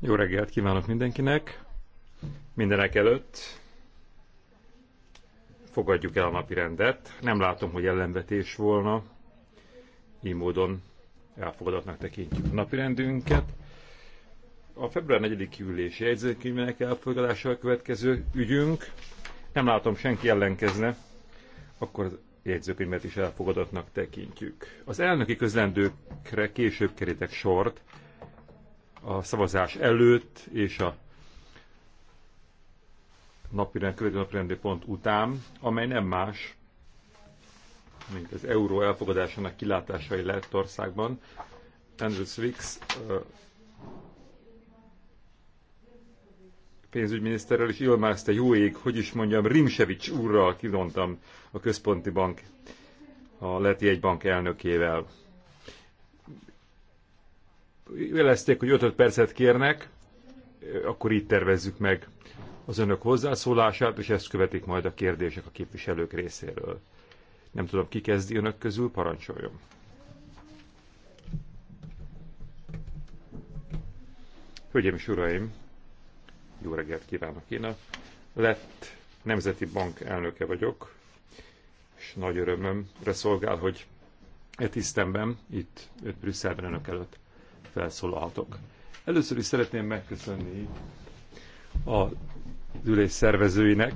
Jó reggelt kívánok mindenkinek. Mindenek előtt fogadjuk el a napi rendet. Nem látom, hogy ellenvetés volna. Így módon elfogadatnak tekintjük a napi rendünket. A február 4. ülési jegyzőkönyvének elfogadása a következő ügyünk. Nem látom, senki ellenkezne. Akkor jegyzőkönyvet is elfogadatnak tekintjük. Az elnöki közlendőkre később kerítek sort a szavazás előtt és a napirend, követő napirendi pont után, amely nem más, mint az euró elfogadásának kilátásai lett országban. Andrew Swix pénzügyminiszterrel, és jó jóég, hogy is mondjam, Rimsevics úrral kidontam a központi bank, a Leti egy bank elnökével. Jelezték, hogy 5 percet kérnek, akkor így tervezzük meg az önök hozzászólását, és ezt követik majd a kérdések a képviselők részéről. Nem tudom, ki kezdi önök közül, parancsoljon. Hölgyeim és uraim, jó reggelt kívánok! Én a lett Nemzeti Bank elnöke vagyok, és nagy örömömre szolgál, hogy e tisztemben, itt, Brüsszelben önök előtt felszólalhatok. Először is szeretném megköszönni a ülés szervezőinek,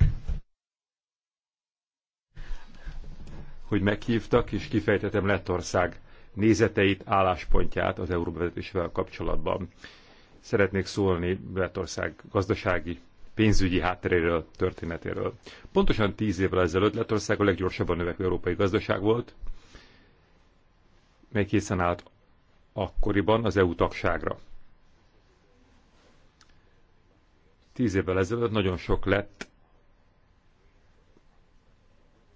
hogy meghívtak, és kifejtetem Lettország nézeteit, álláspontját az euróvezetésével kapcsolatban szeretnék szólni Lettország gazdasági pénzügyi hátteréről, történetéről. Pontosan tíz évvel ezelőtt Lettország a leggyorsabban növekvő európai gazdaság volt, mely készen állt akkoriban az EU tagságra. Tíz évvel ezelőtt nagyon sok lett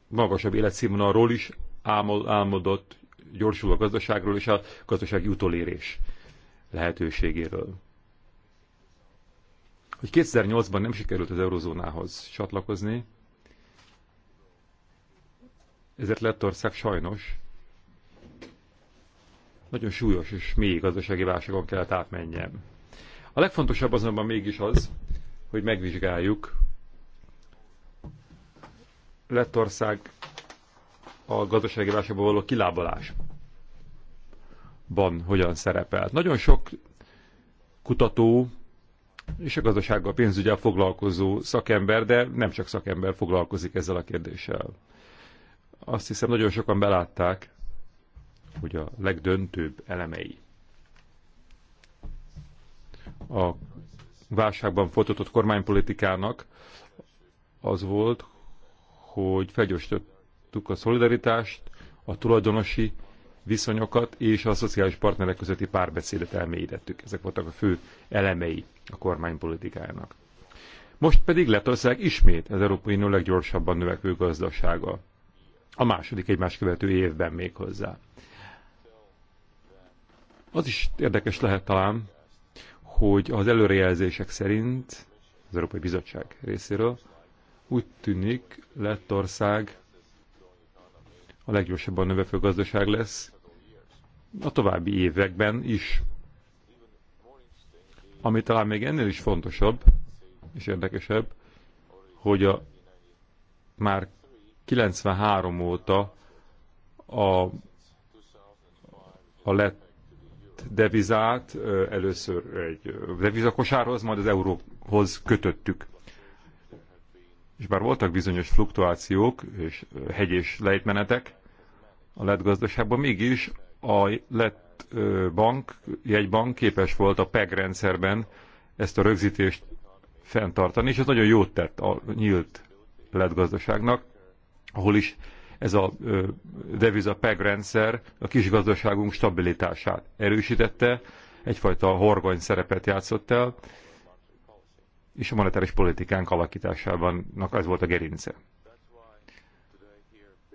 magasabb életszínvonalról is álmod, álmodott, gyorsuló gazdaságról és a gazdasági utolérés lehetőségéről hogy 2008-ban nem sikerült az eurozónához csatlakozni, ezért Lettország sajnos nagyon súlyos és mély gazdasági válságon kellett átmenjen. A legfontosabb azonban mégis az, hogy megvizsgáljuk Lettország a gazdasági válságban való kilábalásban hogyan szerepelt. Nagyon sok kutató és a gazdasággal, pénzügyel foglalkozó szakember, de nem csak szakember foglalkozik ezzel a kérdéssel. Azt hiszem, nagyon sokan belátták, hogy a legdöntőbb elemei a válságban folytatott kormánypolitikának az volt, hogy felgyorsítottuk a szolidaritást, a tulajdonosi viszonyokat és a szociális partnerek közötti párbeszédet elmélyítettük. Ezek voltak a fő elemei a kormánypolitikájának. Most pedig Lettország ismét az Európai Unió leggyorsabban növekvő gazdasága. A második egymás követő évben még hozzá. Az is érdekes lehet talán, hogy az előrejelzések szerint az Európai Bizottság részéről úgy tűnik Lettország a leggyorsabban növekvő gazdaság lesz, a további években is. Ami talán még ennél is fontosabb és érdekesebb, hogy a már 93 óta a, a lett devizát először egy devizakosárhoz, majd az euróhoz kötöttük. És bár voltak bizonyos fluktuációk és hegyés lejtmenetek a lett gazdaságban, mégis a lett bank, jegybank képes volt a PEG rendszerben ezt a rögzítést fenntartani, és ez nagyon jót tett a nyílt lett gazdaságnak, ahol is ez a deviza PEG rendszer a kisgazdaságunk stabilitását erősítette, egyfajta horgony szerepet játszott el, és a monetáris politikánk alakításában ez volt a gerince.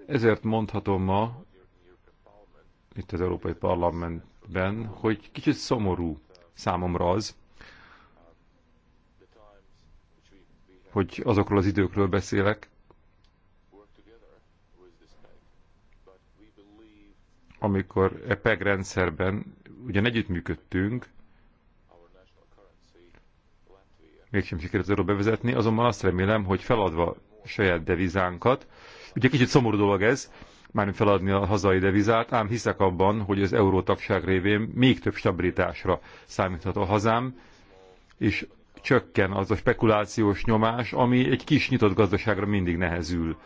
Ezért mondhatom ma, itt az Európai Parlamentben, hogy kicsit szomorú számomra az, hogy azokról az időkről beszélek, amikor e PEG rendszerben ugyan együttműködtünk, mégsem sikerült az bevezetni, azonban azt remélem, hogy feladva saját devizánkat, ugye kicsit szomorú dolog ez, mármint feladni a hazai devizát, ám hiszek abban, hogy az eurótagság révén még több stabilitásra számíthat a hazám, és csökken az a spekulációs nyomás, ami egy kis nyitott gazdaságra mindig nehezül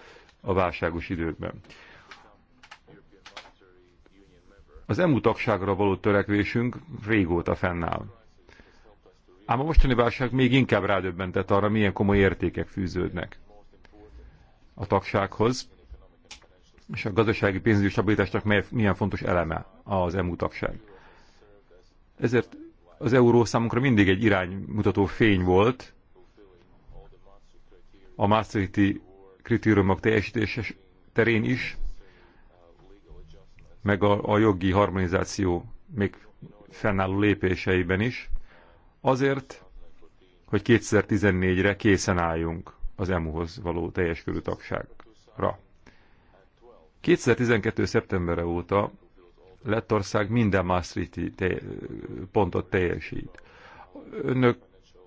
a válságos időkben. Az EMU tagságra való törekvésünk régóta fennáll. Ám a mostani válság még inkább rádöbbentett arra, milyen komoly értékek fűződnek a tagsághoz, és a gazdasági pénzügyi stabilitásnak milyen fontos eleme az EMU tagság. Ezért az euró számunkra mindig egy iránymutató fény volt a Maastrichti kritériumok teljesítése terén is, meg a, a jogi harmonizáció még fennálló lépéseiben is, azért, hogy 2014-re készen álljunk az EMU-hoz való teljes körű tagságra. 2012. szeptemberre óta Lettország minden Maastrichti te pontot teljesít. Önök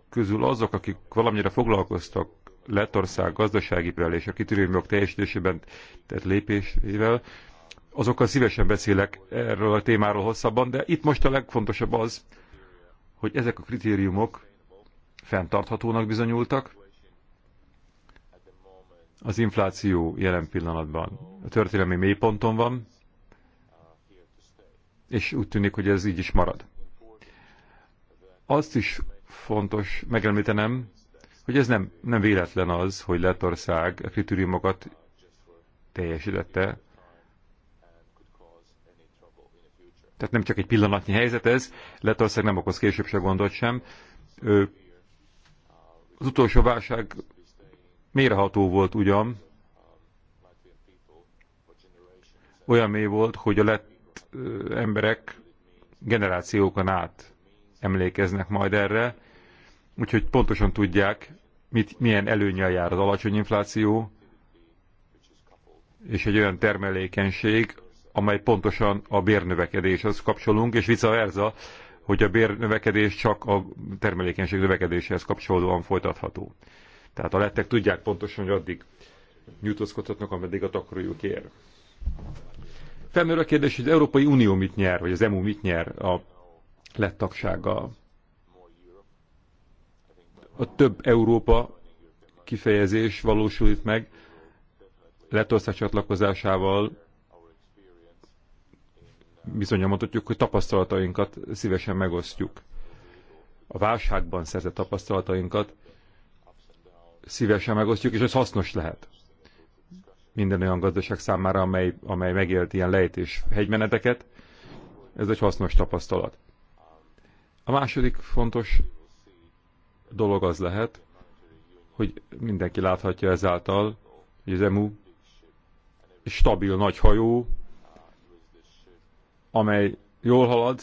közül azok, akik valamire foglalkoztak Lettország gazdasági és a kitűrőmök teljesítésében tett lépésével, azokkal szívesen beszélek erről a témáról hosszabban, de itt most a legfontosabb az, hogy ezek a kritériumok fenntarthatónak bizonyultak, az infláció jelen pillanatban a történelmi mélyponton van, és úgy tűnik, hogy ez így is marad. Azt is fontos megemlítenem, hogy ez nem, nem véletlen az, hogy Lettország a kritériumokat teljesítette. Tehát nem csak egy pillanatnyi helyzet ez, Lettország nem okoz később se gondot sem. Ő, az utolsó válság Mérható volt ugyan, olyan mély volt, hogy a lett emberek generációkon át emlékeznek majd erre, úgyhogy pontosan tudják, mit, milyen előnyel jár az alacsony infláció, és egy olyan termelékenység, amely pontosan a bérnövekedéshez kapcsolunk, és vice versa, hogy a bérnövekedés csak a termelékenység növekedéséhez kapcsolódóan folytatható. Tehát a lettek tudják pontosan, hogy addig nyújtózkodhatnak, ameddig a takarójuk ér. Felmerül a kérdés, hogy az Európai Unió mit nyer, vagy az EMU mit nyer a lett tagsággal. A több Európa kifejezés valósul itt meg Lettország csatlakozásával bizonyan mondhatjuk, hogy tapasztalatainkat szívesen megosztjuk. A válságban szerzett tapasztalatainkat szívesen megosztjuk, és ez hasznos lehet minden olyan gazdaság számára, amely, amely megélt ilyen lejtés hegymeneteket. Ez egy hasznos tapasztalat. A második fontos dolog az lehet, hogy mindenki láthatja ezáltal, hogy az EMU stabil nagy hajó, amely jól halad,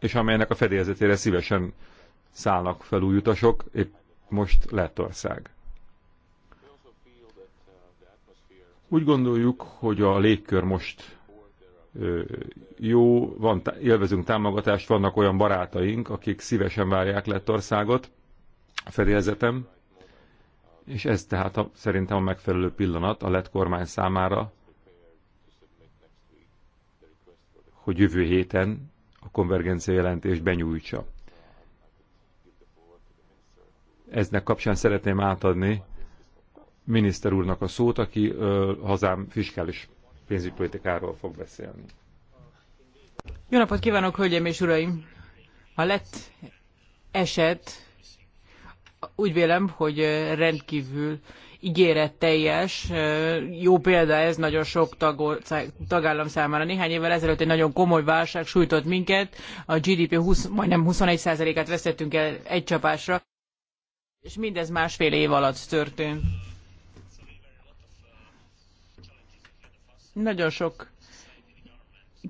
és amelynek a fedélzetére szívesen szállnak fel új utasok, épp most Lettország. Úgy gondoljuk, hogy a légkör most jó, van, élvezünk támogatást, vannak olyan barátaink, akik szívesen várják Lettországot a fedélzetem, és ez tehát a, szerintem a megfelelő pillanat a lett kormány számára, hogy jövő héten a konvergencia jelentést benyújtsa eznek kapcsán szeretném átadni miniszter úrnak a szót, aki ö, hazám fiskális pénzügypolitikáról fog beszélni. Jó napot kívánok, hölgyeim és uraim! A lett eset úgy vélem, hogy rendkívül ígéretteljes. Jó példa ez nagyon sok tagállam számára. Néhány évvel ezelőtt egy nagyon komoly válság sújtott minket. A GDP 20, majdnem 21%-át vesztettünk el egy csapásra. És mindez másfél év alatt történt. Nagyon sok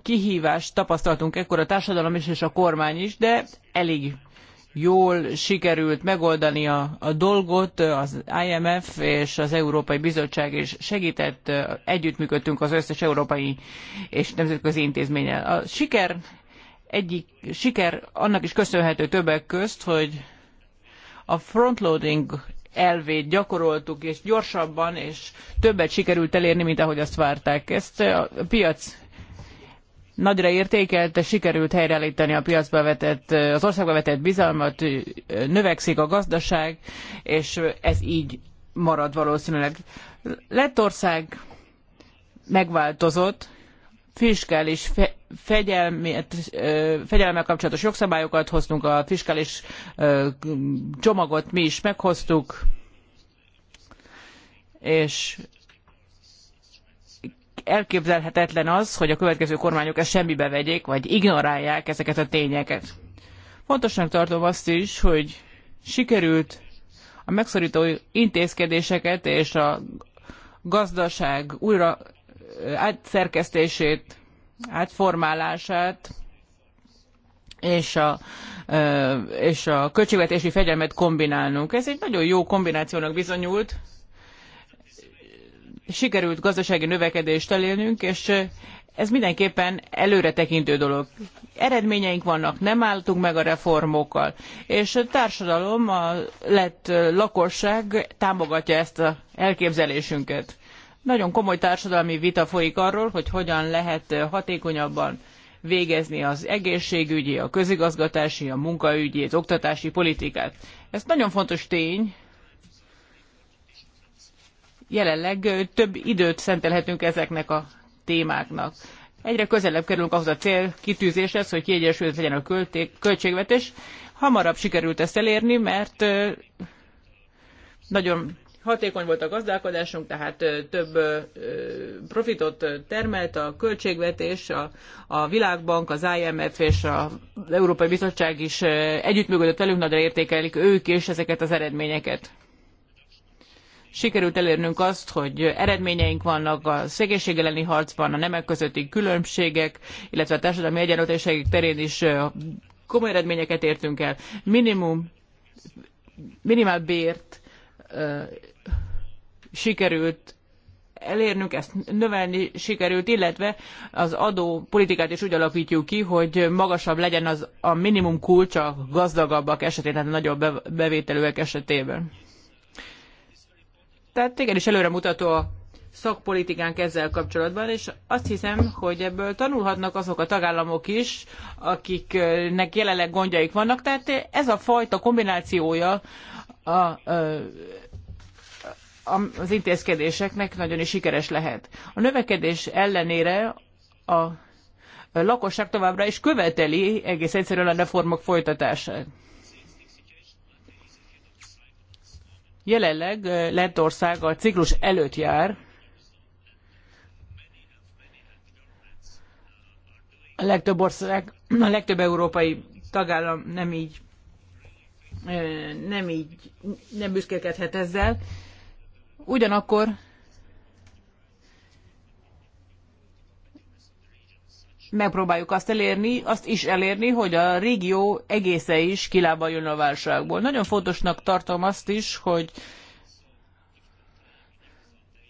kihívást tapasztaltunk ekkor a társadalom is és a kormány is, de elég jól sikerült megoldani a, a dolgot, az IMF és az Európai Bizottság is segített, együttműködtünk az összes európai és nemzetközi intézménnyel. A siker egyik siker annak is köszönhető többek közt, hogy a frontloading elvét gyakoroltuk, és gyorsabban és többet sikerült elérni, mint ahogy azt várták. Ezt a piac nagyra értékelte, sikerült helyreállítani a piacba vetett, az országba vetett bizalmat, növekszik a gazdaság, és ez így marad valószínűleg. Lettország megváltozott, fiskális fegyelemmel kapcsolatos jogszabályokat hoztunk, a fiskális csomagot mi is meghoztuk, és elképzelhetetlen az, hogy a következő kormányok ezt semmibe vegyék, vagy ignorálják ezeket a tényeket. Fontosnak tartom azt is, hogy sikerült a megszorító intézkedéseket és a gazdaság újra átszerkesztését, átformálását, és a, és a költségvetési fegyelmet kombinálnunk. Ez egy nagyon jó kombinációnak bizonyult. Sikerült gazdasági növekedést elérnünk, és ez mindenképpen előretekintő dolog. Eredményeink vannak, nem álltunk meg a reformokkal, és a társadalom, a lett lakosság támogatja ezt az elképzelésünket. Nagyon komoly társadalmi vita folyik arról, hogy hogyan lehet hatékonyabban végezni az egészségügyi, a közigazgatási, a munkaügyi, az oktatási politikát. Ez nagyon fontos tény. Jelenleg több időt szentelhetünk ezeknek a témáknak. Egyre közelebb kerülünk ahhoz a cél kitűzéshez, hogy kiegyensúlyozott legyen a költségvetés. Hamarabb sikerült ezt elérni, mert nagyon Hatékony volt a gazdálkodásunk, tehát több profitot termelt a költségvetés, a, a Világbank, az IMF és az Európai Bizottság is együttműködött velünk, nagyra értékelik ők is ezeket az eredményeket sikerült elérnünk azt, hogy eredményeink vannak a szegénység elleni harcban, a nemek közötti különbségek, illetve a társadalmi egyenlőtlenségek terén is komoly eredményeket értünk el. Minimum, minimál bért sikerült elérnünk, ezt növelni sikerült, illetve az adó politikát is úgy alakítjuk ki, hogy magasabb legyen az a minimum kulcs a gazdagabbak esetén, tehát a nagyobb bevételőek esetében. Tehát igenis előremutató a szakpolitikánk ezzel kapcsolatban, és azt hiszem, hogy ebből tanulhatnak azok a tagállamok is, akiknek jelenleg gondjaik vannak. Tehát ez a fajta kombinációja a, a az intézkedéseknek nagyon is sikeres lehet. A növekedés ellenére a lakosság továbbra is követeli egész egyszerűen a reformok folytatását. Jelenleg eh, Lettország a ciklus előtt jár. A legtöbb ország, a legtöbb európai tagállam nem így eh, nem így nem büszkélkedhet ezzel, Ugyanakkor megpróbáljuk azt elérni, azt is elérni, hogy a régió egésze is kilábaljon a válságból. Nagyon fontosnak tartom azt is, hogy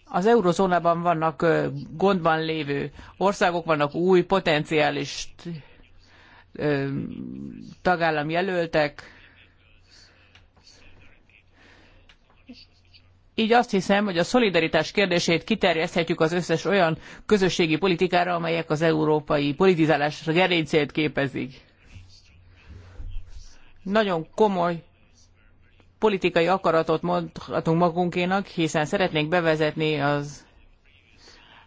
az eurozónában vannak gondban lévő országok, vannak új potenciális tagállam jelöltek, Így azt hiszem, hogy a szolidaritás kérdését kiterjeszthetjük az összes olyan közösségi politikára, amelyek az európai politizálásra gerincét képezik. Nagyon komoly politikai akaratot mondhatunk magunkénak, hiszen szeretnénk bevezetni az,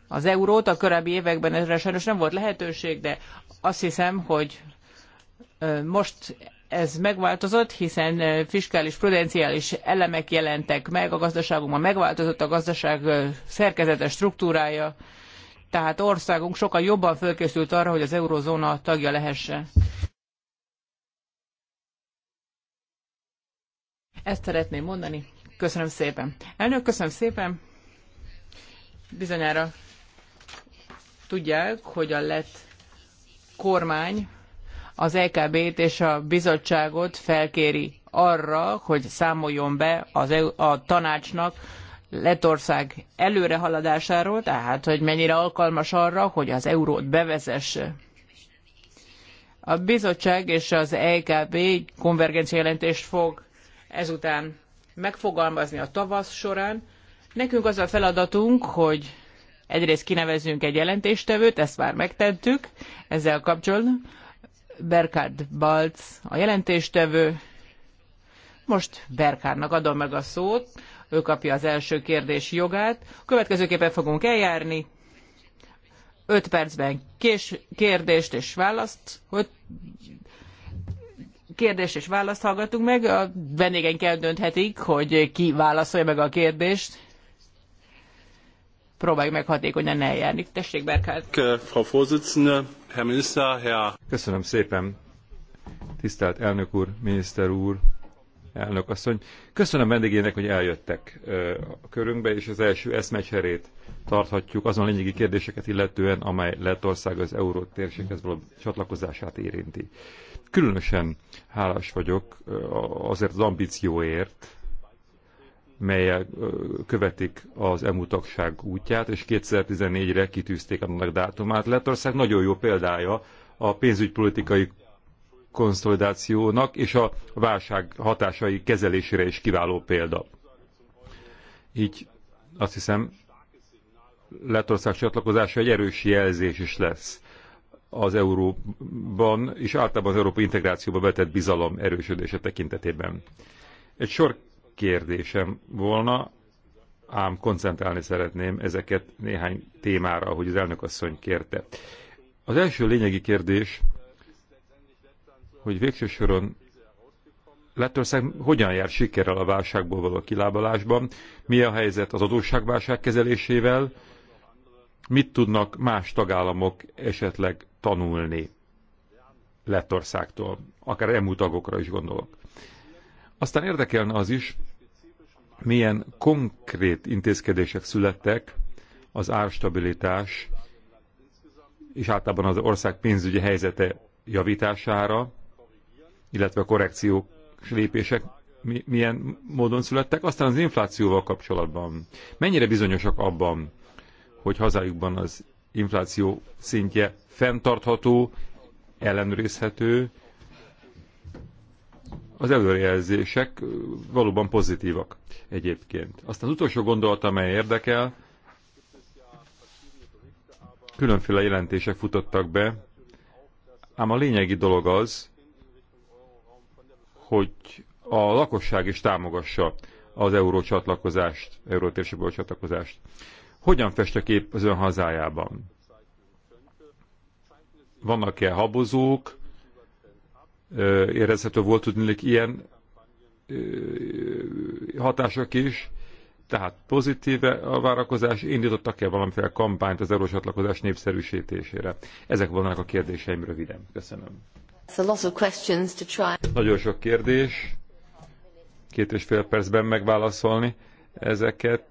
az eurót. A korábbi években erre sajnos nem volt lehetőség, de azt hiszem, hogy most ez megváltozott, hiszen fiskális, prudenciális elemek jelentek meg a gazdaságunkban, megváltozott a gazdaság szerkezete, struktúrája, tehát országunk sokkal jobban fölkészült arra, hogy az eurozóna tagja lehessen. Ezt szeretném mondani. Köszönöm szépen. Elnök, köszönöm szépen. Bizonyára tudják, hogy a lett kormány az EKB-t és a bizottságot felkéri arra, hogy számoljon be az, e a tanácsnak Letország előrehaladásáról, tehát hogy mennyire alkalmas arra, hogy az eurót bevezesse. A bizottság és az EKB konvergencia jelentést fog ezután megfogalmazni a tavasz során. Nekünk az a feladatunk, hogy egyrészt kinevezzünk egy jelentéstevőt, ezt már megtettük ezzel kapcsolatban. Berkárd Balc a jelentéstevő. Most Berkárnak adom meg a szót, ő kapja az első kérdés jogát. Következőképpen fogunk eljárni. 5 percben kés, kérdést és választ, hogy kérdést és választ hallgatunk meg. A vendégeink eldönthetik, hogy ki válaszolja meg a kérdést próbáljuk meg hatékonyan eljárni. Tessék, Berkát! Köszönöm szépen, tisztelt elnök úr, miniszter úr, elnök asszony. Köszönöm vendégének, hogy eljöttek a körünkbe, és az első eszmecserét tarthatjuk azon lényegi kérdéseket illetően, amely Lettország az euró térséghez való csatlakozását érinti. Különösen hálás vagyok azért az ambícióért, melyek követik az EMU tagság útját, és 2014-re kitűzték annak dátumát. Lettország nagyon jó példája a pénzügypolitikai konszolidációnak és a válság hatásai kezelésére is kiváló példa. Így azt hiszem, Lettország csatlakozása egy erős jelzés is lesz az Euróban és általában az európai integrációba vetett bizalom erősödése tekintetében. Egy sor kérdésem volna, ám koncentrálni szeretném ezeket néhány témára, ahogy az asszony kérte. Az első lényegi kérdés, hogy végső soron Lettország hogyan jár sikerrel a válságból való kilábalásban, mi a helyzet az adósságválság kezelésével, mit tudnak más tagállamok esetleg tanulni Lettországtól, akár EMU tagokra is gondolok. Aztán érdekelne az is, milyen konkrét intézkedések születtek az árstabilitás és általában az ország pénzügyi helyzete javítására, illetve a korrekciós lépések milyen módon születtek. Aztán az inflációval kapcsolatban mennyire bizonyosak abban, hogy hazájukban az infláció szintje fenntartható, ellenőrizhető, az előrejelzések valóban pozitívak egyébként. Aztán az utolsó gondolat, amely érdekel, különféle jelentések futottak be, ám a lényegi dolog az, hogy a lakosság is támogassa az euró csatlakozást, eurótérségből csatlakozást. Hogyan fest a kép az ön hazájában? Vannak-e habozók, érezhető volt tudnilik ilyen hatások is, tehát pozitíve a várakozás, indítottak-e valamiféle kampányt az eurós csatlakozás népszerűsítésére? Ezek volnának a kérdéseim röviden. Köszönöm. Nagyon sok kérdés, két és fél percben megválaszolni ezeket.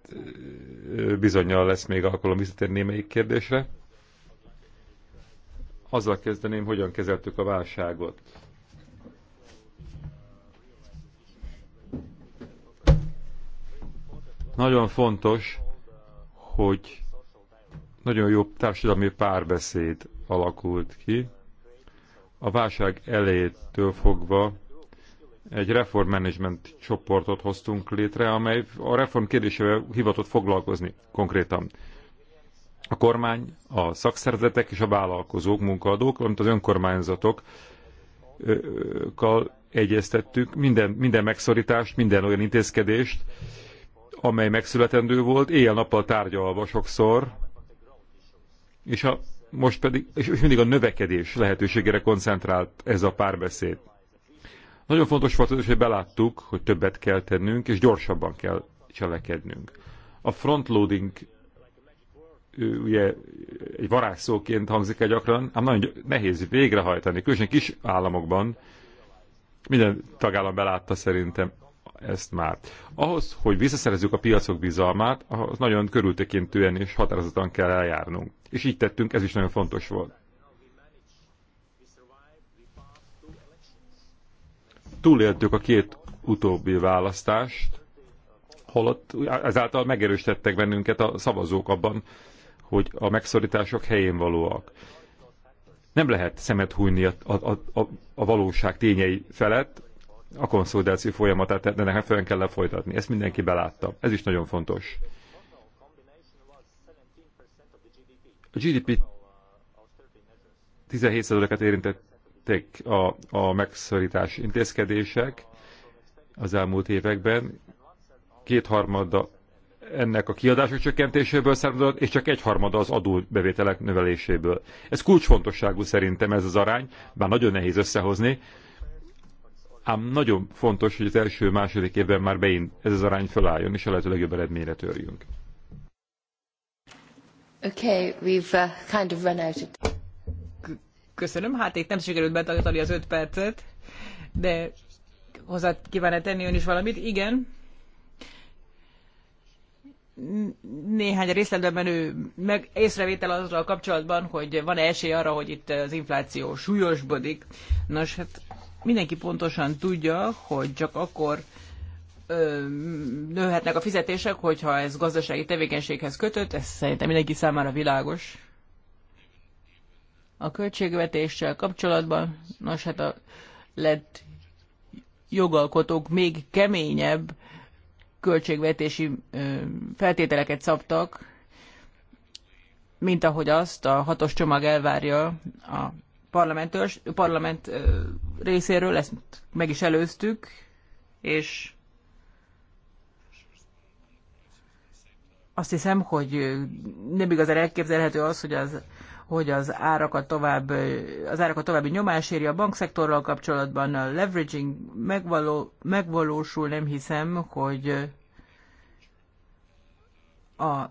Bizonyal lesz még alkalom visszatérni némelyik kérdésre. Azzal kezdeném, hogyan kezeltük a válságot. Nagyon fontos, hogy nagyon jó társadalmi párbeszéd alakult ki. A válság elétől fogva egy reformmenedzsment csoportot hoztunk létre, amely a reform kérdésével hivatott foglalkozni konkrétan. A kormány, a szakszervezetek és a vállalkozók, munkaadók, valamint az önkormányzatokkal egyeztettük minden, minden megszorítást, minden olyan intézkedést, amely megszületendő volt, éjjel-nappal tárgyalva sokszor, és a, most pedig, és mindig a növekedés lehetőségére koncentrált ez a párbeszéd. Nagyon fontos volt az, hogy beláttuk, hogy többet kell tennünk, és gyorsabban kell cselekednünk. A frontloading ugye egy varázsszóként hangzik el gyakran, ám nagyon nehéz végrehajtani, különösen kis államokban. Minden tagállam belátta szerintem ezt már. Ahhoz, hogy visszaszerezzük a piacok bizalmát, ahhoz nagyon körültekintően és határozottan kell eljárnunk. És így tettünk, ez is nagyon fontos volt. Túléltük a két utóbbi választást, holott ezáltal megerősítettek bennünket a szavazók abban, hogy a megszorítások helyén valóak. Nem lehet szemet hújni a, a, a, a valóság tényei felett, a konszolidáció folyamatát ennek fel kell lefolytatni. Ezt mindenki belátta. Ez is nagyon fontos. A GDP 17%-et érintették a, a megszorítás intézkedések az elmúlt években. Kétharmada ennek a kiadások csökkentéséből származott, és csak egyharmada az adóbevételek növeléséből. Ez kulcsfontosságú szerintem ez az arány, bár nagyon nehéz összehozni, Ám nagyon fontos, hogy az első-második évben már beint ez az arány felálljon, és a lehető legjobb eredményre törjünk. Okay, we've uh, kind of run out of... Köszönöm, hát itt nem sikerült betartani az öt percet, de hozzá -e tenni ön is valamit? Igen. Néhány részletben ő meg észrevétel azzal kapcsolatban, hogy van-e esély arra, hogy itt az infláció súlyosbodik. Nos, hát mindenki pontosan tudja, hogy csak akkor ö, nőhetnek a fizetések, hogyha ez gazdasági tevékenységhez kötött, ez szerintem mindenki számára világos. A költségvetéssel kapcsolatban, nos hát a lett jogalkotók még keményebb költségvetési ö, feltételeket szabtak, mint ahogy azt a hatos csomag elvárja a parlamentős, parlament részéről, ezt meg is előztük, és azt hiszem, hogy nem igazán elképzelhető az, hogy az, hogy az árakat tovább, az árakat további nyomás éri a bankszektorral kapcsolatban, a leveraging megvaló, megvalósul, nem hiszem, hogy a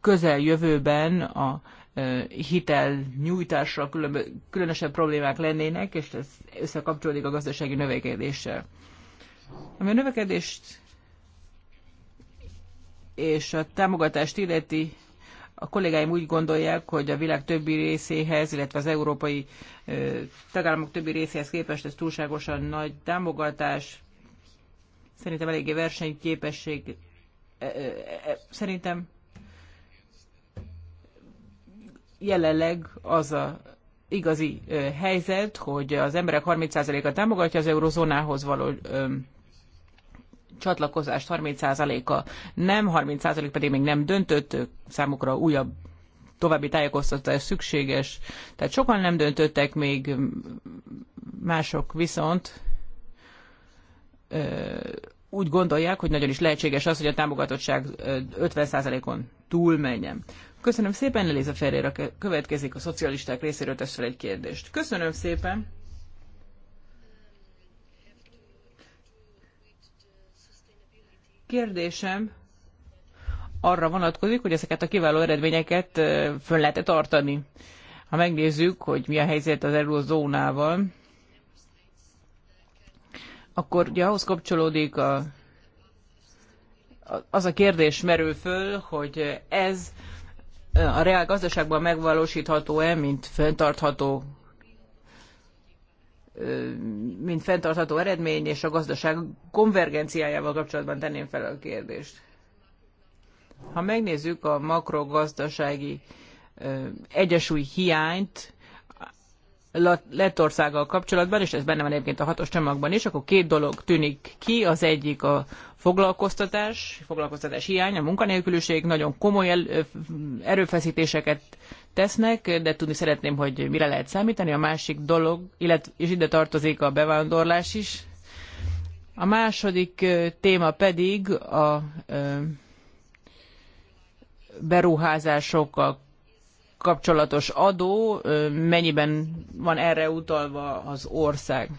közeljövőben a hitel nyújtásra különösebb problémák lennének, és ez összekapcsolódik a gazdasági növekedéssel. Ami a növekedést és a támogatást illeti, a kollégáim úgy gondolják, hogy a világ többi részéhez, illetve az európai tagállamok többi részéhez képest ez túlságosan nagy támogatás. Szerintem eléggé versenyképesség. Szerintem jelenleg az a igazi helyzet, hogy az emberek 30%-a támogatja az eurozónához való csatlakozást 30%-a nem, 30% pedig még nem döntött, számukra újabb további tájékoztatás szükséges. Tehát sokan nem döntöttek még, mások viszont ö, úgy gondolják, hogy nagyon is lehetséges az, hogy a támogatottság 50%-on túlmenjen. Köszönöm szépen, Eliza Ferreira következik a szocialisták részéről, tesz fel egy kérdést. Köszönöm szépen. Kérdésem arra vonatkozik, hogy ezeket a kiváló eredményeket föl lehet -e tartani. Ha megnézzük, hogy mi a helyzet az eurozónával, akkor ugye ahhoz kapcsolódik a, az a kérdés merül föl, hogy ez a reál gazdaságban megvalósítható-e, mint fenntartható mint fenntartható eredmény, és a gazdaság konvergenciájával kapcsolatban tenném fel a kérdést. Ha megnézzük a makrogazdasági egyensúly hiányt, Lettországgal kapcsolatban, és ez benne van egyébként a hatos csomagban is, akkor két dolog tűnik ki, az egyik a foglalkoztatás, foglalkoztatás hiány, a munkanélküliség, nagyon komoly erőfeszítéseket tesznek, de tudni szeretném, hogy mire lehet számítani. A másik dolog, illetve, és ide tartozik a bevándorlás is. A második téma pedig a beruházásokkal kapcsolatos adó, mennyiben van erre utalva az ország.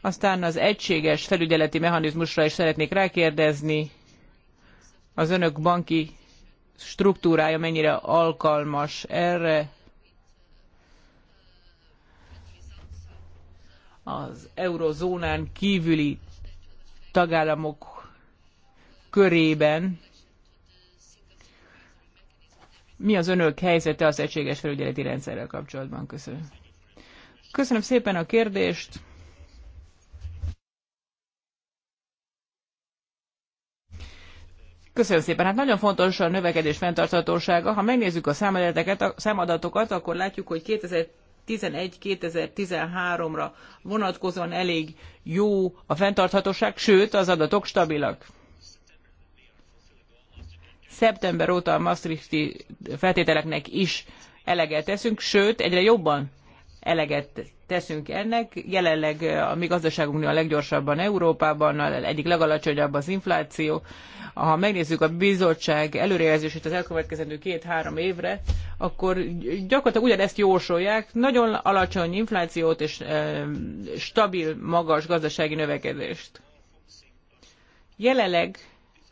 Aztán az egységes felügyeleti mechanizmusra is szeretnék rákérdezni, az önök banki struktúrája mennyire alkalmas erre, az eurozónán kívüli tagállamok körében mi az önök helyzete az egységes felügyeleti rendszerrel kapcsolatban? Köszönöm. Köszönöm szépen a kérdést. Köszönöm szépen. Hát nagyon fontos a növekedés fenntarthatósága. Ha megnézzük a számadateket, a számadatokat, akkor látjuk, hogy 2011-2013-ra vonatkozóan elég jó a fenntarthatóság, sőt, az adatok stabilak. Szeptember óta a Maastrichti feltételeknek is eleget teszünk, sőt, egyre jobban eleget teszünk ennek. Jelenleg a mi gazdaságunknál a leggyorsabban Európában, egyik legalacsonyabb az infláció. Ha megnézzük a bizottság előrejelzését az elkövetkezendő két-három évre, akkor gyakorlatilag ugyanezt jósolják, nagyon alacsony inflációt és e, stabil, magas gazdasági növekedést. Jelenleg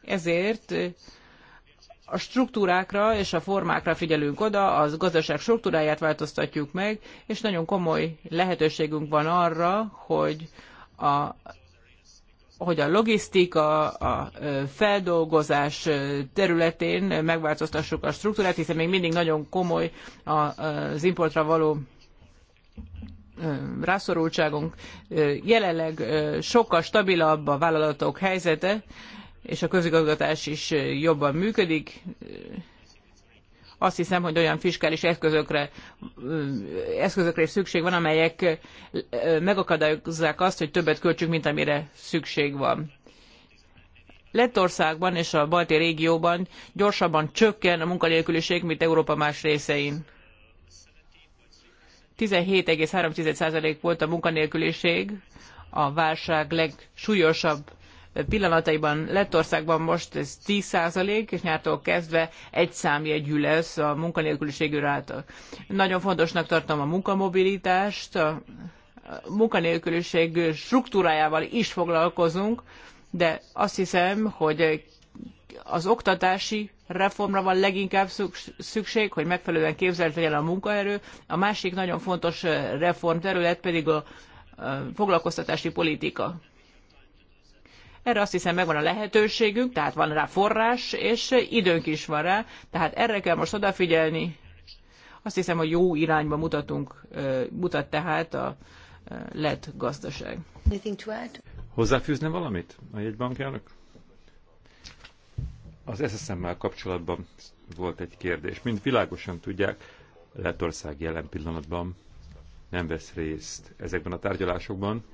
ezért a struktúrákra és a formákra figyelünk oda, az gazdaság struktúráját változtatjuk meg, és nagyon komoly lehetőségünk van arra, hogy a hogy a logisztika, a feldolgozás területén megváltoztassuk a struktúrát, hiszen még mindig nagyon komoly az importra való rászorultságunk. Jelenleg sokkal stabilabb a vállalatok helyzete, és a közigazgatás is jobban működik. Azt hiszem, hogy olyan fiskális eszközökre, eszközökre is szükség van, amelyek megakadályozzák azt, hogy többet költsünk, mint amire szükség van. Lettországban és a balti régióban gyorsabban csökken a munkanélküliség, mint Európa más részein. 17,3% volt a munkanélküliség a válság legsúlyosabb pillanataiban Lettországban most ez 10 százalék, és nyártól kezdve egy számjegyű lesz a munkanélküliség által. Nagyon fontosnak tartom a munkamobilitást, a munkanélküliség struktúrájával is foglalkozunk, de azt hiszem, hogy az oktatási reformra van leginkább szükség, hogy megfelelően képzelt legyen a munkaerő. A másik nagyon fontos reformterület pedig a foglalkoztatási politika. Erre azt hiszem megvan a lehetőségünk, tehát van rá forrás, és időnk is van rá, tehát erre kell most odafigyelni. Azt hiszem, hogy jó irányba mutatunk, mutat tehát a lett gazdaság. Hozzáfűzne valamit a jegybankelnök? Az SSM-mel kapcsolatban volt egy kérdés. Mint világosan tudják, Lettország jelen pillanatban nem vesz részt ezekben a tárgyalásokban,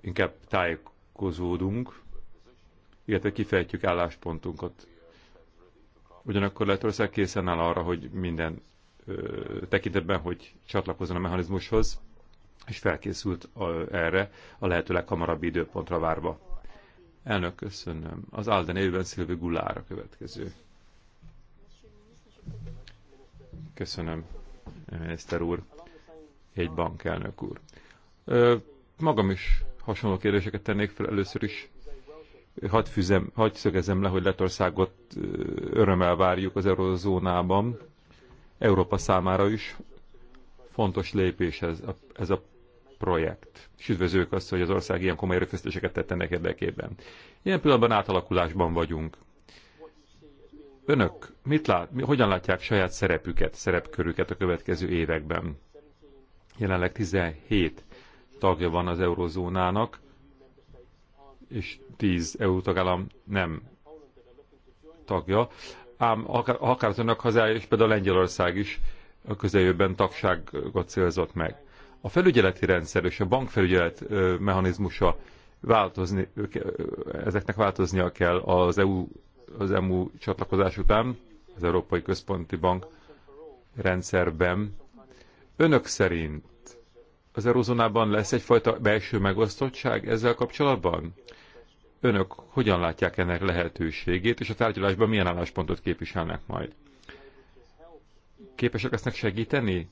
inkább tájékozódunk, illetve kifejtjük álláspontunkat. Ugyanakkor Lettország készen áll arra, hogy minden ö, tekintetben, hogy csatlakozzon a mechanizmushoz, és felkészült a, erre a lehető leghamarabb időpontra várva. Elnök, köszönöm. Az Alden évben Szilvi Gulára következő. Köszönöm, miniszter úr. Egy bankelnök úr. Ö, magam is hasonló kérdéseket tennék fel először is. Hadd, füzem, hadd szögezem le, hogy Letországot örömmel várjuk az eurozónában. Európa számára is fontos lépés ez a, ez a projekt. És üdvözlők azt, hogy az ország ilyen komoly erőfeszítéseket tett ennek érdekében. Ilyen pillanatban átalakulásban vagyunk. Önök mit lát, mi, hogyan látják saját szerepüket, szerepkörüket a következő években? Jelenleg 17 tagja van az eurozónának, és 10 EU tagállam nem tagja. Ám akár, akár az önök hazája és például Lengyelország is a közeljövőben tagságot célzott meg. A felügyeleti rendszer és a bankfelügyelet mechanizmusa változni, ezeknek változnia kell az EU az EMU csatlakozás után, az Európai Központi Bank rendszerben. Önök szerint az eurozónában lesz egyfajta belső megosztottság ezzel kapcsolatban? Önök hogyan látják ennek lehetőségét, és a tárgyalásban milyen álláspontot képviselnek majd? Képesek lesznek segíteni,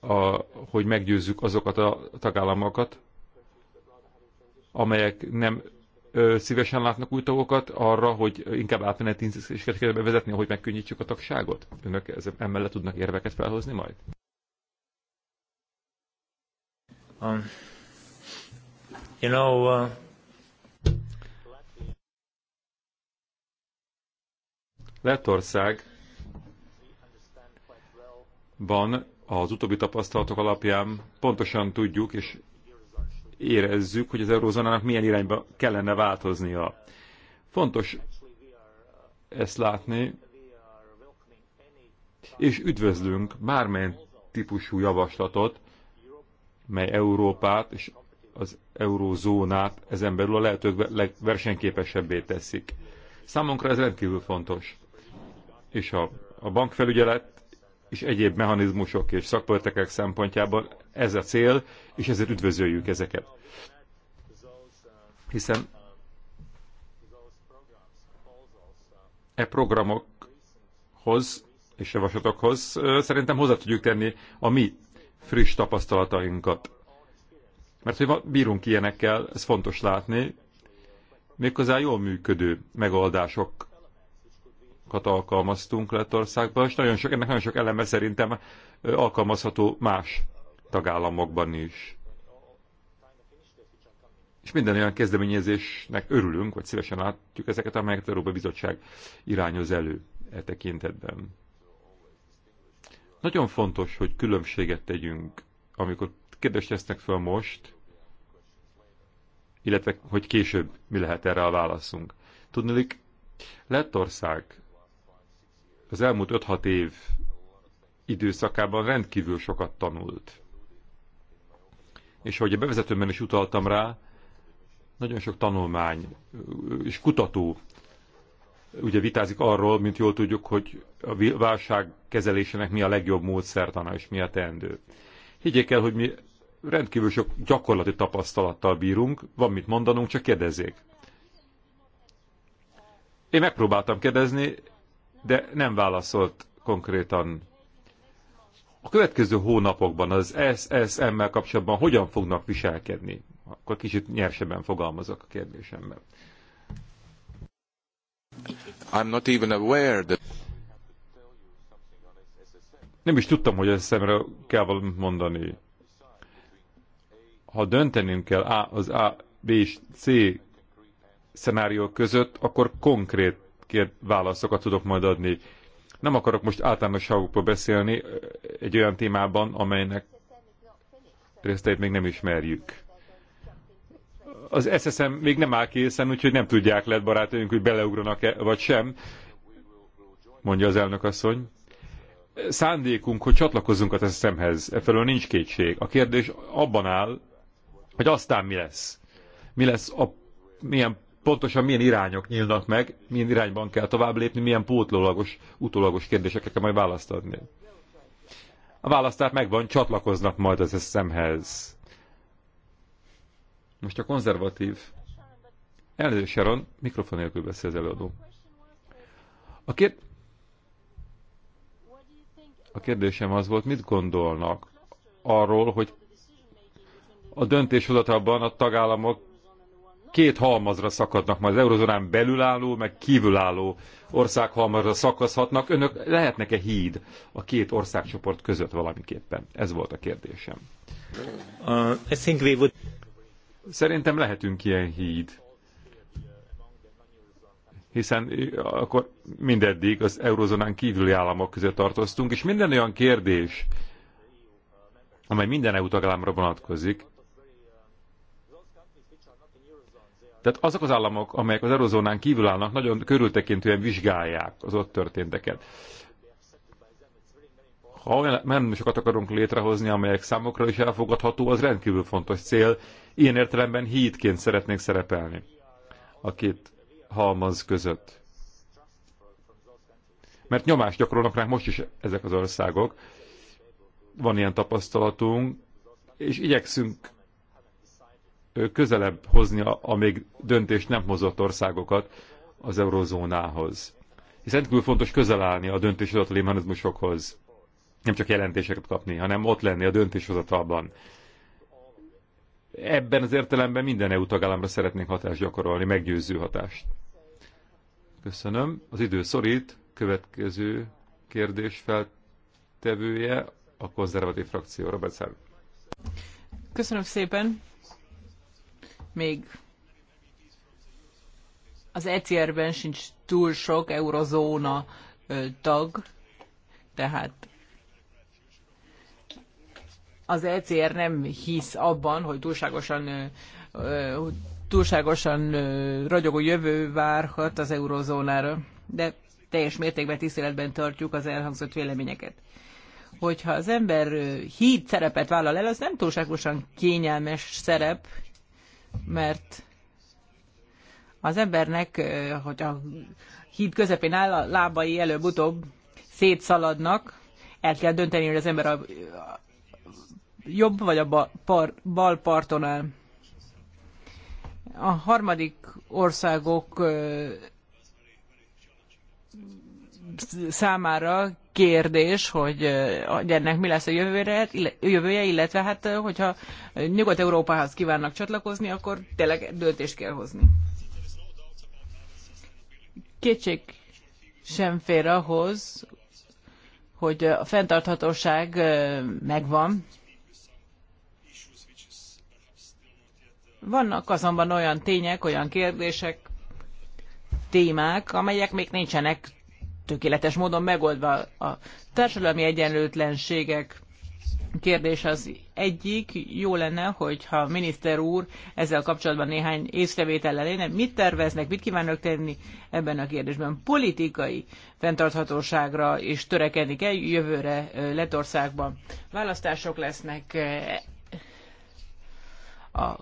a, hogy meggyőzzük azokat a tagállamokat, amelyek nem ö, szívesen látnak új tagokat arra, hogy inkább átmeneti intézkedéseket kell bevezetni, hogy megkönnyítsük a tagságot? Önök emellett tudnak érveket felhozni majd? Um, you know, uh, Lettországban az utóbbi tapasztalatok alapján pontosan tudjuk és érezzük, hogy az eurózónának milyen irányba kellene változnia. Fontos ezt látni, és üdvözlünk bármely típusú javaslatot, mely Európát és az eurózónát ezen belül a lehető legversenyképesebbé teszik. Számunkra ez rendkívül fontos. És a, a bankfelügyelet és egyéb mechanizmusok és szakpolitikák szempontjából ez a cél, és ezért üdvözöljük ezeket. Hiszen e programokhoz és javaslatokhoz szerintem hozzá tudjuk tenni a mi friss tapasztalatainkat. Mert hogy bírunk ilyenekkel, ez fontos látni, méghozzá jól működő megoldásokat alkalmaztunk Lettországban, és nagyon sok, ennek nagyon sok eleme szerintem alkalmazható más tagállamokban is. És minden olyan kezdeményezésnek örülünk, vagy szívesen látjuk ezeket, amelyeket az Európai Bizottság irányoz elő e tekintetben. Nagyon fontos, hogy különbséget tegyünk, amikor kérdést tesznek fel most, illetve hogy később mi lehet erre a válaszunk. Tudnélik, Lettország az elmúlt 5-6 év időszakában rendkívül sokat tanult. És ahogy a bevezetőben is utaltam rá, nagyon sok tanulmány és kutató ugye vitázik arról, mint jól tudjuk, hogy a válság kezelésének mi a legjobb módszertana és mi a teendő. Higgyék el, hogy mi rendkívül sok gyakorlati tapasztalattal bírunk, van mit mondanunk, csak kérdezzék. Én megpróbáltam kérdezni, de nem válaszolt konkrétan. A következő hónapokban az SSM-mel kapcsolatban hogyan fognak viselkedni? Akkor kicsit nyersebben fogalmazok a kérdésemmel. I'm not even aware that... Nem is tudtam, hogy ezt szemre kell valamit mondani. Ha döntenünk kell A, az A, B és C szenárió között, akkor konkrét válaszokat tudok majd adni. Nem akarok most általánosságokból beszélni egy olyan témában, amelynek részteit még nem ismerjük. Az SSM még nem áll készen, úgyhogy nem tudják lehet barátaink, hogy beleugranak-e vagy sem, mondja az elnök asszony szándékunk, hogy csatlakozzunk a teszemhez. Efelől nincs kétség. A kérdés abban áll, hogy aztán mi lesz. Mi lesz a, milyen, pontosan milyen irányok nyílnak meg, milyen irányban kell tovább lépni, milyen pótlólagos, utólagos kérdésekre kell majd választ adni. A választát megvan, csatlakoznak majd az eszemhez. Most a konzervatív. Elnézést, Sharon, mikrofon nélkül beszél az előadó. A, kér... A kérdésem az volt, mit gondolnak arról, hogy a döntéshozatalban a tagállamok két halmazra szakadnak, majd az eurozónán belülálló, meg kívülálló ország halmazra szakaszhatnak. Önök lehetnek-e híd a két országcsoport között valamiképpen? Ez volt a kérdésem. Uh, I think we would... Szerintem lehetünk ilyen híd hiszen akkor mindeddig az eurozónán kívüli államok között tartoztunk, és minden olyan kérdés, amely minden EU tagállamra vonatkozik, tehát azok az államok, amelyek az eurozónán kívül állnak, nagyon körültekintően vizsgálják az ott történteket. Ha olyan sokat akarunk létrehozni, amelyek számokra is elfogadható, az rendkívül fontos cél. Ilyen értelemben hídként szeretnék szerepelni a két halmaz között. Mert nyomást gyakorolnak ránk most is ezek az országok. Van ilyen tapasztalatunk, és igyekszünk közelebb hozni a, a még döntést nem hozott országokat az eurozónához. Hiszen túl fontos közel állni a döntéshozatali mechanizmusokhoz. Nem csak jelentéseket kapni, hanem ott lenni a döntéshozatalban. Ebben az értelemben minden EU tagállamra szeretnénk hatást gyakorolni, meggyőző hatást. Köszönöm. Az idő szorít. Következő kérdés feltevője a konzervatív frakció, Robert Száv. Köszönöm szépen. Még az ECR-ben sincs túl sok eurozóna tag, tehát az ECR nem hisz abban, hogy túlságosan túlságosan ragyogó jövő várhat az eurozónára, de teljes mértékben tiszteletben tartjuk az elhangzott véleményeket. Hogyha az ember híd szerepet vállal el, az nem túlságosan kényelmes szerep, mert az embernek, hogy a híd közepén áll, a lábai előbb-utóbb szétszaladnak, el kell dönteni, hogy az ember a, jobb vagy a bal, par, bal parton áll. A harmadik országok számára kérdés, hogy ennek mi lesz a jövőre, hát jövője, illetve hát, hogyha Nyugat-Európához kívánnak csatlakozni, akkor tényleg döntést kell hozni. Kétség sem fér ahhoz, hogy a fenntarthatóság megvan, Vannak azonban olyan tények, olyan kérdések, témák, amelyek még nincsenek tökéletes módon megoldva. A társadalmi egyenlőtlenségek kérdés az egyik. Jó lenne, hogyha a miniszter úr ezzel kapcsolatban néhány észrevétellel lenne. Mit terveznek, mit kívánok tenni ebben a kérdésben? Politikai fenntarthatóságra is törekedik-e jövőre Letországban. Választások lesznek, a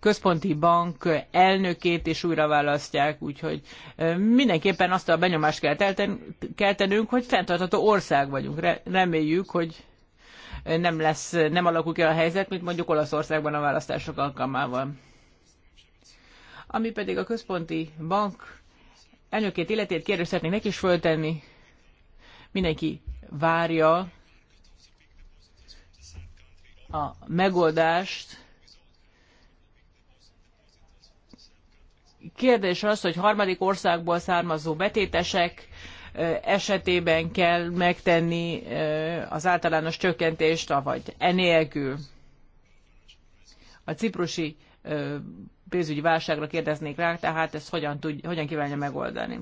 központi bank elnökét is újra választják, úgyhogy mindenképpen azt a benyomást kell, keltenünk, hogy fenntartható ország vagyunk. Reméljük, hogy nem lesz, nem alakul ki a helyzet, mint mondjuk Olaszországban a választások alkalmával. Ami pedig a központi bank elnökét életét kérdést szeretnék neki is föltenni. Mindenki várja a megoldást, kérdés az, hogy harmadik országból származó betétesek esetében kell megtenni az általános csökkentést, vagy enélkül. A ciprusi pénzügyi válságra kérdeznék rá, tehát ezt hogyan, tud, hogyan kívánja megoldani.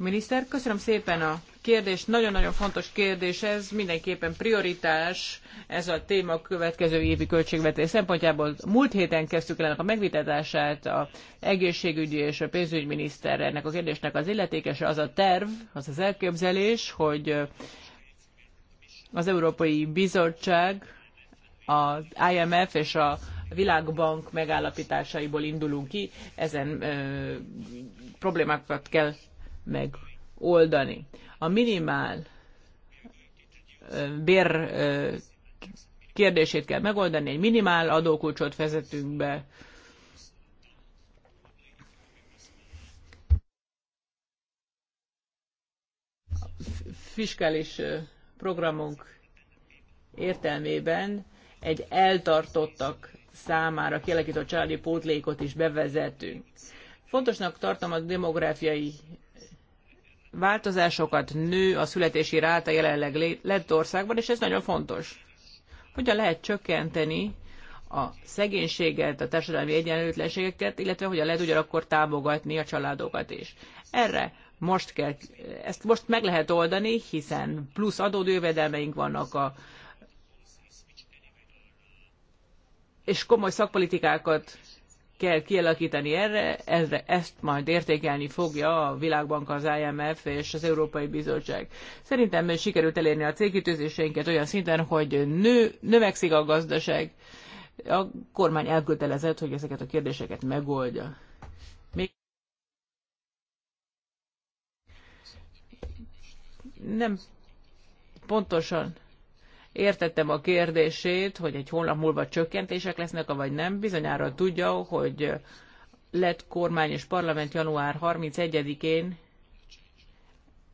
Miniszter, köszönöm szépen a kérdést. Nagyon-nagyon fontos kérdés ez, mindenképpen prioritás ez a téma következő évi költségvetés szempontjából. Múlt héten kezdtük el ennek a megvitatását, a egészségügyi és a pénzügyminiszter ennek a kérdésnek az illetékese, az a terv, az az elképzelés, hogy az Európai Bizottság, az IMF és a Világbank megállapításaiból indulunk ki, ezen ö, problémákat kell megoldani. A minimál bér kérdését kell megoldani, egy minimál adókulcsot vezetünk be. Fiskális programunk értelmében egy eltartottak számára kialakított családi pótlékot is bevezetünk. Fontosnak tartom a demográfiai változásokat, nő a születési ráta jelenleg Lettországban, és ez nagyon fontos. Hogyan lehet csökkenteni a szegénységet, a társadalmi egyenlőtlenségeket, illetve hogyan lehet ugyanakkor támogatni a családokat is. Erre most kell, ezt most meg lehet oldani, hiszen plusz adódővedelmeink vannak a és komoly szakpolitikákat kell kialakítani erre, ezre, ezt majd értékelni fogja a Világbank, az IMF és az Európai Bizottság. Szerintem sikerült elérni a célkitűzéseinket olyan szinten, hogy nő, növekszik a gazdaság, a kormány elkötelezett, hogy ezeket a kérdéseket megoldja. Még nem pontosan Értettem a kérdését, hogy egy hónap múlva csökkentések lesznek, vagy nem. Bizonyára tudja, hogy lett kormány és parlament január 31-én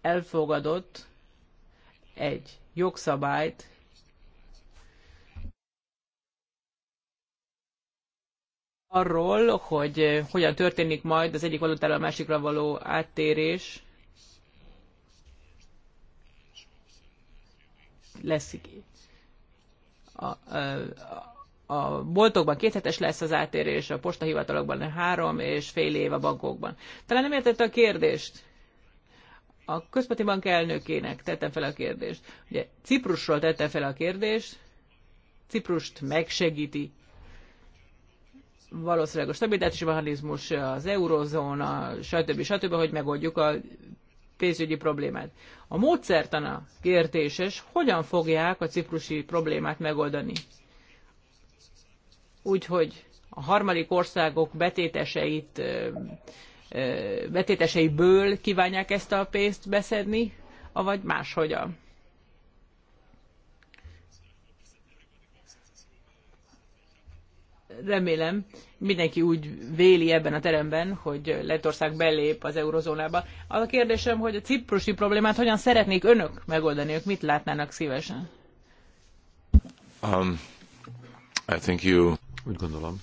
elfogadott egy jogszabályt, arról, hogy hogyan történik majd az egyik valutára a másikra való áttérés, lesz a, a, a boltokban két hetes lesz az átérés, a postahivatalokban három és fél év a bankokban. Talán nem értette a kérdést. A központi bank elnökének tettem fel a kérdést. Ugye Ciprusról tettem fel a kérdést, Ciprust megsegíti valószínűleg a stabilitási mechanizmus, az eurozóna, stb. stb., hogy megoldjuk a pénzügyi problémát. A módszertana kérdéses, hogyan fogják a ciprusi problémát megoldani. Úgyhogy a harmadik országok betéteseit, betéteseiből kívánják ezt a pénzt beszedni, avagy máshogyan. remélem mindenki úgy véli ebben a teremben, hogy Lettország belép az eurozónába. Az a kérdésem, hogy a ciprusi problémát hogyan szeretnék önök megoldani, ők mit látnának szívesen? Um, I think you... Úgy gondolom.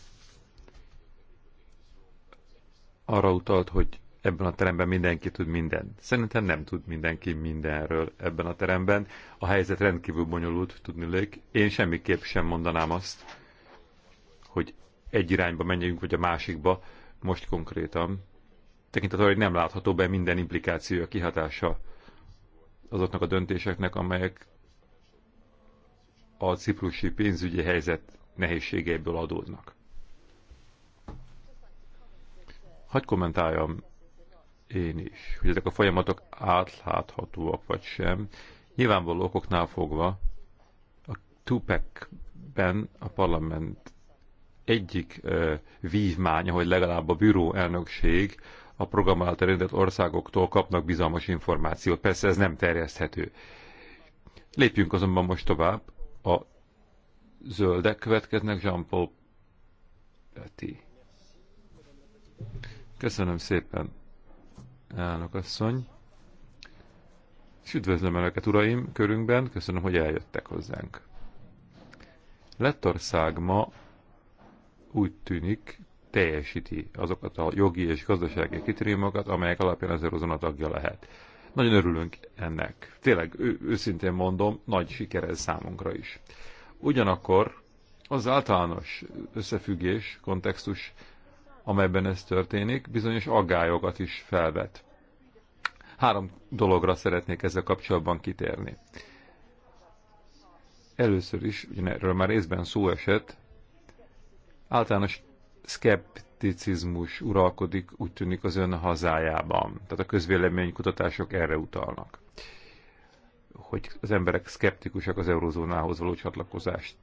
Arra utalt, hogy ebben a teremben mindenki tud mindent. Szerintem nem tud mindenki mindenről ebben a teremben. A helyzet rendkívül bonyolult, tudni lék. Én semmiképp sem mondanám azt, hogy egy irányba menjünk, vagy a másikba, most konkrétan. Tekintet arra, hogy nem látható be minden implikációja, kihatása azoknak a döntéseknek, amelyek a ciprusi pénzügyi helyzet nehézségeiből adódnak. Hagy kommentáljam én is, hogy ezek a folyamatok átláthatóak vagy sem. Nyilvánvaló okoknál fogva a Tupac-ben a parlament egyik vívmány, hogy legalább a bűró elnökség a program alatt rendelt országoktól kapnak bizalmas információt. Persze ez nem terjeszthető. Lépjünk azonban most tovább. A zöldek következnek, Jean-Paul Peti. Köszönöm szépen, elnök asszony. És üdvözlöm Önöket, uraim, körünkben. Köszönöm, hogy eljöttek hozzánk. Lettország ma úgy tűnik teljesíti azokat a jogi és gazdasági kritériumokat, amelyek alapján az eurozóna tagja lehet. Nagyon örülünk ennek. Tényleg, őszintén mondom, nagy siker ez számunkra is. Ugyanakkor az általános összefüggés, kontextus, amelyben ez történik, bizonyos aggályokat is felvet. Három dologra szeretnék ezzel kapcsolatban kitérni. Először is, ugye erről már részben szó esett, Általános szkepticizmus uralkodik, úgy tűnik az ön hazájában. Tehát a közvéleménykutatások erre utalnak. Hogy az emberek szkeptikusak az eurozónához való csatlakozás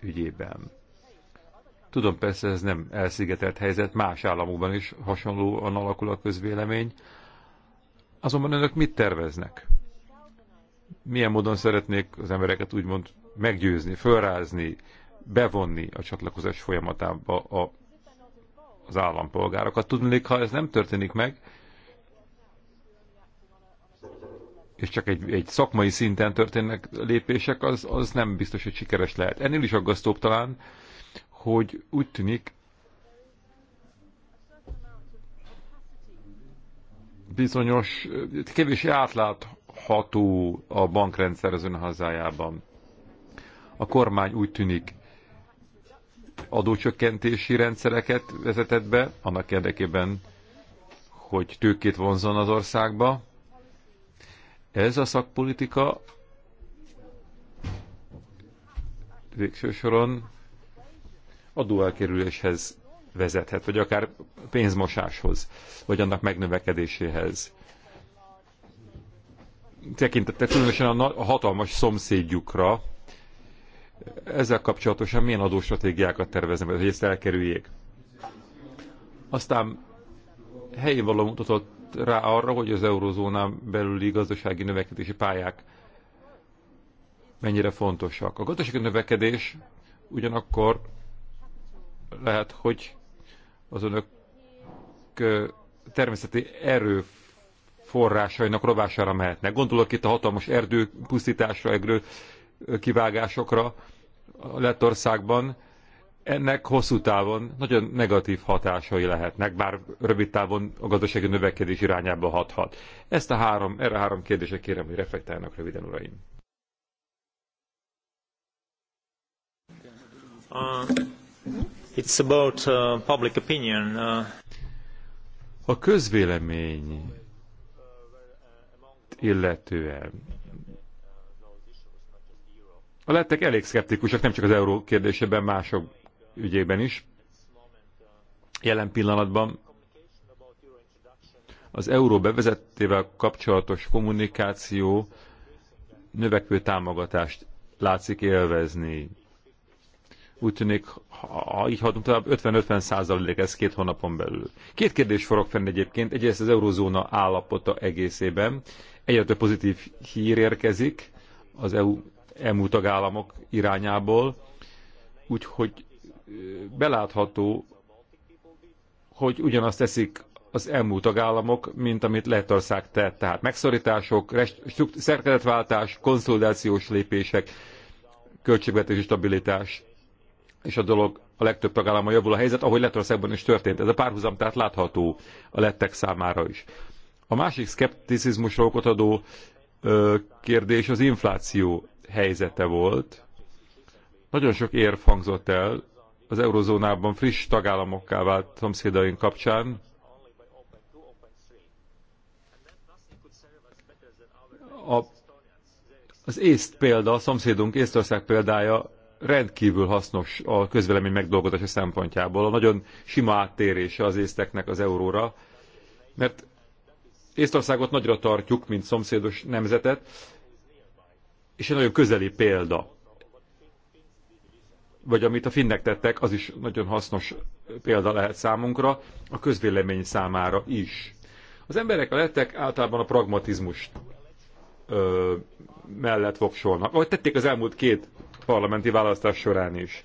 ügyében. Tudom, persze ez nem elszigetelt helyzet, más államokban is hasonlóan alakul a közvélemény. Azonban önök mit terveznek? Milyen módon szeretnék az embereket úgymond meggyőzni, fölrázni, bevonni a csatlakozás folyamatába a, az állampolgárokat. Tudnék, ha ez nem történik meg, és csak egy, egy szakmai szinten történnek lépések, az, az nem biztos, hogy sikeres lehet. Ennél is aggasztóbb talán, hogy úgy tűnik, bizonyos, kevés átlátható a bankrendszer az ön hazájában. A kormány úgy tűnik adócsökkentési rendszereket vezetett be, annak érdekében, hogy tőkét vonzon az országba. Ez a szakpolitika végső soron adóelkerüléshez vezethet, vagy akár pénzmosáshoz, vagy annak megnövekedéséhez. Tekintettek különösen a hatalmas szomszédjukra, ezzel kapcsolatosan milyen adóstratégiákat terveznek, hogy ezt elkerüljék. Aztán helyi való mutatott rá arra, hogy az eurozónán belüli gazdasági növekedési pályák mennyire fontosak. A gazdasági növekedés ugyanakkor lehet, hogy az önök természeti forrásainak rovására mehetnek. Gondolok itt a hatalmas erdőpusztításra, kivágásokra Lettországban, ennek hosszú távon nagyon negatív hatásai lehetnek, bár rövid távon a gazdasági növekedés irányába hathat. Ezt a három, erre a három kérdésre kérem, hogy reflektáljanak röviden, uraim. Uh, it's about uh, public opinion. Uh... A közvélemény illetően a lettek elég szkeptikusak, nem csak az euró kérdésében, mások ügyében is. Jelen pillanatban az euró bevezetével kapcsolatos kommunikáció növekvő támogatást látszik élvezni. Úgy tűnik, ha így hatunk tovább, 50-50 százalék ez két hónapon belül. Két kérdés forog fenn egyébként, egyrészt az eurozóna állapota egészében. Egyre több pozitív hír érkezik az EU EMU tagállamok irányából, úgyhogy belátható, hogy ugyanazt teszik az EMU tagállamok, mint amit Lettország tett. Tehát megszorítások, szerkezetváltás, konszolidációs lépések, költségvetési stabilitás, és a dolog a legtöbb tagállama javul a helyzet, ahogy Lettországban is történt. Ez a párhuzam tehát látható a lettek számára is. A másik szkepticizmusra okot adó kérdés az infláció helyzete volt. Nagyon sok érv hangzott el az eurozónában friss tagállamokká vált szomszédaink kapcsán. A, az észt példa, a szomszédunk Észtország példája rendkívül hasznos a közvelemény megdolgozása szempontjából. A nagyon sima áttérése az észteknek az euróra, mert Észtországot nagyra tartjuk, mint szomszédos nemzetet, és egy nagyon közeli példa. Vagy amit a finnek tettek, az is nagyon hasznos példa lehet számunkra, a közvélemény számára is. Az emberek a lettek általában a pragmatizmus ö, mellett voksolnak, ahogy tették az elmúlt két parlamenti választás során is.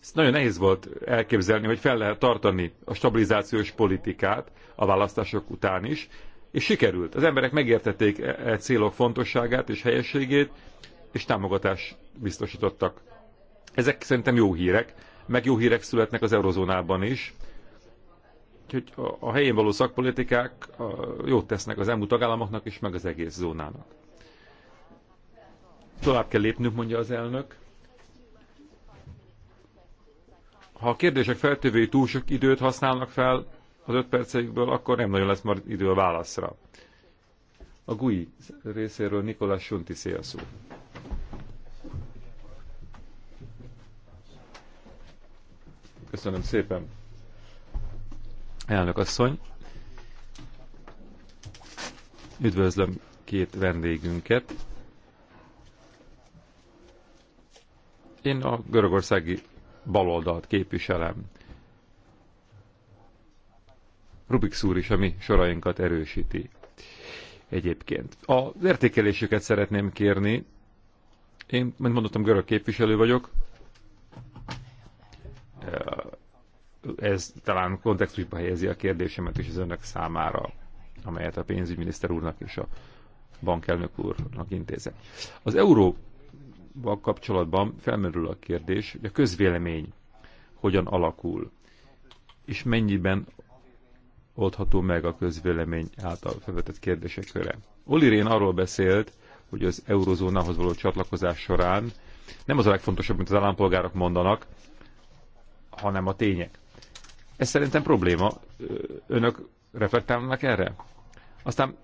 Ezt nagyon nehéz volt elképzelni, hogy fel lehet tartani a stabilizációs politikát a választások után is, és sikerült. Az emberek megértették e, e célok fontosságát és helyességét, és támogatást biztosítottak. Ezek szerintem jó hírek, meg jó hírek születnek az eurozónában is. Úgyhogy a helyén való szakpolitikák jót tesznek az EMU tagállamoknak is, meg az egész zónának. Tovább kell lépnünk, mondja az elnök. Ha a kérdések feltövői túl sok időt használnak fel, az öt perceikből, akkor nem nagyon lesz már idő a válaszra. A GUI részéről Nikolás Sunti szélszó. Köszönöm szépen. Elnök asszony, üdvözlöm két vendégünket. Én a görögországi baloldalt képviselem. Rubik szúr is a mi sorainkat erősíti egyébként. Az értékelésüket szeretném kérni. Én, mint mondottam, görög képviselő vagyok. Ez talán kontextusba helyezi a kérdésemet is az önök számára, amelyet a pénzügyminiszter úrnak és a bankelnök úrnak intézek. Az euróval kapcsolatban felmerül a kérdés, hogy a közvélemény hogyan alakul, és mennyiben oldható meg a közvélemény által felvetett kérdések köre. Oli Rén arról beszélt, hogy az eurozónához való csatlakozás során nem az a legfontosabb, amit az állampolgárok mondanak, hanem a tények. Ez szerintem probléma. Önök reflektálnak erre? Aztán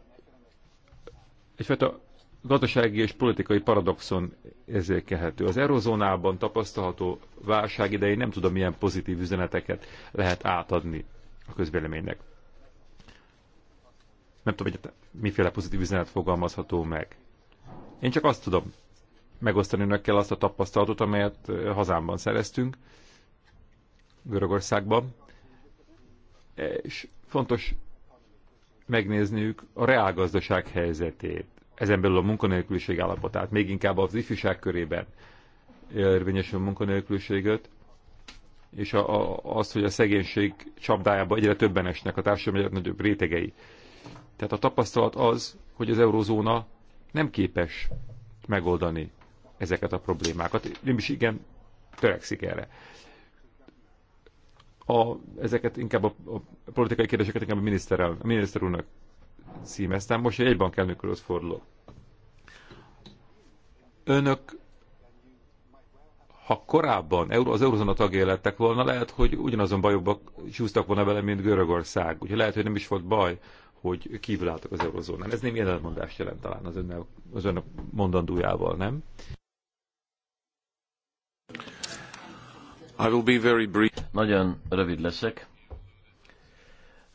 egyfajta gazdasági és politikai paradoxon érzékelhető. Az eurozónában tapasztalható válság idején nem tudom, milyen pozitív üzeneteket lehet átadni a közvéleménynek nem tudom, hogy miféle pozitív üzenet fogalmazható meg. Én csak azt tudom megosztani önökkel azt a tapasztalatot, amelyet hazámban szereztünk, Görögországban, e, és fontos megnézniük a reálgazdaság helyzetét, ezen belül a munkanélküliség állapotát, még inkább az ifjúság körében érvényesül munkanélküliséget, és a, a, azt, hogy a szegénység csapdájába egyre többen esnek, a társadalom egyre nagyobb rétegei tehát a tapasztalat az, hogy az eurozóna nem képes megoldani ezeket a problémákat. Nem is igen törekszik erre. A, ezeket inkább a, a politikai kérdéseket inkább a, miniszterel, a miniszter úrnak szímeztem. Most egy elnökről fordulok. Önök ha korábban az eurozóna tagjai lettek volna, lehet, hogy ugyanazon bajokba csúsztak volna vele, mint Görögország. Úgyhogy lehet, hogy nem is volt baj, hogy kívülálltak az eurozónán. Ez némi ellentmondást jelent talán az ön, az ön mondandójával, nem? I will be very brief. Nagyon rövid leszek.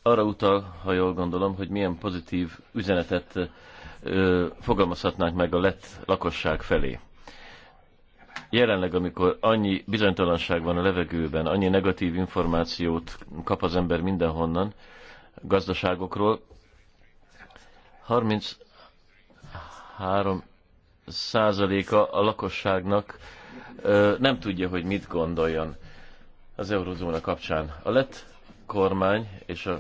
Arra utal, ha jól gondolom, hogy milyen pozitív üzenetet ö, fogalmazhatnánk meg a lett lakosság felé. Jelenleg, amikor annyi bizonytalanság van a levegőben, annyi negatív információt kap az ember mindenhonnan, gazdaságokról, 33 százaléka a lakosságnak nem tudja, hogy mit gondoljon az eurozóna kapcsán. A lett kormány és a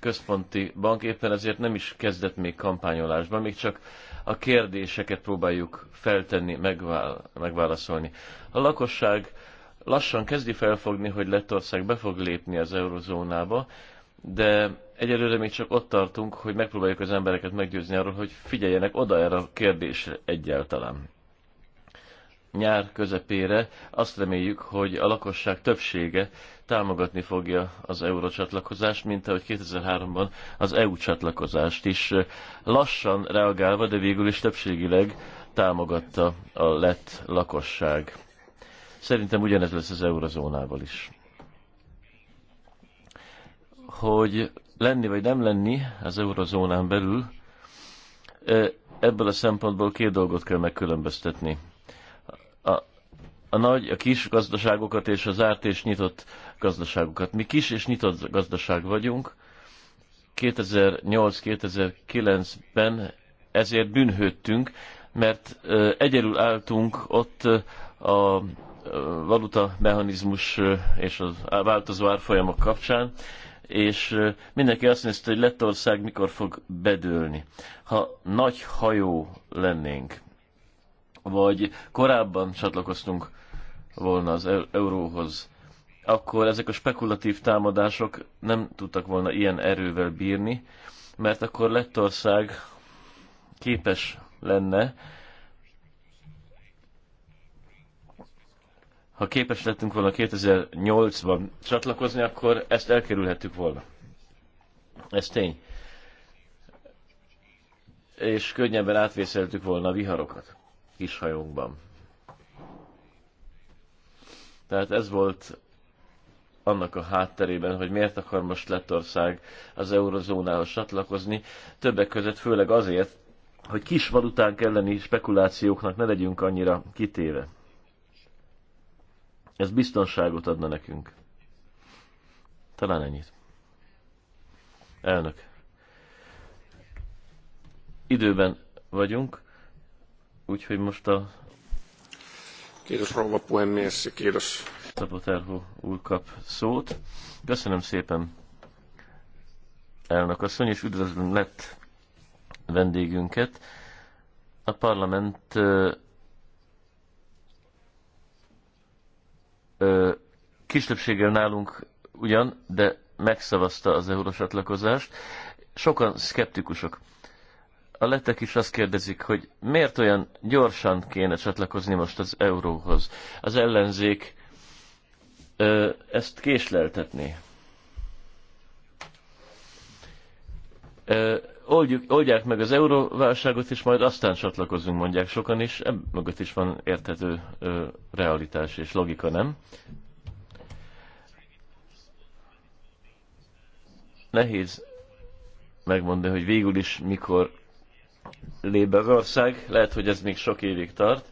központi bank éppen ezért nem is kezdett még kampányolásban, még csak a kérdéseket próbáljuk feltenni, megvál, megválaszolni. A lakosság lassan kezdi felfogni, hogy Lettország be fog lépni az eurozónába, de egyelőre még csak ott tartunk, hogy megpróbáljuk az embereket meggyőzni arról, hogy figyeljenek oda erre a kérdésre egyáltalán. Nyár közepére azt reméljük, hogy a lakosság többsége támogatni fogja az eurócsatlakozást, mint ahogy 2003-ban az EU csatlakozást is lassan reagálva, de végül is többségileg támogatta a lett lakosság. Szerintem ugyanez lesz az eurozónával is. Hogy lenni vagy nem lenni az eurozónán belül, ebből a szempontból két dolgot kell megkülönböztetni. A, a nagy, a kis gazdaságokat és az zárt és nyitott gazdaságokat. Mi kis és nyitott gazdaság vagyunk. 2008-2009-ben ezért bűnhődtünk, mert egyedül álltunk ott a valuta mechanizmus és a változó árfolyamok kapcsán, és mindenki azt nézte, hogy Lettország mikor fog bedőlni. Ha nagy hajó lennénk, vagy korábban csatlakoztunk volna az euróhoz, akkor ezek a spekulatív támadások nem tudtak volna ilyen erővel bírni, mert akkor Lettország képes lenne Ha képes lettünk volna 2008-ban csatlakozni, akkor ezt elkerülhettük volna. Ez tény. És könnyebben átvészeltük volna a viharokat kis hajónkban. Tehát ez volt annak a hátterében, hogy miért akar most Lettország az eurozónához csatlakozni. Többek között főleg azért, hogy kis valutánk elleni spekulációknak ne legyünk annyira kitéve. Ez biztonságot adna nekünk. Talán ennyit. Elnök. Időben vagyunk, úgyhogy most a... Kérdés, rouva puhemies, kérdés. Szaboterho úr kap szót. Köszönöm szépen, elnök asszony, és üdvözlöm lett vendégünket. A parlament ö, nálunk ugyan, de megszavazta az eurós csatlakozást. Sokan szkeptikusok. A letek is azt kérdezik, hogy miért olyan gyorsan kéne csatlakozni most az euróhoz. Az ellenzék ö, ezt késleltetné oldjuk, oldják meg az euróválságot, és majd aztán csatlakozunk, mondják sokan, és ebb mögött is van érthető ö, realitás és logika, nem? Nehéz megmondani, hogy végül is mikor lép be az ország, lehet, hogy ez még sok évig tart.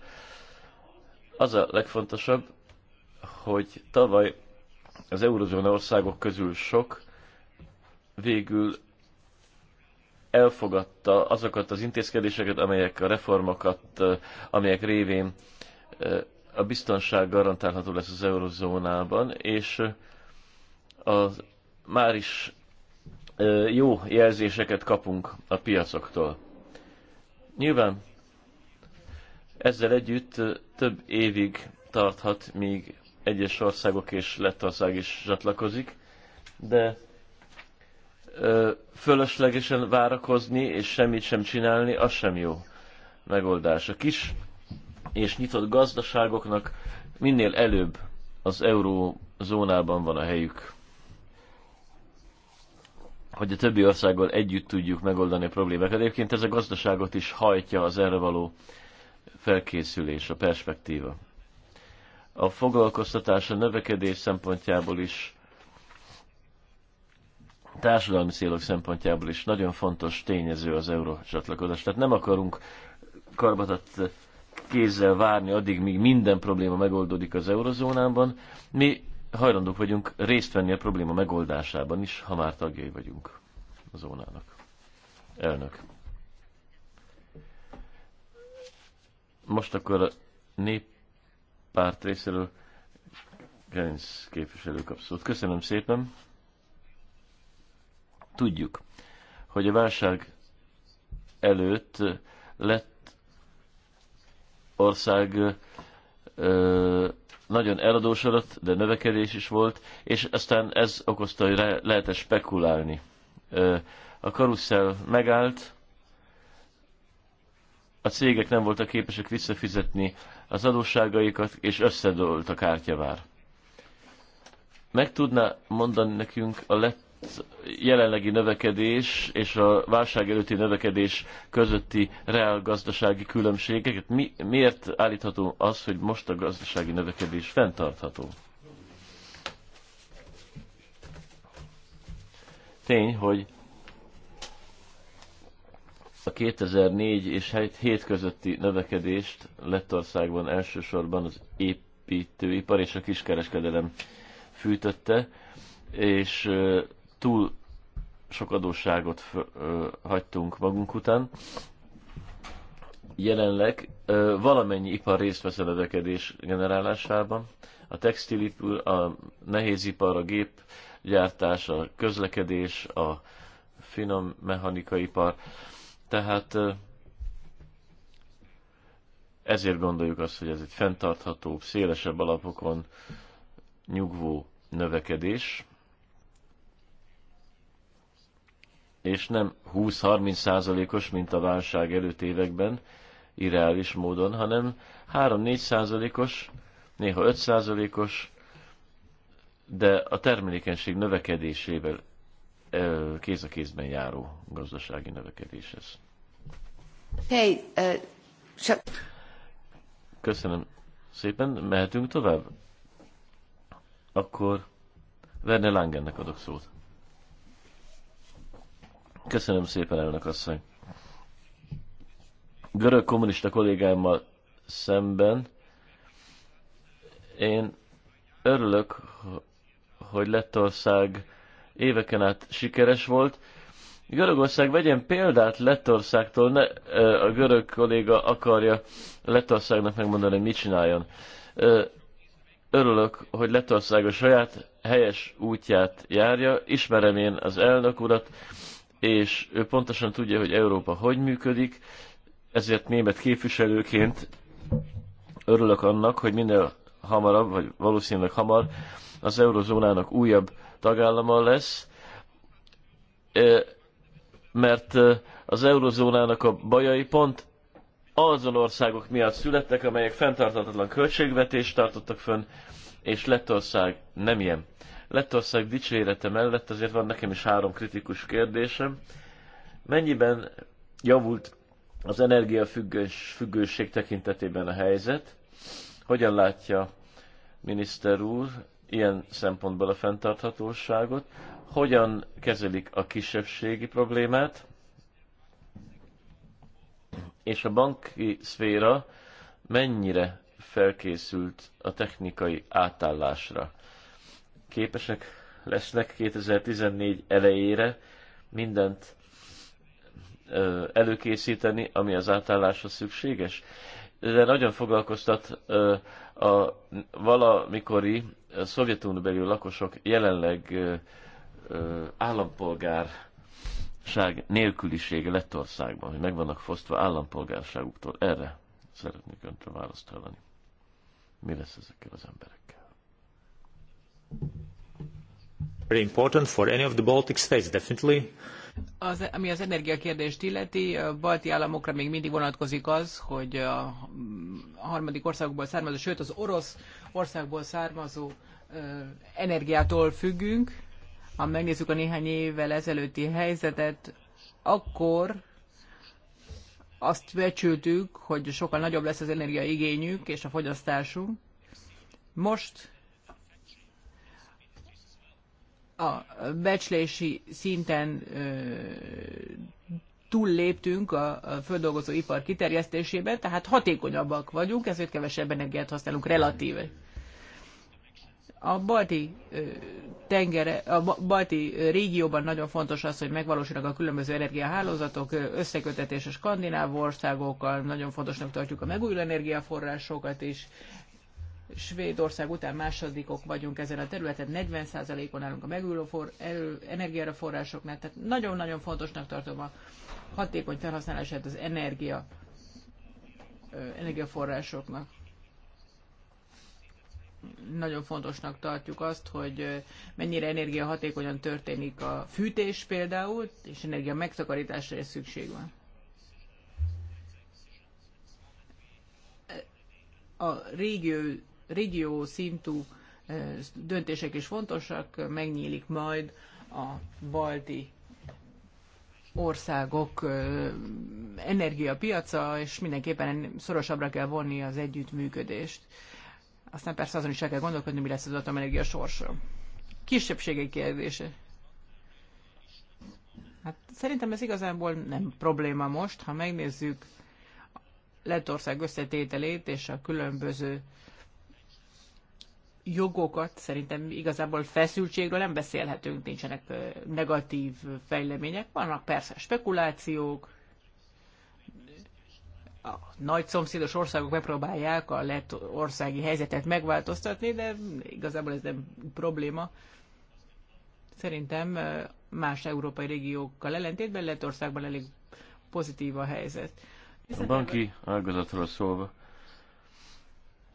Az a legfontosabb, hogy tavaly az eurozóna országok közül sok végül elfogadta azokat az intézkedéseket, amelyek a reformokat, amelyek révén a biztonság garantálható lesz az eurozónában, és az már is jó jelzéseket kapunk a piacoktól. Nyilván ezzel együtt több évig tarthat, míg egyes országok és Lettország is csatlakozik, de fölöslegesen várakozni és semmit sem csinálni, az sem jó megoldás. A kis és nyitott gazdaságoknak minél előbb az eurózónában van a helyük, hogy a többi országgal együtt tudjuk megoldani a problémákat. Egyébként ez a gazdaságot is hajtja az erre való felkészülés, a perspektíva. A foglalkoztatás a növekedés szempontjából is társadalmi célok szempontjából is nagyon fontos tényező az csatlakozás. Tehát nem akarunk karbatat kézzel várni addig, míg minden probléma megoldódik az eurozónában. Mi hajlandók vagyunk részt venni a probléma megoldásában is, ha már tagjai vagyunk a zónának. Elnök. Most akkor a néppárt részéről Gerinc képviselő kapszót. Köszönöm szépen. Tudjuk, hogy a válság előtt lett ország ö, nagyon eladósodott, de növekedés is volt, és aztán ez okozta, hogy lehet lehetett spekulálni. Ö, a karuszel megállt, a cégek nem voltak képesek visszafizetni az adósságaikat, és összedőlt a kártyavár. Meg tudná mondani nekünk a lett jelenlegi növekedés és a válság előtti növekedés közötti reál gazdasági különbségeket? Mi, miért állítható az, hogy most a gazdasági növekedés fenntartható? Tény, hogy a 2004 és 7 közötti növekedést Lettországban elsősorban az építőipar és a kiskereskedelem fűtötte, és túl sok adósságot ö, hagytunk magunk után. Jelenleg ö, valamennyi ipar részt vesz a növekedés generálásában. A textilipar, a nehézipar, a gépgyártás, a közlekedés, a finom ipar Tehát ö, ezért gondoljuk azt, hogy ez egy fenntarthatóbb, szélesebb alapokon nyugvó növekedés és nem 20-30 százalékos, mint a válság előtt években, irreális módon, hanem 3-4 százalékos, néha 5 százalékos, de a termelékenység növekedésével kéz a kézben járó gazdasági növekedéshez. Hey, uh, so... Köszönöm szépen, mehetünk tovább? Akkor Werner Langennek adok szót. Köszönöm szépen, elnök asszony. Görög kommunista kollégámmal szemben én örülök, hogy Lettország éveken át sikeres volt. Görögország vegyen példát Lettországtól, ne a görög kolléga akarja Lettországnak megmondani, mit csináljon. Örülök, hogy Lettország a saját helyes útját járja, ismerem én az elnök urat, és ő pontosan tudja, hogy Európa hogy működik, ezért német képviselőként örülök annak, hogy minél hamarabb, vagy valószínűleg hamar az eurozónának újabb tagállama lesz, mert az eurozónának a bajai pont azon országok miatt születtek, amelyek fenntartatlan költségvetést tartottak fönn, és Lettország nem ilyen. Lettország dicsérete mellett azért van nekem is három kritikus kérdésem. Mennyiben javult az energiafüggőség tekintetében a helyzet? Hogyan látja miniszter úr ilyen szempontból a fenntarthatóságot? Hogyan kezelik a kisebbségi problémát? És a banki szféra mennyire felkészült a technikai átállásra? képesek lesznek 2014 elejére mindent előkészíteni, ami az átálláshoz szükséges. De nagyon foglalkoztat a valamikori szovjetunbeli lakosok jelenleg állampolgárság nélkülisége Lettországban, hogy meg vannak fosztva állampolgárságuktól. Erre szeretnék öntől választ hallani. Mi lesz ezekkel az emberekkel? Az, ami az energiakérdést illeti, a balti államokra még mindig vonatkozik az, hogy a harmadik országokból származó, sőt az orosz országból származó energiától függünk. Ha megnézzük a néhány évvel ezelőtti helyzetet, akkor azt becsültük, hogy sokkal nagyobb lesz az energiaigényünk és a fogyasztásunk. Most a becslési szinten túlléptünk a, a földolgozó ipar kiterjesztésében, tehát hatékonyabbak vagyunk, ezért kevesebb energiát használunk relatíve. A balti, tengere, a balti régióban nagyon fontos az, hogy megvalósulnak a különböző energiahálózatok, összekötetés a skandináv országokkal, nagyon fontosnak tartjuk a megújuló energiaforrásokat is, Svédország után másodikok vagyunk ezen a területen, 40%-on állunk a megújuló for, erő, energiaforrásoknál, tehát nagyon-nagyon fontosnak tartom a hatékony felhasználását az energia, energiaforrásoknak. Nagyon fontosnak tartjuk azt, hogy mennyire energiahatékonyan történik a fűtés például, és energia megtakarításra is szükség van. a régió régió szintű döntések is fontosak, megnyílik majd a balti országok energiapiaca, és mindenképpen szorosabbra kell vonni az együttműködést. Aztán persze azon is el kell gondolkodni, mi lesz az atomenergia sorsa. Kisebbségek kérdése. Hát szerintem ez igazából nem probléma most, ha megnézzük Lettország összetételét és a különböző jogokat szerintem igazából feszültségről nem beszélhetünk, nincsenek negatív fejlemények, vannak persze spekulációk, a nagy szomszédos országok megpróbálják a lett országi helyzetet megváltoztatni, de igazából ez nem probléma. Szerintem más európai régiókkal ellentétben Lettországban elég pozitív a helyzet. A banki ágazatról szólva,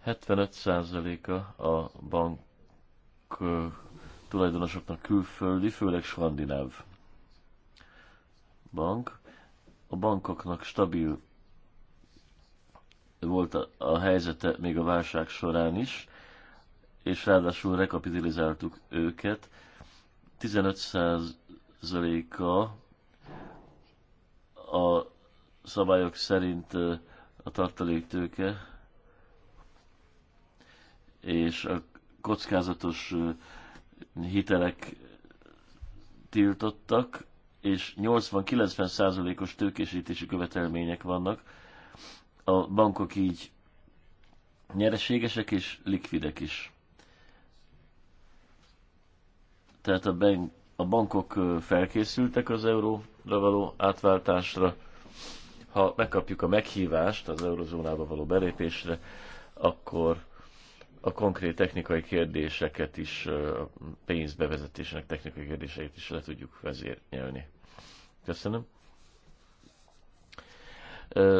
75%-a a bank tulajdonosoknak külföldi, főleg skandináv bank. A bankoknak stabil volt a, a helyzete még a válság során is, és ráadásul rekapitalizáltuk őket. 15%-a a szabályok szerint a tartaléktőke és a kockázatos hitelek tiltottak, és 80-90 százalékos tőkésítési követelmények vannak. A bankok így nyereségesek és likvidek is. Tehát a, bank, a bankok felkészültek az euróra való átváltásra. Ha megkapjuk a meghívást az eurozónába való belépésre, akkor a konkrét technikai kérdéseket is, a pénzbevezetésnek technikai kérdéseit is le tudjuk vezérnyelni. Köszönöm.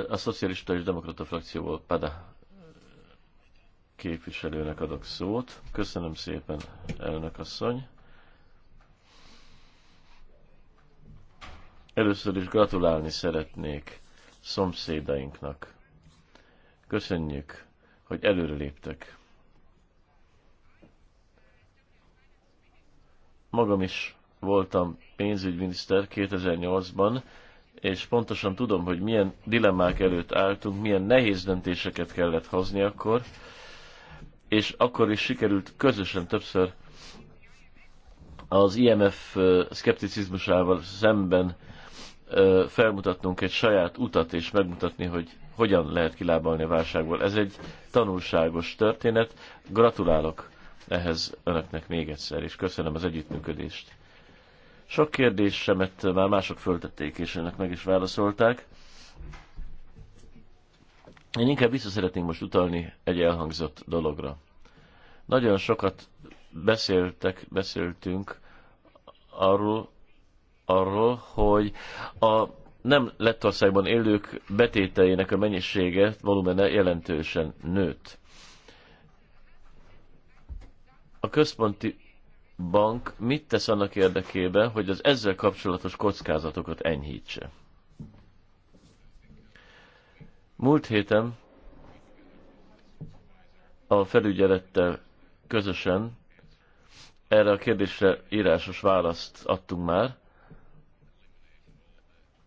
A Szocialista és Demokrata frakcióból Pada képviselőnek adok szót. Köszönöm szépen, elnök asszony. Először is gratulálni szeretnék szomszédainknak. Köszönjük, hogy előreléptek Magam is voltam pénzügyminiszter 2008-ban, és pontosan tudom, hogy milyen dilemmák előtt álltunk, milyen nehéz döntéseket kellett hozni akkor, és akkor is sikerült közösen többször az IMF szkepticizmusával szemben felmutatnunk egy saját utat, és megmutatni, hogy hogyan lehet kilábalni a válságból. Ez egy tanulságos történet. Gratulálok ehhez önöknek még egyszer, és köszönöm az együttműködést. Sok kérdésemet már mások föltették, és ennek meg is válaszolták. Én inkább vissza szeretnénk most utalni egy elhangzott dologra. Nagyon sokat beszéltek, beszéltünk arról, arról hogy a nem Lettországban élők betéteinek a mennyisége, volumene jelentősen nőtt a központi bank mit tesz annak érdekében, hogy az ezzel kapcsolatos kockázatokat enyhítse? Múlt héten a felügyelettel közösen erre a kérdésre írásos választ adtunk már.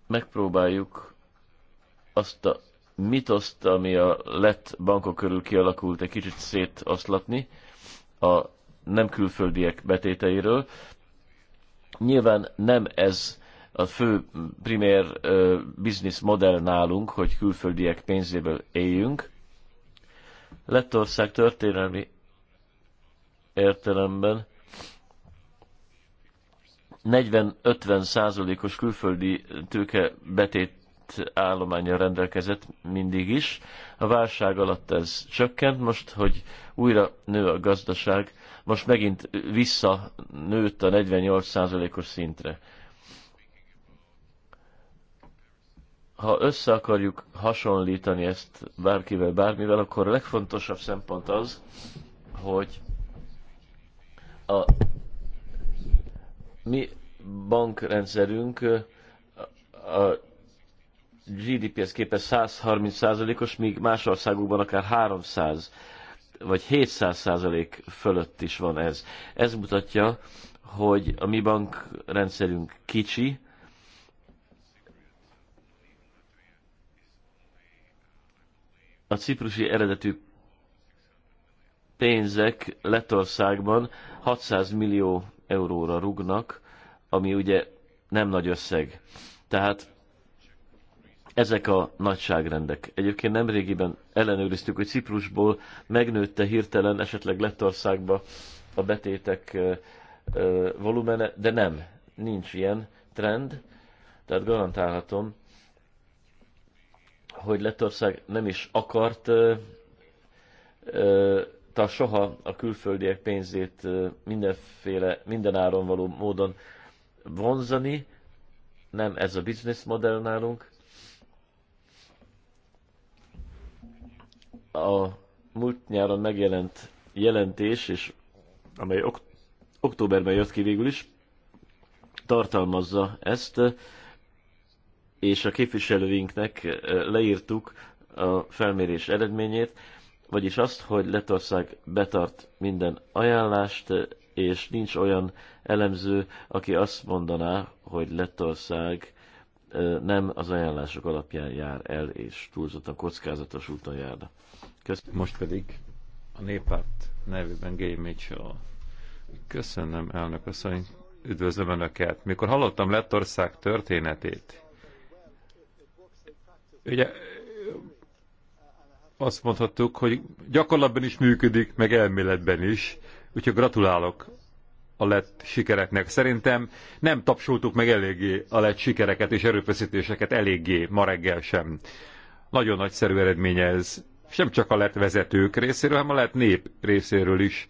Megpróbáljuk azt a mitoszt, ami a lett bankok körül kialakult, egy kicsit szétoszlatni. A nem külföldiek betéteiről. Nyilván nem ez a fő primér business modell nálunk, hogy külföldiek pénzéből éljünk. Lettország történelmi értelemben 40-50 százalékos külföldi tőke betét állománya rendelkezett mindig is. A válság alatt ez csökkent, most, hogy újra nő a gazdaság, most megint vissza nőtt a 48%-os szintre. Ha össze akarjuk hasonlítani ezt bárkivel, bármivel, akkor a legfontosabb szempont az, hogy a mi bankrendszerünk a GDP-hez képest 130%-os, míg más országokban akár 300 vagy 700 fölött is van ez. Ez mutatja, hogy a mi bankrendszerünk kicsi, a ciprusi eredetű pénzek Lettországban 600 millió euróra rugnak, ami ugye nem nagy összeg. Tehát ezek a nagyságrendek. Egyébként nemrégiben ellenőriztük, hogy Ciprusból megnőtte hirtelen esetleg Lettországba a betétek volumene, de nem, nincs ilyen trend, tehát garantálhatom, hogy Lettország nem is akart ta soha a külföldiek pénzét mindenféle, mindenáron való módon vonzani, nem ez a business modell nálunk, a múlt nyáron megjelent jelentés, és amely ok októberben jött ki végül is, tartalmazza ezt, és a képviselőinknek eh, leírtuk a felmérés eredményét, vagyis azt, hogy Letország betart minden ajánlást, és nincs olyan elemző, aki azt mondaná, hogy Letország eh, nem az ajánlások alapján jár el, és túlzottan kockázatos úton járna. Köszönöm. Most pedig a néppárt nevében Gay Mitchell. Köszönöm, elnök asszony. Üdvözlöm Önöket. Mikor hallottam Lettország történetét, ugye azt mondhattuk, hogy gyakorlatban is működik, meg elméletben is, úgyhogy gratulálok a lett sikereknek. Szerintem nem tapsoltuk meg eléggé a lett sikereket és erőfeszítéseket eléggé ma reggel sem. Nagyon nagyszerű eredménye ez sem csak a lett vezetők részéről, hanem a lett nép részéről is.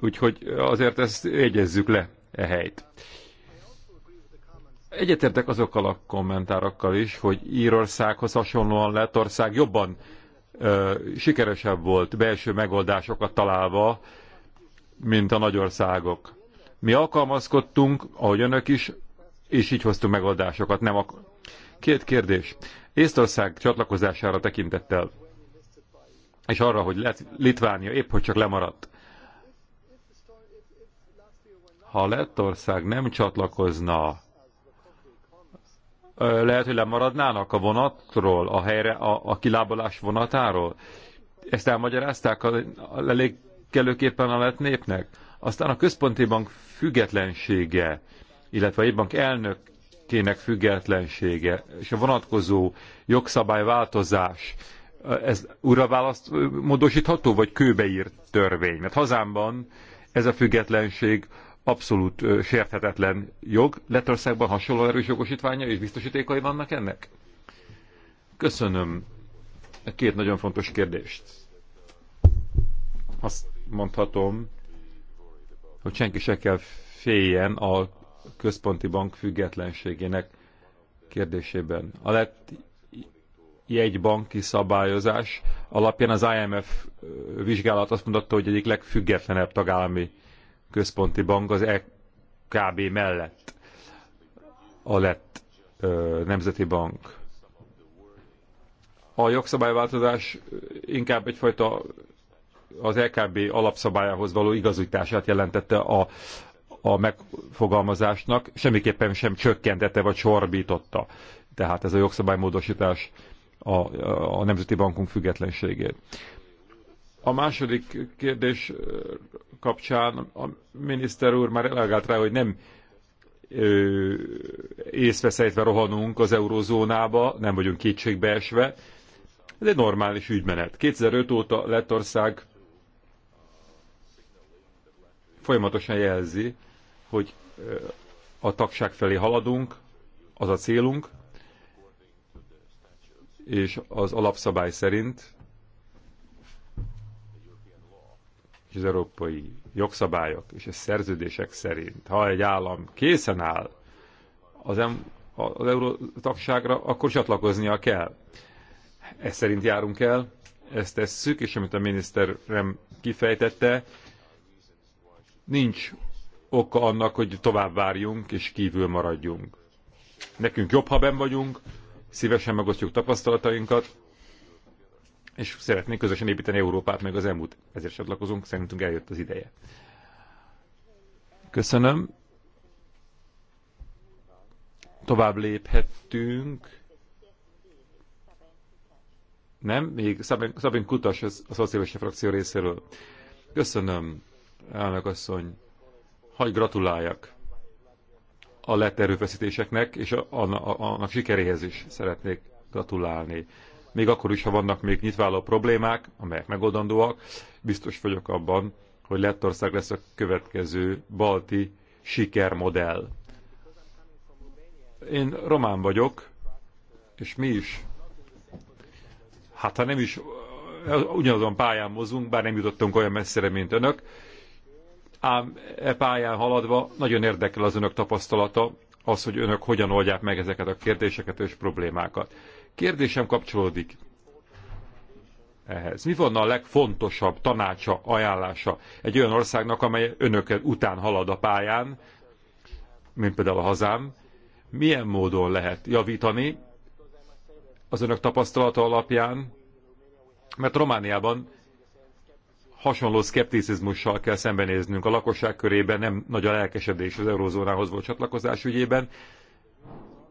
Úgyhogy azért ezt jegyezzük le e helyt. Egyetértek azokkal a kommentárokkal is, hogy Írországhoz hasonlóan Lettország jobban ö, sikeresebb volt belső megoldásokat találva, mint a nagyországok. Mi alkalmazkodtunk, ahogy önök is, és így hoztunk megoldásokat. Nem ak- Két kérdés. Észtország csatlakozására tekintettel, és arra, hogy Litvánia épp hogy csak lemaradt. Ha Lettország nem csatlakozna, lehet, hogy lemaradnának a vonatról, a helyre, a, a kilábalás vonatáról. Ezt elmagyarázták a, a, elég kellőképpen a lett népnek. Aztán a központi bank függetlensége, illetve a bank elnök elnökének függetlensége és a vonatkozó jogszabály változás, ez újraválaszt módosítható, vagy kőbeírt törvény? Mert hazámban ez a függetlenség abszolút sérthetetlen jog. Letországban hasonló erős jogosítványa és biztosítékai vannak ennek? Köszönöm a e két nagyon fontos kérdést. Azt mondhatom, hogy senki se kell féljen a központi bank függetlenségének kérdésében. A lett jegybanki szabályozás alapján az IMF vizsgálat azt mutatta, hogy egyik legfüggetlenebb tagállami központi bank az EKB mellett a lett ö, nemzeti bank. A jogszabályváltozás inkább egyfajta az LKB e alapszabályához való igazítását jelentette a, a megfogalmazásnak semmiképpen sem csökkentette vagy sorbította. Tehát ez a jogszabálymódosítás a, a Nemzeti Bankunk függetlenségét. A második kérdés kapcsán a miniszter úr már elágált rá, hogy nem észveszejtve rohanunk az eurozónába, nem vagyunk kétségbeesve. Ez egy normális ügymenet. 2005 óta Lettország folyamatosan jelzi, hogy a tagság felé haladunk, az a célunk, és az alapszabály szerint és az európai jogszabályok és a szerződések szerint, ha egy állam készen áll az, em, az euró tagságra, akkor csatlakoznia kell. Ez szerint járunk el, ezt tesszük, és amit a miniszterem kifejtette, nincs oka annak, hogy tovább várjunk és kívül maradjunk. Nekünk jobb, ha ben vagyunk, szívesen megosztjuk tapasztalatainkat, és szeretnénk közösen építeni Európát meg az elmúlt. Ezért csatlakozunk, szerintünk eljött az ideje. Köszönöm. Tovább léphettünk. Nem? Még Szabin, Szabin Kutas a szociális frakció részéről. Köszönöm, elnök asszony hagy gratuláljak a lett erőfeszítéseknek, és a, a, a, annak sikeréhez is szeretnék gratulálni. Még akkor is, ha vannak még nyitváló problémák, amelyek megoldandóak, biztos vagyok abban, hogy Lettország lesz a következő balti sikermodell. Én román vagyok, és mi is. Hát ha nem is ugyanazon pályán mozunk, bár nem jutottunk olyan messzire, mint önök, ám e pályán haladva nagyon érdekel az önök tapasztalata, az, hogy önök hogyan oldják meg ezeket a kérdéseket és problémákat. Kérdésem kapcsolódik ehhez. Mi volna a legfontosabb tanácsa, ajánlása egy olyan országnak, amely önök után halad a pályán, mint például a hazám, milyen módon lehet javítani az önök tapasztalata alapján, mert Romániában hasonló szkepticizmussal kell szembenéznünk. A lakosság körében nem nagy a lelkesedés az eurozónához volt csatlakozás ügyében.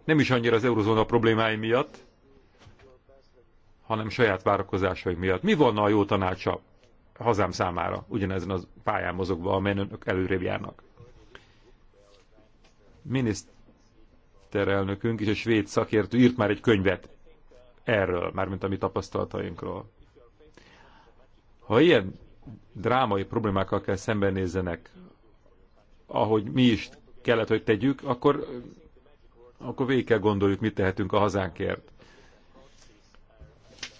Nem is annyira az eurozóna problémái miatt, hanem saját várakozásai miatt. Mi volna a jó tanácsa hazám számára ugyanezen a pályán mozogva, amelyen önök előrébb járnak? Miniszterelnökünk és a svéd szakértő írt már egy könyvet erről, mármint a mi tapasztalatainkról. Ha ilyen drámai problémákkal kell szembenézzenek, ahogy mi is kellett, hogy tegyük, akkor, akkor végig kell gondoljuk, mit tehetünk a hazánkért.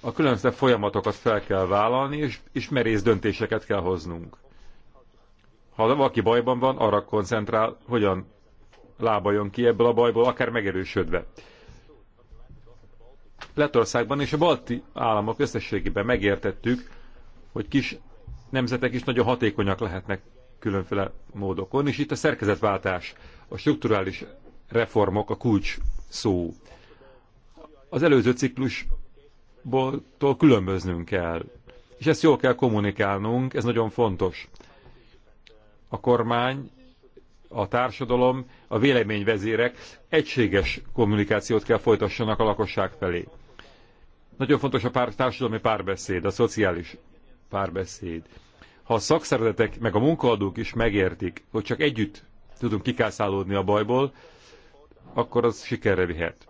A különböző folyamatokat fel kell vállalni, és, és merész döntéseket kell hoznunk. Ha valaki bajban van, arra koncentrál, hogyan lábajon ki ebből a bajból, akár megerősödve. Lettországban és a balti államok összességében megértettük, hogy kis nemzetek is nagyon hatékonyak lehetnek különféle módokon, és itt a szerkezetváltás, a strukturális reformok a kulcs szó. Az előző ciklusból különböznünk kell, és ezt jól kell kommunikálnunk, ez nagyon fontos. A kormány, a társadalom, a véleményvezérek egységes kommunikációt kell folytassanak a lakosság felé. Nagyon fontos a pár, társadalmi párbeszéd, a szociális párbeszéd. Ha a szakszervezetek meg a munkaadók is megértik, hogy csak együtt tudunk kikászálódni a bajból, akkor az sikerre vihet.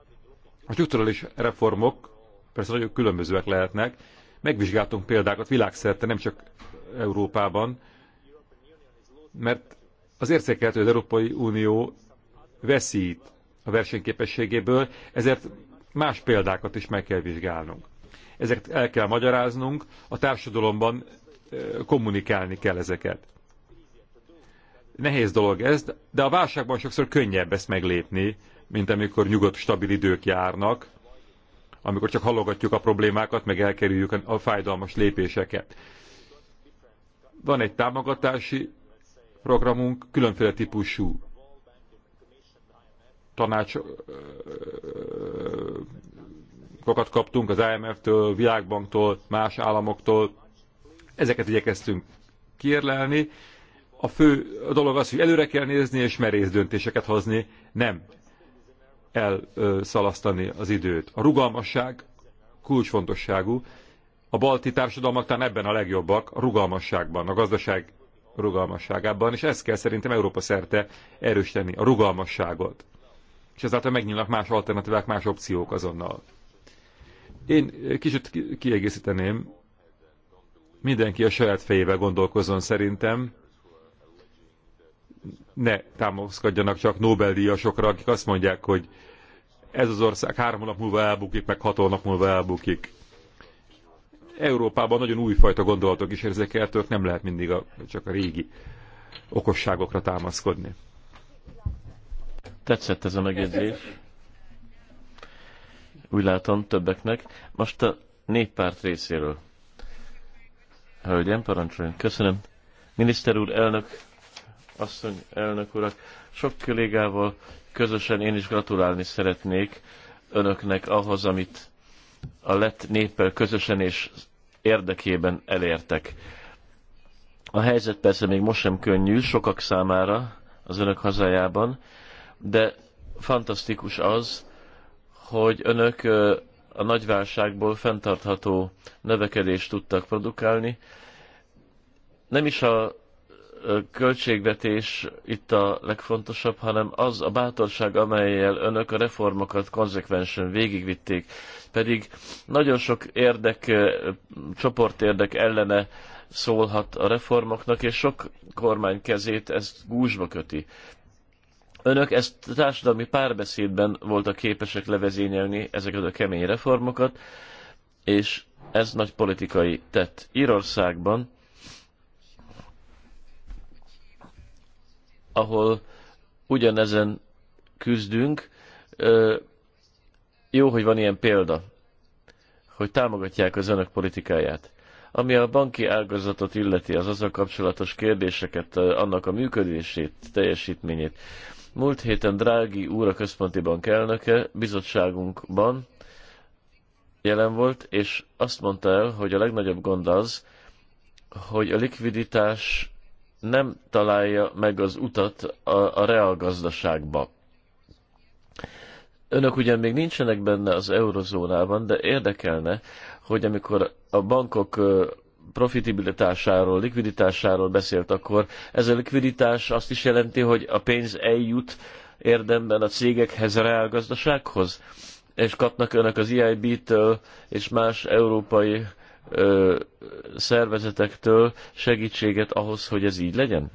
A strukturális reformok persze nagyon különbözőek lehetnek. Megvizsgáltunk példákat világszerte, nem csak Európában, mert az érzékelhető, hogy az Európai Unió veszít a versenyképességéből, ezért más példákat is meg kell vizsgálnunk ezeket el kell magyaráznunk, a társadalomban kommunikálni kell ezeket. Nehéz dolog ez, de a válságban sokszor könnyebb ezt meglépni, mint amikor nyugodt, stabil idők járnak, amikor csak halogatjuk a problémákat, meg elkerüljük a fájdalmas lépéseket. Van egy támogatási programunk, különféle típusú tanács sokat kaptunk az IMF-től, Világbanktól, más államoktól. Ezeket igyekeztünk kiérlelni. A fő dolog az, hogy előre kell nézni és merész döntéseket hozni, nem elszalasztani az időt. A rugalmasság kulcsfontosságú. A balti társadalmak talán ebben a legjobbak, a rugalmasságban, a gazdaság rugalmasságában, és ezt kell szerintem Európa szerte erősíteni, a rugalmasságot. És ezáltal megnyílnak más alternatívák, más opciók azonnal. Én kicsit kiegészíteném, mindenki a saját fejével gondolkozzon szerintem, ne támaszkodjanak csak Nobel-díjasokra, akik azt mondják, hogy ez az ország három hónap múlva elbukik, meg hat hónap múlva elbukik. Európában nagyon újfajta gondolatok is érzékeltők, nem lehet mindig a, csak a régi okosságokra támaszkodni. Tetszett ez a megjegyzés úgy látom többeknek. Most a néppárt részéről. Hölgyem, parancsoljon. Köszönöm. Miniszter úr, elnök, asszony, elnök urak, sok kollégával közösen én is gratulálni szeretnék önöknek ahhoz, amit a lett néppel közösen és érdekében elértek. A helyzet persze még most sem könnyű sokak számára az önök hazájában, de fantasztikus az, hogy önök a nagyválságból fenntartható növekedést tudtak produkálni. Nem is a költségvetés itt a legfontosabb, hanem az a bátorság, amelyel önök a reformokat konzekvensen végigvitték. Pedig nagyon sok érdek, csoportérdek ellene szólhat a reformoknak, és sok kormány kezét ezt gúzsba köti. Önök ezt a társadalmi párbeszédben voltak képesek levezényelni ezeket a kemény reformokat, és ez nagy politikai tett. Írországban, ahol ugyanezen küzdünk, jó, hogy van ilyen példa, hogy támogatják az önök politikáját. Ami a banki ágazatot illeti, az azzal kapcsolatos kérdéseket, annak a működését, teljesítményét, Múlt héten Drági úr a központi bank elnöke bizottságunkban jelen volt, és azt mondta el, hogy a legnagyobb gond az, hogy a likviditás nem találja meg az utat a, a reálgazdaságba. Önök ugyan még nincsenek benne az eurozónában, de érdekelne, hogy amikor a bankok profitibilitásáról, likviditásáról beszélt akkor. Ez a likviditás azt is jelenti, hogy a pénz eljut érdemben a cégekhez, a reálgazdasághoz, és kapnak önök az EIB-től és más európai ö, szervezetektől segítséget ahhoz, hogy ez így legyen?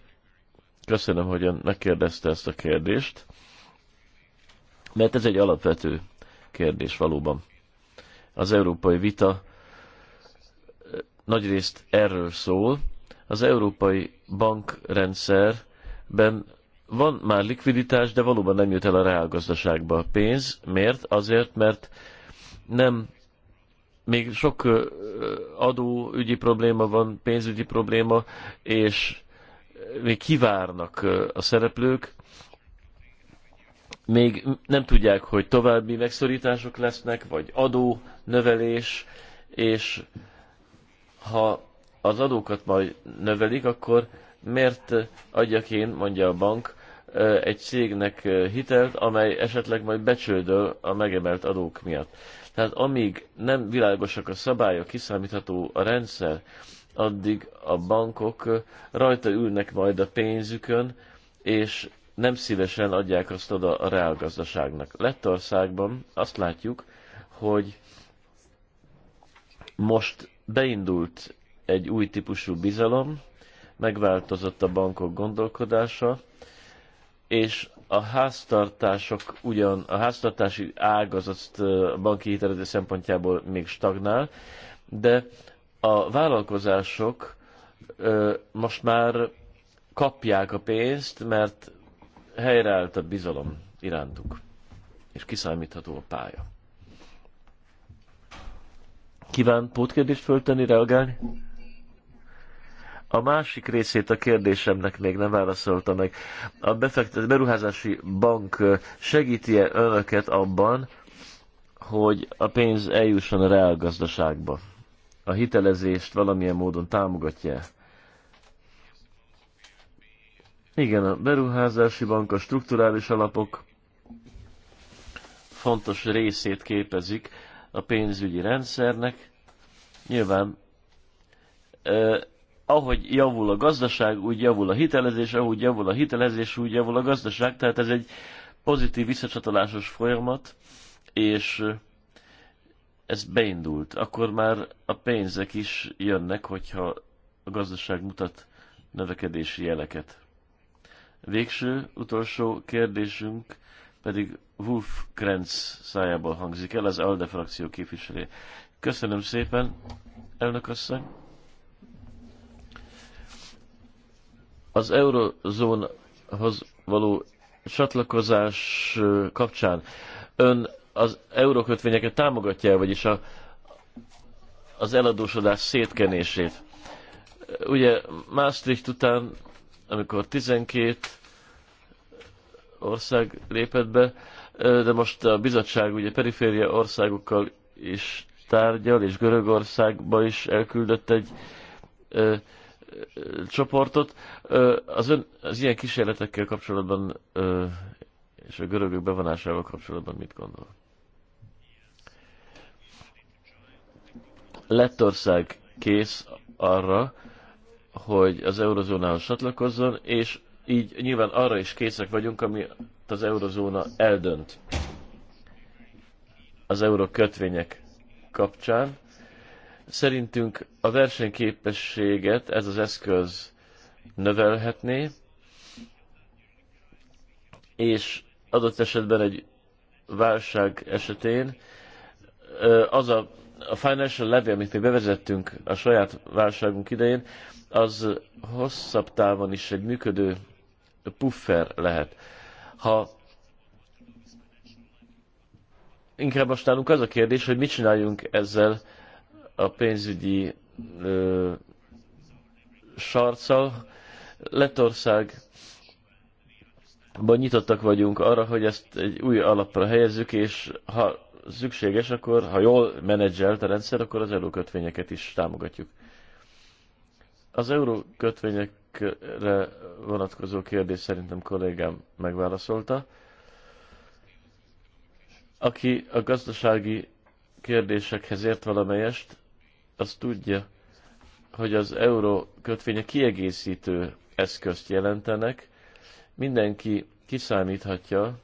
Köszönöm, hogy ön megkérdezte ezt a kérdést, mert ez egy alapvető kérdés valóban. Az európai vita nagyrészt erről szól. Az európai bankrendszerben van már likviditás, de valóban nem jut el a reálgazdaságba a pénz. Miért? Azért, mert nem még sok adóügyi probléma van, pénzügyi probléma, és még kivárnak a szereplők, még nem tudják, hogy további megszorítások lesznek, vagy adó, növelés, és ha az adókat majd növelik, akkor miért adjak én, mondja a bank, egy cégnek hitelt, amely esetleg majd becsődöl a megemelt adók miatt. Tehát amíg nem világosak a szabályok, kiszámítható a rendszer, addig a bankok rajta ülnek majd a pénzükön, és nem szívesen adják azt oda a reálgazdaságnak. Lettországban azt látjuk, hogy most beindult egy új típusú bizalom, megváltozott a bankok gondolkodása, és a háztartások ugyan, a háztartási ágazat a banki hitelező szempontjából még stagnál, de a vállalkozások ö, most már kapják a pénzt, mert helyreállt a bizalom irántuk, és kiszámítható a pálya. Kíván pótkérdést föltenni, reagálni? A másik részét a kérdésemnek még nem válaszolta meg. A befektet, beruházási bank segíti-e önöket abban, hogy a pénz eljusson a reálgazdaságba? A hitelezést valamilyen módon támogatja -e? Igen, a beruházási bank, a strukturális alapok fontos részét képezik a pénzügyi rendszernek. Nyilván eh, ahogy javul a gazdaság, úgy javul a hitelezés, ahogy javul a hitelezés, úgy javul a gazdaság, tehát ez egy pozitív visszacsatolásos folyamat, és ez beindult. Akkor már a pénzek is jönnek, hogyha a gazdaság mutat növekedési jeleket. Végső, utolsó kérdésünk pedig Wolf Krenz szájából hangzik el, az ALDE frakció képviselő. Köszönöm szépen, elnök asszony. Az eurozónhoz való csatlakozás kapcsán ön az eurókötvényeket támogatja, vagyis a, az eladósodás szétkenését. Ugye Maastricht után, amikor 12 ország lépett be, de most a bizottság ugye periféria országokkal is tárgyal, és Görögországba is elküldött egy ö, ö, csoportot. Ö, az, ön, az ilyen kísérletekkel kapcsolatban ö, és a görögök bevonásával kapcsolatban mit gondol? Lettország kész arra, hogy az eurozónához csatlakozzon, és így nyilván arra is készek vagyunk, ami az eurozóna eldönt az euró kötvények kapcsán. Szerintünk a versenyképességet ez az eszköz növelhetné, és adott esetben egy válság esetén az a, a financial levél, amit mi bevezettünk a saját válságunk idején, az hosszabb távon is egy működő puffer lehet. Ha inkább most nálunk az a kérdés, hogy mit csináljunk ezzel a pénzügyi ö, sarccal. Lettországban nyitottak vagyunk arra, hogy ezt egy új alapra helyezzük, és ha szükséges, akkor ha jól menedzselt a rendszer, akkor az eurókötvényeket is támogatjuk. Az eurókötvények ezekre vonatkozó kérdés szerintem kollégám megválaszolta. Aki a gazdasági kérdésekhez ért valamelyest, az tudja, hogy az euró kötvénye kiegészítő eszközt jelentenek. Mindenki kiszámíthatja,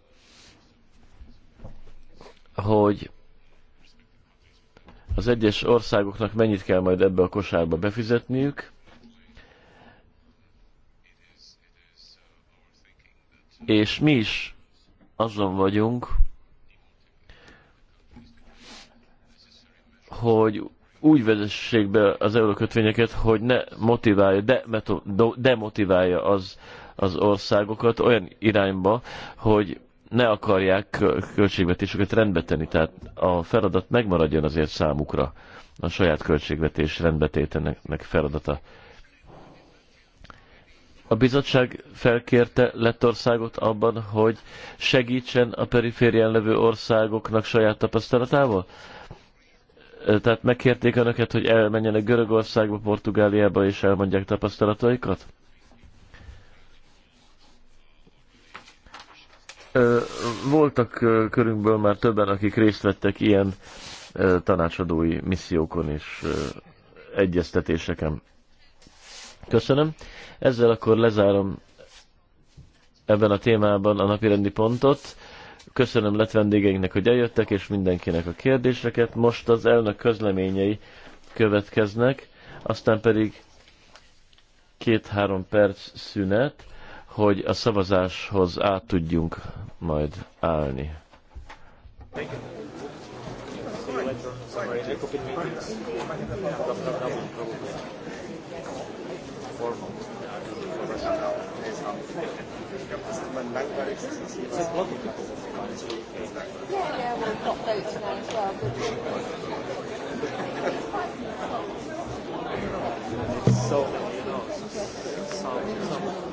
hogy az egyes országoknak mennyit kell majd ebbe a kosárba befizetniük, és mi is azon vagyunk, hogy úgy vezessék be az eurókötvényeket, hogy ne motiválja, de, az, az országokat olyan irányba, hogy ne akarják költségvetésüket rendbeteni, tehát a feladat megmaradjon azért számukra, a saját költségvetés rendbetétenek feladata. A bizottság felkérte Lettországot abban, hogy segítsen a periférián levő országoknak saját tapasztalatával? Tehát megkérték önöket, hogy elmenjenek Görögországba, Portugáliába és elmondják tapasztalataikat? Voltak körünkből már többen, akik részt vettek ilyen tanácsadói missziókon és egyeztetéseken. Köszönöm. Ezzel akkor lezárom ebben a témában a napirendi pontot. Köszönöm lett vendégeinknek, hogy eljöttek, és mindenkinek a kérdéseket. Most az elnök közleményei következnek, aztán pedig két-három perc szünet, hogy a szavazáshoz át tudjunk majd állni. Thank you. man langweilig ist, ist es jetzt blocken. Yeah, yeah, we've got votes now as well. But... so, you know, so, so.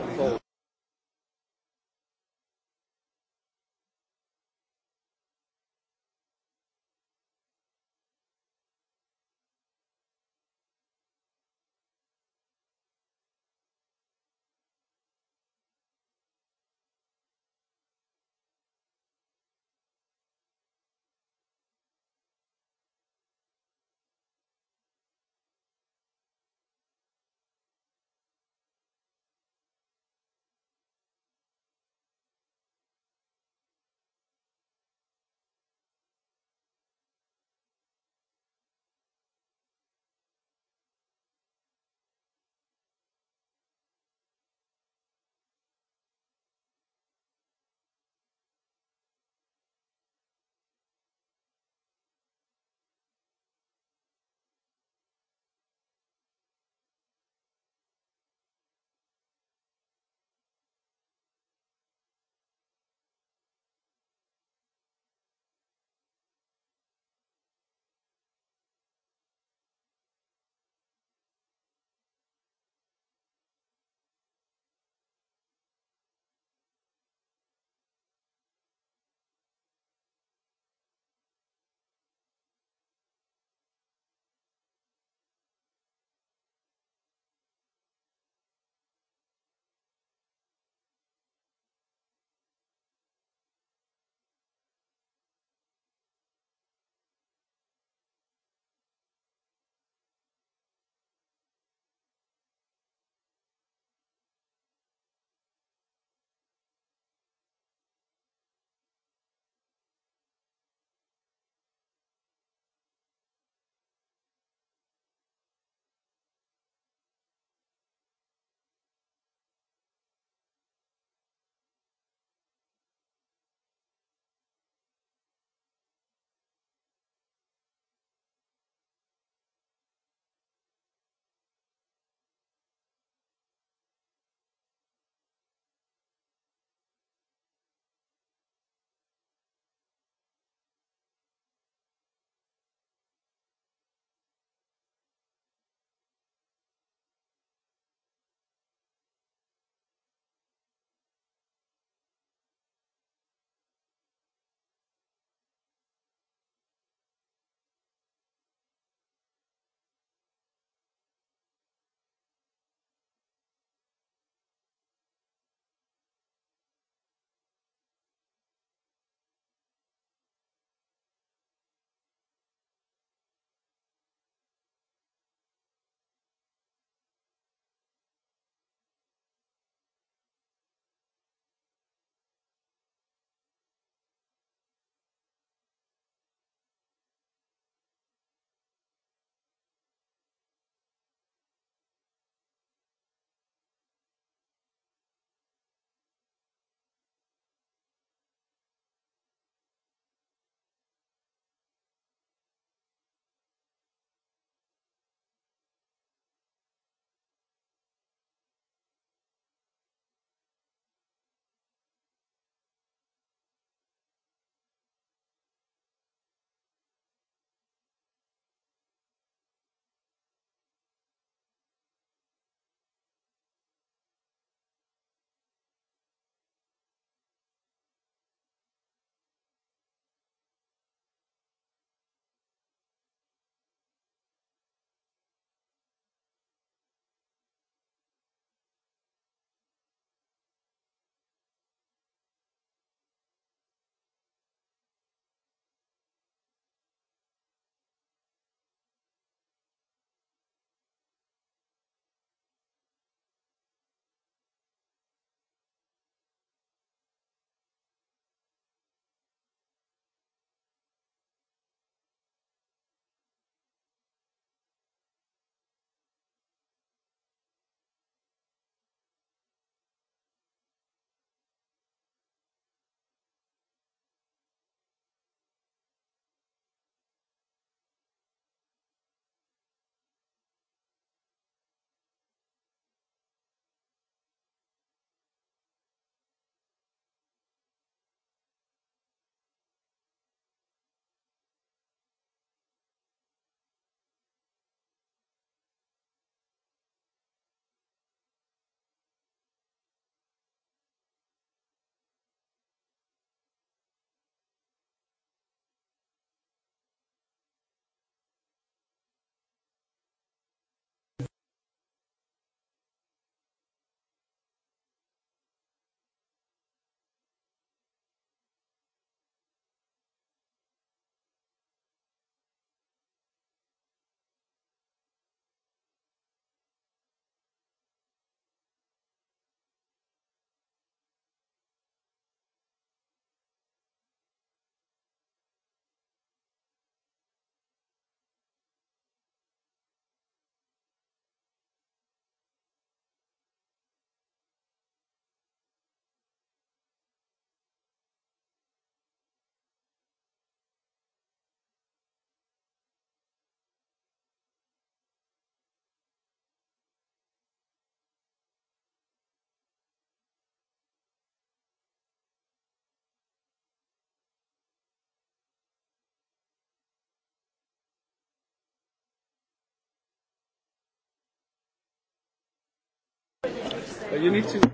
You need to...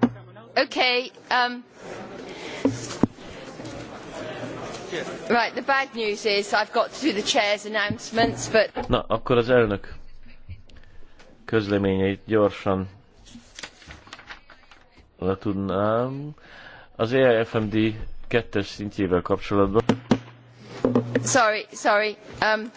Okay. Um... Right, the bad news is I've got to do the chair's announcements, but... Na, akkor az elnök közleményeit gyorsan le tudnám. Az EIFMD kettes szintjével kapcsolatban. Sorry, sorry. Um,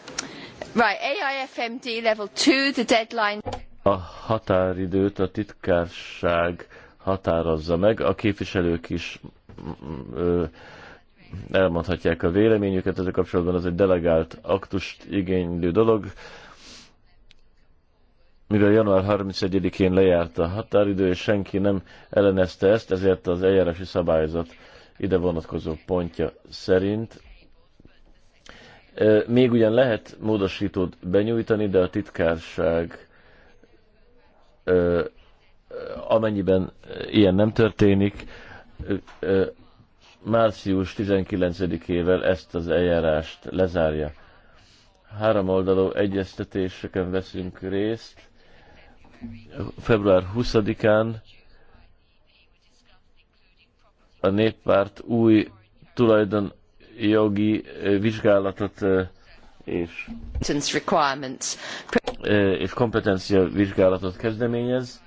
right, AIFMD level 2, the deadline a határidőt a titkárság határozza meg, a képviselők is ö, elmondhatják a véleményüket ezzel kapcsolatban, az egy delegált aktust igénylő dolog. Mivel január 31-én lejárt a határidő, és senki nem ellenezte ezt, ezért az eljárási szabályzat ide vonatkozó pontja szerint még ugyan lehet módosítót benyújtani, de a titkárság amennyiben ilyen nem történik, március 19-ével ezt az eljárást lezárja. Három oldalú egyeztetéseken veszünk részt. Február 20-án a néppárt új jogi vizsgálatot és és kompetencia vizsgálatot kezdeményez.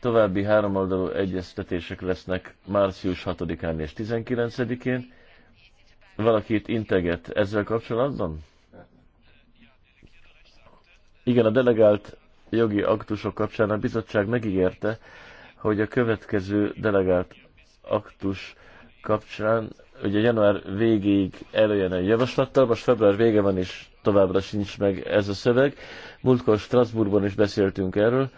További háromoldalú egyeztetések lesznek március 6-án és 19-én. Valaki itt integet ezzel kapcsolatban? Igen, a delegált jogi aktusok kapcsán a bizottság megígérte, hogy a következő delegált aktus kapcsán ugye január végéig előjön egy javaslattal, most február vége van és továbbra sincs meg ez a szöveg. Múltkor Strasbourgban is beszéltünk erről.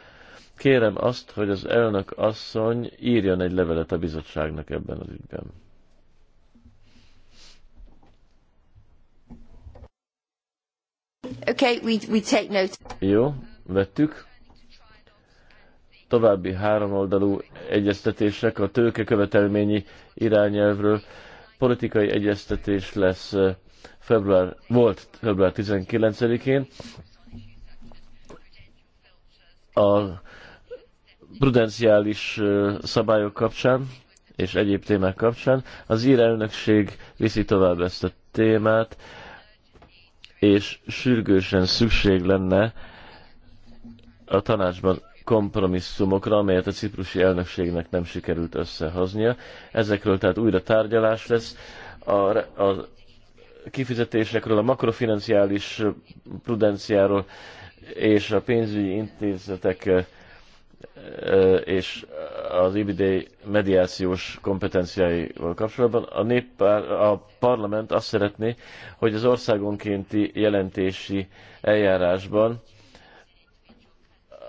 Kérem azt, hogy az elnök asszony írjon egy levelet a bizottságnak ebben az ügyben. Okay, we, we take note. Jó, vettük. További három oldalú egyeztetések a tőkekövetelményi irányelvről politikai egyeztetés lesz február, volt február 19-én. A prudenciális szabályok kapcsán és egyéb témák kapcsán az ír elnökség viszi tovább ezt a témát, és sürgősen szükség lenne a tanácsban kompromisszumokra, amelyet a ciprusi elnökségnek nem sikerült összehoznia. Ezekről tehát újra tárgyalás lesz. A, a kifizetésekről, a makrofinanciális prudenciáról és a pénzügyi intézetek és az IBD mediációs kompetenciáival kapcsolatban. A, néppár, a parlament azt szeretné, hogy az országonkénti jelentési eljárásban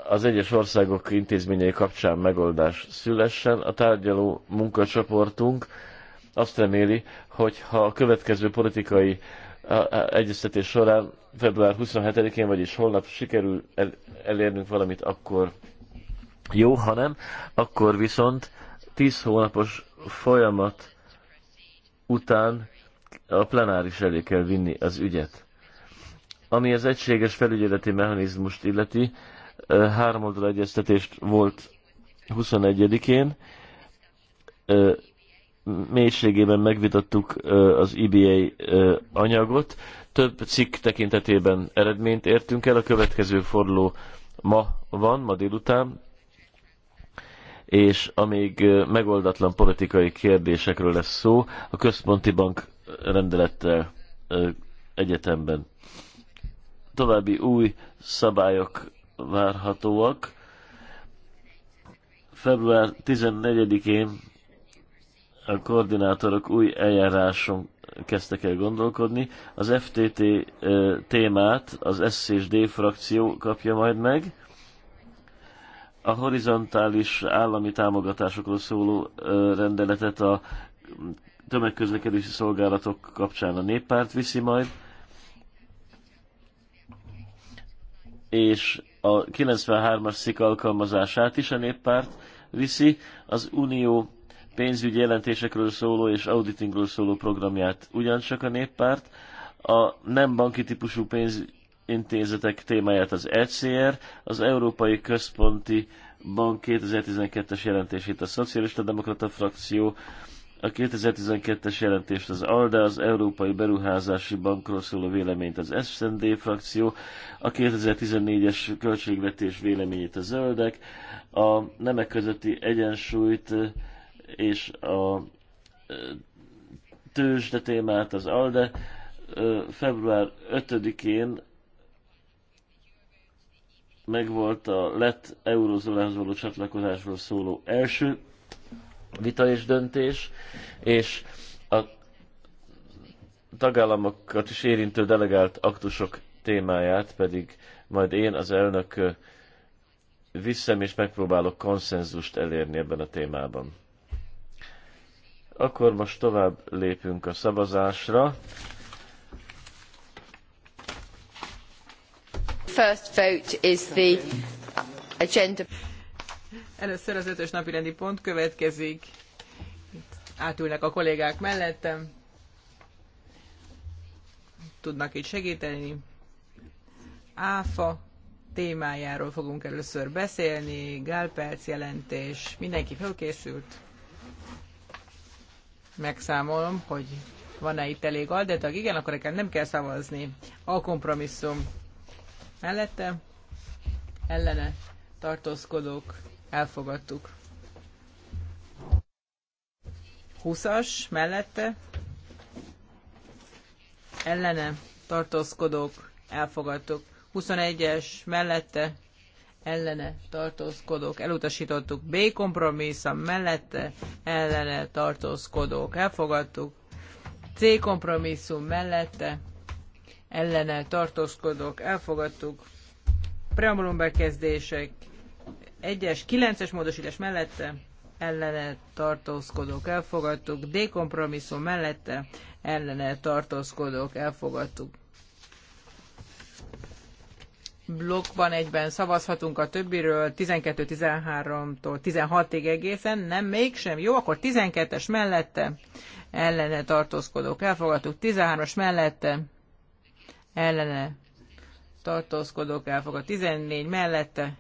az egyes országok intézményei kapcsán megoldás szülessen. A tárgyaló munkacsoportunk azt reméli, hogy ha a következő politikai egyeztetés során február 27-én, vagyis holnap sikerül elérnünk valamit, akkor jó, ha nem, akkor viszont 10 hónapos folyamat után a plenáris elé kell vinni az ügyet. Ami az egységes felügyeleti mechanizmust illeti, háromoldal egyeztetést volt 21-én. Mélységében megvitattuk az EBA anyagot. Több cikk tekintetében eredményt értünk el. A következő forduló ma van, ma délután, és amíg megoldatlan politikai kérdésekről lesz szó, a központi bank rendelettel egyetemben. További új szabályok várhatóak. Február 14-én a koordinátorok új eljáráson kezdtek el gondolkodni. Az FTT témát az S és D frakció kapja majd meg. A horizontális állami támogatásokról szóló rendeletet a tömegközlekedési szolgálatok kapcsán a néppárt viszi majd, és a 93-as szik alkalmazását is a néppárt viszi, az unió pénzügyi jelentésekről szóló és auditingről szóló programját ugyancsak a néppárt, a nem banki típusú pénzintézetek témáját az ECR, az Európai Központi Bank 2012-es jelentését a Szocialista Demokrata Frakció, a 2012-es jelentést az ALDE, az Európai Beruházási Bankról szóló véleményt az SZND frakció, a 2014-es költségvetés véleményét a Zöldek, a nemek közötti egyensúlyt és a tőzsde témát az ALDE. Február 5-én megvolt a lett eurozónához való csatlakozásról szóló első vita és döntés, és a tagállamokat is érintő delegált aktusok témáját pedig majd én az elnök visszem és megpróbálok konszenzust elérni ebben a témában. Akkor most tovább lépünk a szavazásra. First vote is the agenda. Először az ötös napi rendi pont következik. Itt átülnek a kollégák mellettem. Tudnak itt segíteni. Áfa témájáról fogunk először beszélni. Gálperc jelentés. Mindenki felkészült. Megszámolom, hogy van-e itt elég aldetag. Igen, akkor nekem nem kell szavazni. A kompromisszum mellette ellene tartózkodók elfogadtuk. 20-as mellette ellene tartózkodók elfogadtuk. 21-es mellette ellene tartózkodók elutasítottuk. B kompromisszum mellette ellene tartózkodók elfogadtuk. C kompromisszum mellette ellene tartózkodók elfogadtuk. Preambulum bekezdések 1-es, 9-es módosítás mellette ellene tartózkodók elfogadtuk, D kompromisszum mellette ellene tartózkodók elfogadtuk. Blokkban egyben szavazhatunk a többiről 12-13-tól 16-ig egészen, nem mégsem, jó, akkor 12-es mellette ellene tartózkodók elfogadtuk, 13-as mellette ellene tartózkodók elfogadtuk, 14 mellette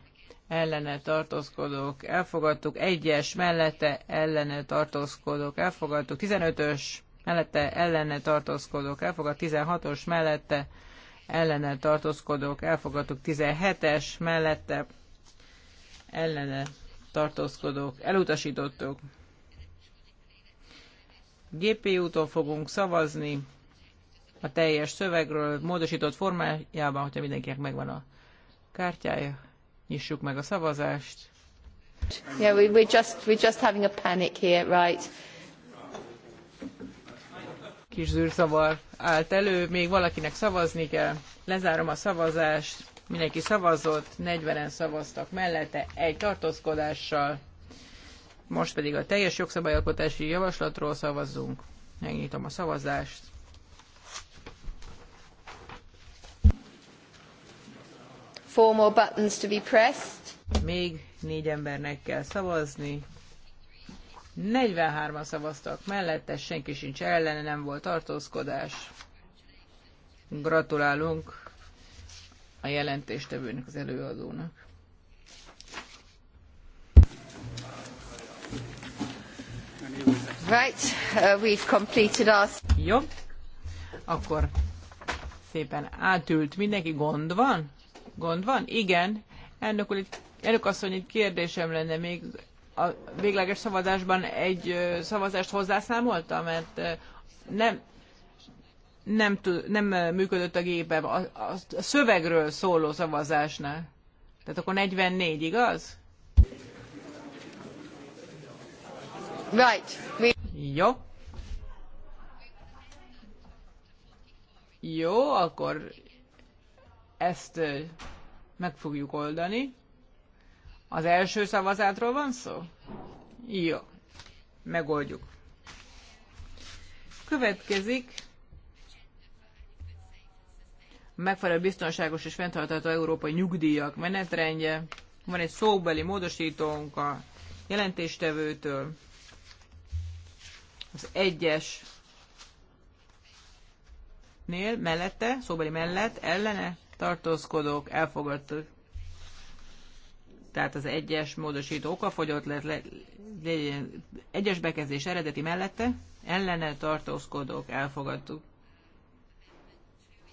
ellene tartózkodók, elfogadtuk. Egyes mellette ellene tartózkodók, elfogadtuk. 15-ös mellette ellene tartózkodók, elfogadtuk. 16-os mellette ellene tartózkodók, elfogadtuk. 17-es mellette ellene tartózkodók, elutasítottuk. GP úton fogunk szavazni a teljes szövegről, módosított formájában, hogyha mindenkinek megvan a kártyája. Nyissuk meg a szavazást. Yeah, we, we're, just, we're just having a panic here, right? Kis zűrzavar állt elő, még valakinek szavazni kell. Lezárom a szavazást, mindenki szavazott, 40-en szavaztak mellette, egy tartózkodással. Most pedig a teljes jogszabályalkotási javaslatról szavazzunk. Megnyitom a szavazást. Four more buttons to be pressed. Még négy embernek kell szavazni. 43-an szavaztak mellette, senki sincs ellene, nem volt tartózkodás. Gratulálunk a jelentéstevőnek, az előadónak. Right, uh, we've completed our... Jó, akkor szépen átült mindenki, gond van? gond van? Igen. Elnök, úr, elnök asszony, egy kérdésem lenne még. A végleges szavazásban egy szavazást hozzászámolta, mert nem, nem, tud, nem működött a gépe a, a, a szövegről szóló szavazásnál. Tehát akkor 44, igaz? Right. Jó. Jó, akkor ezt meg fogjuk oldani. Az első szavazátról van szó? Jó, megoldjuk. Következik megfelelő biztonságos és fenntartható európai nyugdíjak menetrendje. Van egy szóbeli módosítónk a jelentéstevőtől. Az egyes nél mellette, szóbeli mellett, ellene tartózkodók, elfogadtuk. Tehát az egyes módosító okafogyott lett, le, le, egyes bekezdés eredeti mellette, ellene tartózkodók, elfogadtuk.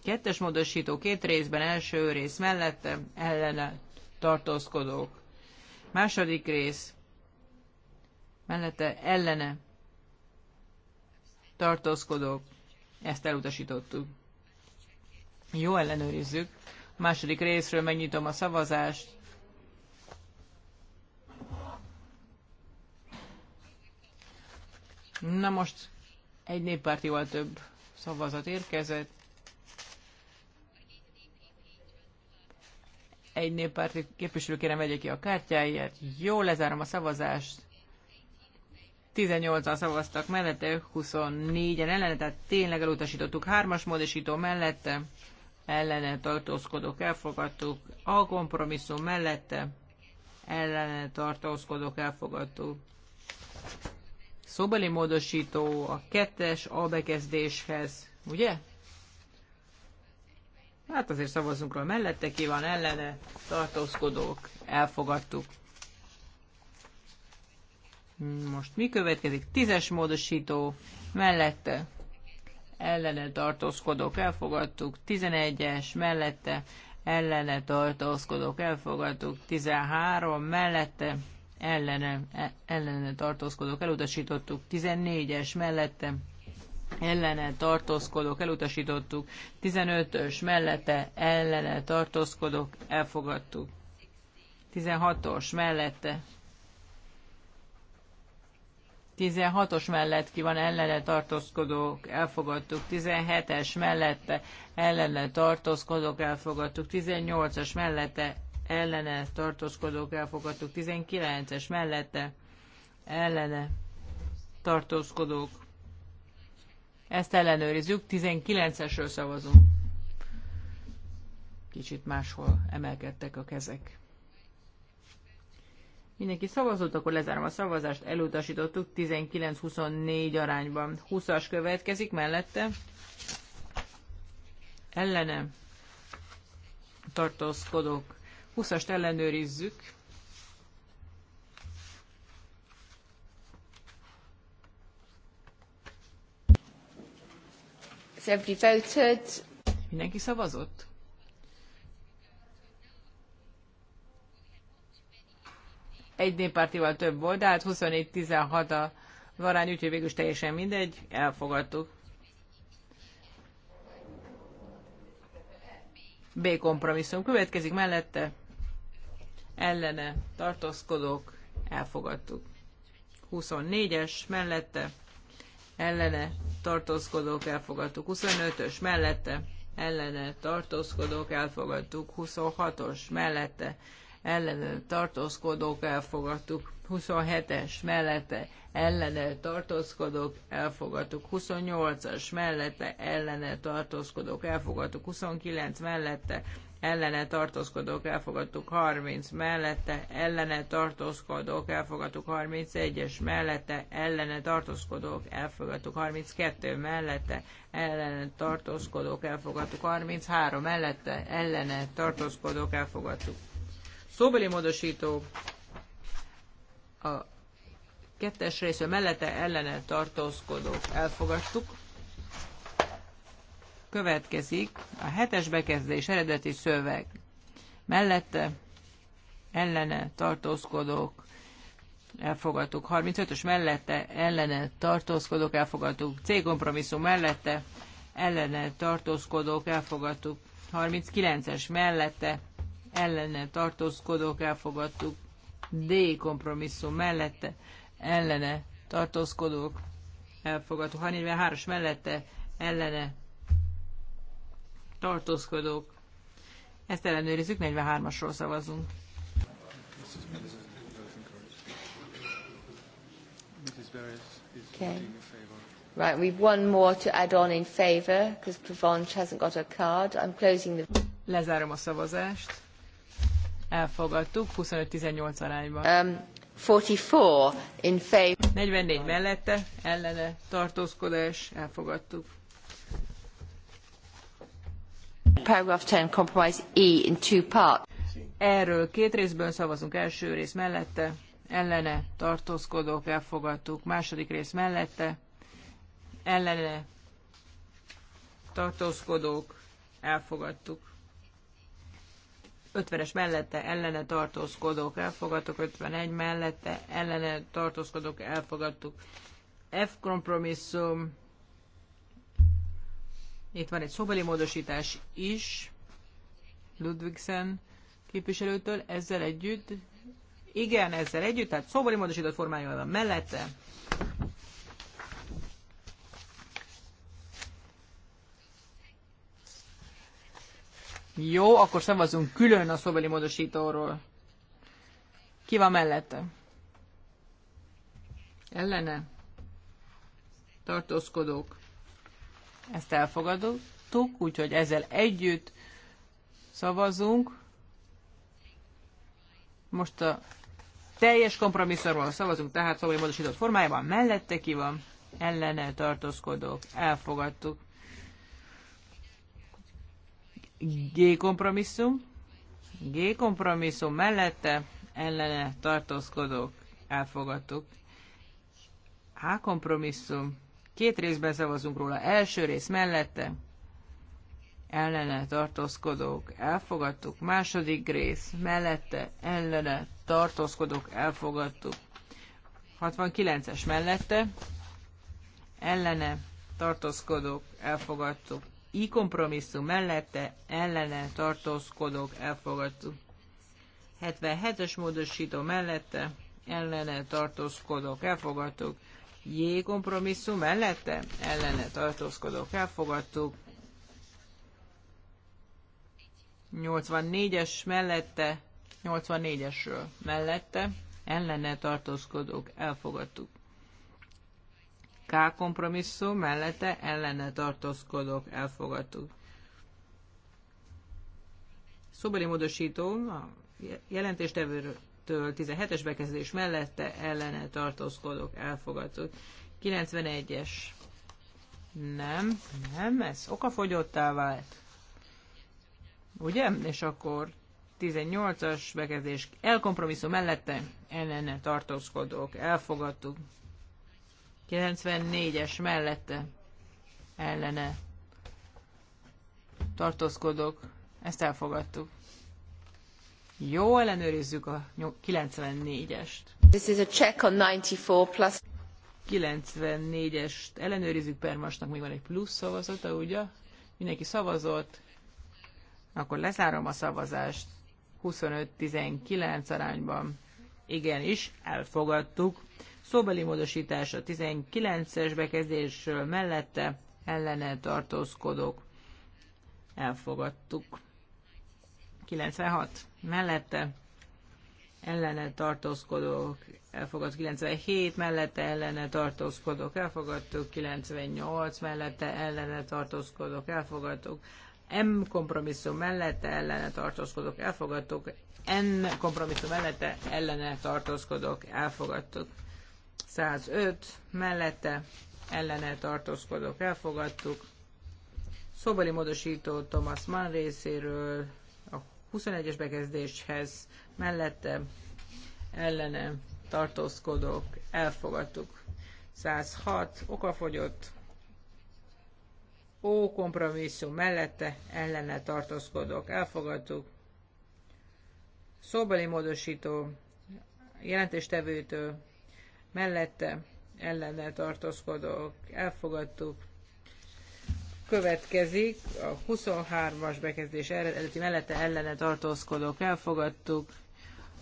Kettes módosító két részben, első rész mellette, ellene tartózkodók. Második rész mellette, ellene tartózkodók. Ezt elutasítottuk. Jó, ellenőrizzük. A második részről megnyitom a szavazást. Na most egy néppártival több szavazat érkezett. Egy néppárti képviselő kérem vegye ki a kártyáját. Jó, lezárom a szavazást. 18-an szavaztak mellette, 24-en ellene, tehát tényleg elutasítottuk hármas módosító mellette ellene tartózkodok, elfogadtuk, a kompromisszum mellette ellene tartózkodok, elfogadtuk. Szóbeli módosító a kettes A bekezdéshez, ugye? Hát azért szavazunk rá mellette, ki van ellene, tartózkodók, elfogadtuk. Most mi következik? Tízes módosító mellette ellene tartózkodok, elfogadtuk, 11-es mellette ellene tartózkodok, elfogadtuk, 13 mellette ellene, e, ellene tartózkodok, elutasítottuk, 14-es mellette ellene tartózkodok, elutasítottuk, 15-ös mellette ellene tartózkodok, elfogadtuk, 16-os mellette 16-os mellett ki van ellene tartózkodók, elfogadtuk. 17-es mellette ellene tartózkodók, elfogadtuk. 18-as mellette ellene tartózkodók, elfogadtuk. 19-es mellette ellene tartózkodók. Ezt ellenőrizzük, 19-esről szavazunk. Kicsit máshol emelkedtek a kezek. Mindenki szavazott, akkor lezárom a szavazást, elutasítottuk 19-24 arányban. 20-as következik mellette. Ellene tartózkodok. 20-ast ellenőrizzük. voted. Mindenki szavazott? egy néppártival több volt, de hát 24-16 a varány, úgyhogy végül teljesen mindegy, elfogadtuk. B kompromisszum következik mellette, ellene tartózkodók, elfogadtuk. 24-es mellette, ellene tartózkodók, elfogadtuk. 25-ös mellette, ellene tartózkodók, elfogadtuk. 26-os mellette, ellene tartózkodók elfogadtuk. 27-es mellette ellene tartózkodók elfogadtuk. 28-as mellette ellene tartózkodók elfogadtuk. 29 mellette ellene tartózkodók elfogadtuk 30, mellette ellene tartózkodók elfogadtuk 31-es, mellette ellene tartózkodók elfogadtuk 32, mellette ellene tartózkodók elfogadtuk 33, mellette ellene tartózkodók elfogadtuk szóbeli módosító a kettes részről mellette ellene tartózkodók elfogadtuk. Következik a hetes bekezdés eredeti szöveg. Mellette ellene tartózkodók elfogadtuk. 35-ös mellette ellene tartózkodók elfogadtuk. C kompromisszum mellette ellene tartózkodók elfogadtuk. 39-es mellette ellene tartózkodók elfogadtuk. D kompromisszum mellette ellene tartózkodók elfogadtuk. 343-as mellette ellene tartózkodók. Ezt ellenőrizzük, 43-asról szavazunk. Okay. Right, we've one more to add on in favour because Provence hasn't got a card. I'm closing the. Lezárom a szavazást. Elfogadtuk 25-18 arányban. Um, 44 in favor. 44 mellette, ellene tartózkodás, elfogadtuk. Paragraph 10 compromise E in two parts. Erről két részből szavazunk. Első rész mellette, ellene tartózkodók, elfogadtuk. Második rész mellette, ellene tartózkodók, elfogadtuk. 50-es mellette ellene tartózkodók elfogadtuk, 51 mellette ellene tartózkodók elfogadtuk. F kompromisszum, itt van egy szobeli módosítás is, Ludwigsen képviselőtől, ezzel együtt, igen, ezzel együtt, tehát szobori módosított formájában mellette, Jó, akkor szavazunk külön a szóbeli módosítóról. Ki van mellette? Ellene? Tartózkodók. Ezt elfogadottuk, úgyhogy ezzel együtt szavazunk. Most a teljes kompromisszorról szavazunk, tehát szóbeli módosított formájában mellette ki van, ellene tartózkodók, elfogadtuk. G kompromisszum. G kompromisszum mellette ellene tartózkodók elfogadtuk. H kompromisszum. Két részben szavazunk róla. Első rész mellette ellene tartózkodók elfogadtuk. Második rész mellette ellene tartózkodók elfogadtuk. 69-es mellette ellene tartózkodók elfogadtuk i kompromisszum mellette ellene tartózkodók elfogadtuk. 77-es módosító mellette ellene tartózkodók elfogadtuk. J kompromisszum mellette ellene tartózkodók elfogadtuk. 84-es mellette, 84-esről mellette ellene tartózkodók elfogadtuk. K kompromisszum mellette ellene tartózkodók elfogadtuk. Szóbeli módosító a jelentéstevőtől 17-es bekezdés mellette ellene tartózkodók elfogadtuk. 91-es nem, nem, ez okafogyottá vált. Ugye? És akkor 18-as bekezdés elkompromisszum mellette ellene tartózkodók elfogadtuk. 94-es mellette ellene tartózkodok. Ezt elfogadtuk. Jó, ellenőrizzük a 94-est. This is a check on 94 plus. 94-est ellenőrizzük mostnak még van egy plusz szavazata, ugye? Mindenki szavazott, akkor lezárom a szavazást. 25-19 arányban. Igen is, elfogadtuk. Szóbeli módosítás a 19-es bekezdés mellette ellene tartózkodók. Elfogadtuk. 96 mellette ellene tartózkodók, elfogadtuk 97, mellette ellene tartózkodók, elfogadtuk 98, mellette ellene tartózkodók, elfogadtuk M kompromisszum mellette ellene tartózkodók, elfogadtuk N kompromisszum mellette ellene tartózkodók, elfogadtuk 105 mellette ellene tartózkodók elfogadtuk. Szóbeli módosító Thomas Mann részéről a 21-es bekezdéshez mellette ellene tartózkodók elfogadtuk. 106 okafogyott ó kompromisszum mellette ellene tartózkodók elfogadtuk. Szóbeli módosító jelentéstevőtől mellette ellene tartózkodók elfogadtuk. Következik a 23-as bekezdés eredeti mellette ellene tartózkodók elfogadtuk.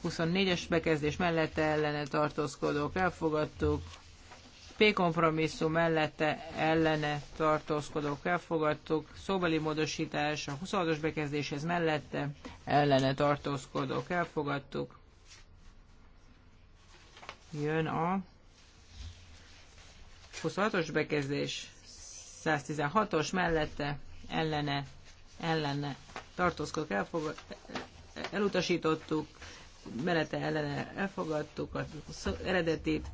24-es bekezdés mellette ellene tartózkodók elfogadtuk. P kompromisszum mellette ellene tartózkodók elfogadtuk, szóbeli módosítás a 26-os bekezdéshez mellette ellene tartózkodók elfogadtuk, jön a 26-os bekezdés 116-os mellette ellene, ellene tartózkodok, elfogad, elutasítottuk, mellette ellene elfogadtuk, az eredetit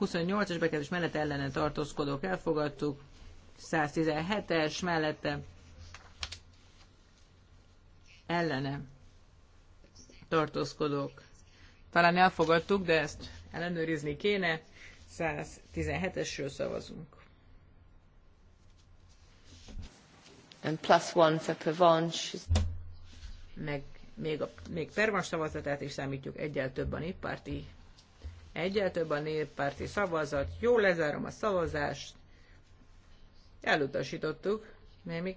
28-as bekezdés mellette ellene tartózkodók elfogadtuk, 117-es mellette ellene tartózkodók. Talán elfogadtuk, de ezt ellenőrizni kéne. 117-esről szavazunk. And plus one for Pavanche. Meg még, a, még Pervans szavazatát is számítjuk, egyel több a néppárti egyel több a néppárti szavazat, jó lezárom a szavazást, elutasítottuk, mert még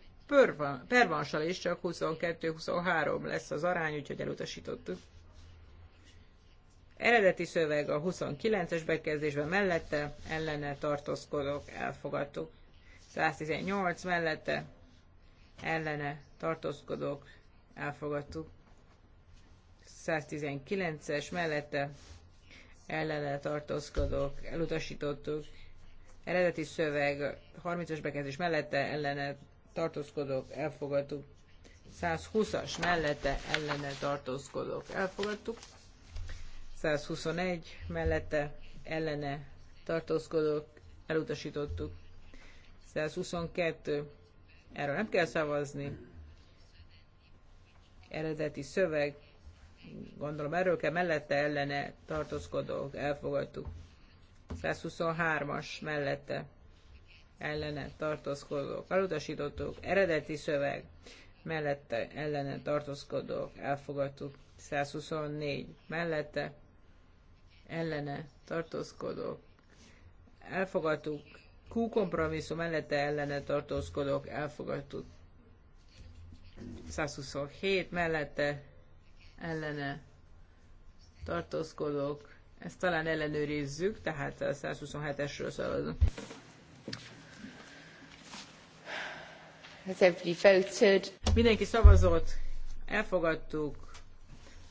pervansal is csak 22-23 lesz az arány, úgyhogy elutasítottuk. Eredeti szöveg a 29-es bekezdésben mellette, ellene tartózkodok, elfogadtuk. 118 mellette, ellene tartózkodok, elfogadtuk. 119-es mellette, ellene tartózkodok, elutasítottuk. Eredeti szöveg 30-as bekezdés mellette, ellene tartózkodok, elfogadtuk. 120-as mellette, ellene tartózkodok, elfogadtuk. 121 mellette ellene tartózkodók elutasítottuk. 122 erről nem kell szavazni. Eredeti szöveg, gondolom erről kell, mellette ellene tartózkodók elfogadtuk. 123-as mellette ellene tartózkodók elutasítottuk. Eredeti szöveg mellette ellene tartózkodók elfogadtuk. 124 mellette ellene tartózkodok. elfogadtuk, Q kompromisszum mellette ellene tartózkodok. elfogadtuk, 127 mellette ellene tartózkodok. ezt talán ellenőrizzük, tehát a 127-esről szavazunk. Has everybody voted? Mindenki szavazott, elfogadtuk,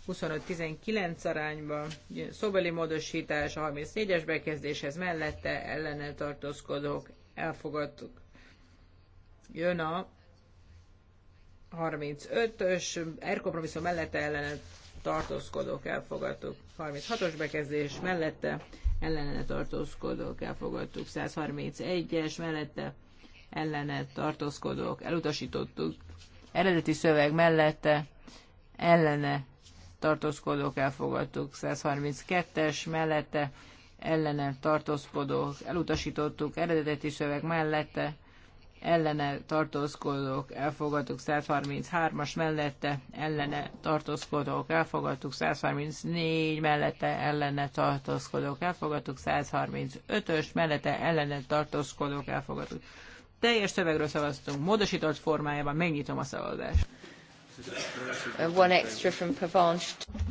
25-19 arányba, szobeli módosítás a 34-es bekezdéshez mellette ellene tartózkodók elfogadtuk. Jön a 35-ös, erkompromisszum mellette ellene tartózkodók elfogadtuk. 36-os bekezdés mellette ellene tartózkodók elfogadtuk. 131-es mellette ellene tartózkodók elutasítottuk. Eredeti szöveg mellette ellene tartózkodók elfogadtuk, 132-es mellette ellene tartózkodók elutasítottuk, eredeti szöveg mellette ellene tartózkodók elfogadtuk, 133-as mellette ellene tartózkodók elfogadtuk, 134 mellette ellene tartózkodók elfogadtuk, 135-ös mellette ellene tartózkodók elfogadtuk. Teljes szövegről szavaztunk, módosított formájában megnyitom a szavazást one extra from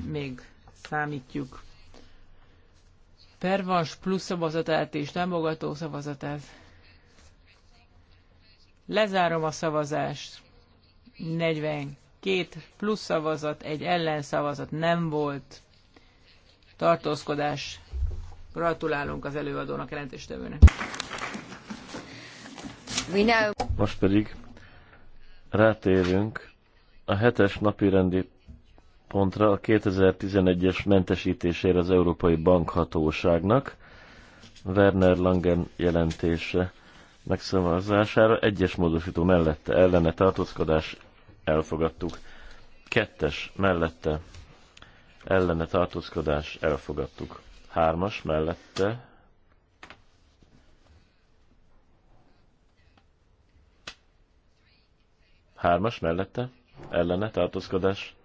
Még számítjuk Pervans plusz szavazatát és támogató szavazatát. Lezárom a szavazást. 42 plusz szavazat, egy ellenszavazat nem volt. Tartózkodás. Gratulálunk az előadónak, jelentéstevőnek. Most pedig rátérünk a hetes napi rendi pontra a 2011-es mentesítésére az Európai Bankhatóságnak Werner Langen jelentése megszavazására egyes módosító mellette ellene tartózkodás elfogadtuk. Kettes mellette ellene tartózkodás elfogadtuk. Hármas mellette Hármas mellette ellene tartózkodás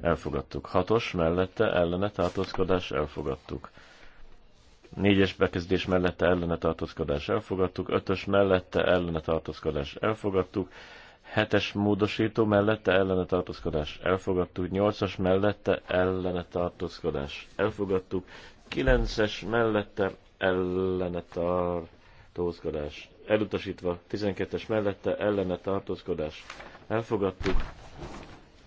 elfogadtuk. Hatos mellette ellene tartózkodás elfogadtuk. Négyes bekezdés mellette ellene tartózkodás elfogadtuk. Ötös mellette ellene tartózkodás elfogadtuk. Hetes módosító mellette ellene tartózkodás elfogadtuk. Nyolcas mellette ellene tartózkodás elfogadtuk. Kilences mellette ellene tartózkodás elutasítva. Tizenkettes mellette ellene tartózkodás elfogadtuk.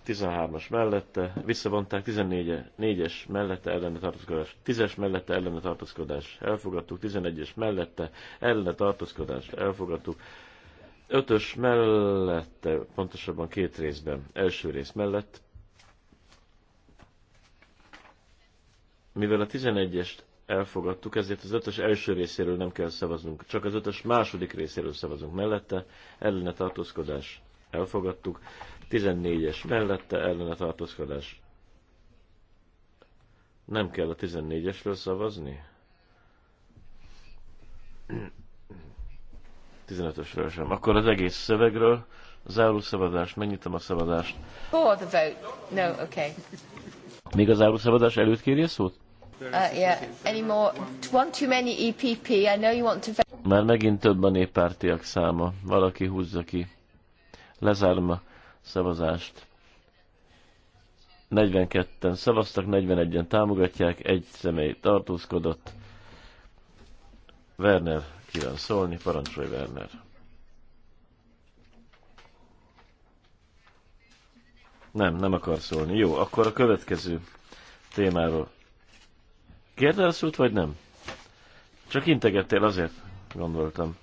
13-as mellette, visszavonták 14-es mellette ellene tartózkodás, 10-es mellette ellene tartózkodás, elfogadtuk, 11-es mellette ellene tartózkodás, elfogadtuk, 5-ös mellette, pontosabban két részben, első rész mellett, mivel a 11-est elfogadtuk, ezért az ötös első részéről nem kell szavaznunk, csak az ötös második részéről szavazunk mellette, ellene tartózkodás elfogadtuk. 14-es mellette ellene tartózkodás. Nem kell a 14-esről szavazni? 15-ösről sem. Akkor az egész szövegről záró szavazás, megnyitom a szavazást. For the vote. No, okay. Még a záró szavazás előtt kéri a szót? Uh, yeah. Any more? One too many EPP. I know you want to vote. Már megint több a néppártiak száma. Valaki húzza ki. Lezárom a szavazást. 42-en szavaztak, 41-en támogatják, egy személy tartózkodott. Werner kíván szólni, parancsolj Werner. Nem, nem akar szólni. Jó, akkor a következő témáról. Kérdezsz szót, vagy nem? Csak integettél azért, gondoltam.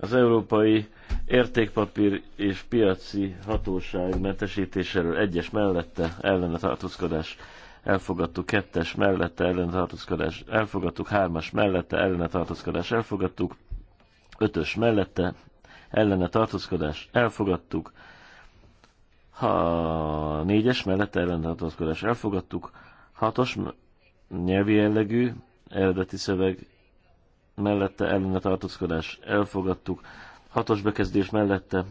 az Európai Értékpapír és Piaci Hatóság mentesítéséről egyes mellette ellene tartózkodás elfogadtuk, kettes mellette ellene tartózkodás elfogadtuk, hármas mellette ellene tartózkodás elfogadtuk, ötös mellette ellene tartózkodás elfogadtuk, ha négyes mellette ellene tartózkodás elfogadtuk, hatos nyelvi jellegű eredeti szöveg mellette a tartózkodás elfogadtuk. Hatos bekezdés mellette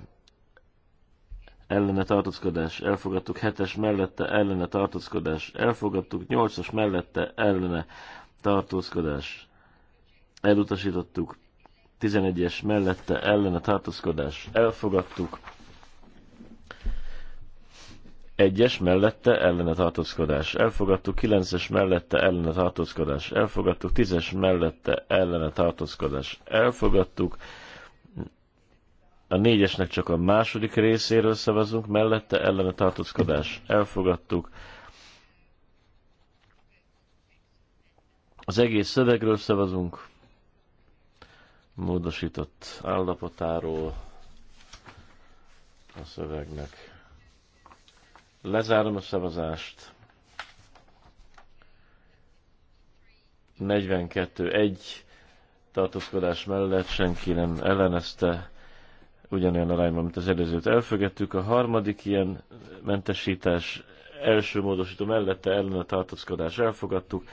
ellene tartózkodás elfogadtuk. Hetes mellette ellene tartózkodás elfogadtuk. Nyolcas mellette ellene tartózkodás elutasítottuk. tizenegyes mellette ellene tartózkodás elfogadtuk egyes mellette ellene tartózkodás elfogadtuk, kilences mellette ellene tartózkodás elfogadtuk, tízes mellette ellene tartózkodás elfogadtuk, a négyesnek csak a második részéről szavazunk, mellette ellene tartózkodás elfogadtuk. Az egész szövegről szavazunk, módosított állapotáról a szövegnek. Lezárom a szavazást. 42-1 tartózkodás mellett senki nem ellenezte ugyanolyan arányban, mint az előzőt elfogadtuk. A harmadik ilyen mentesítás első módosító mellette a tartózkodás elfogadtuk,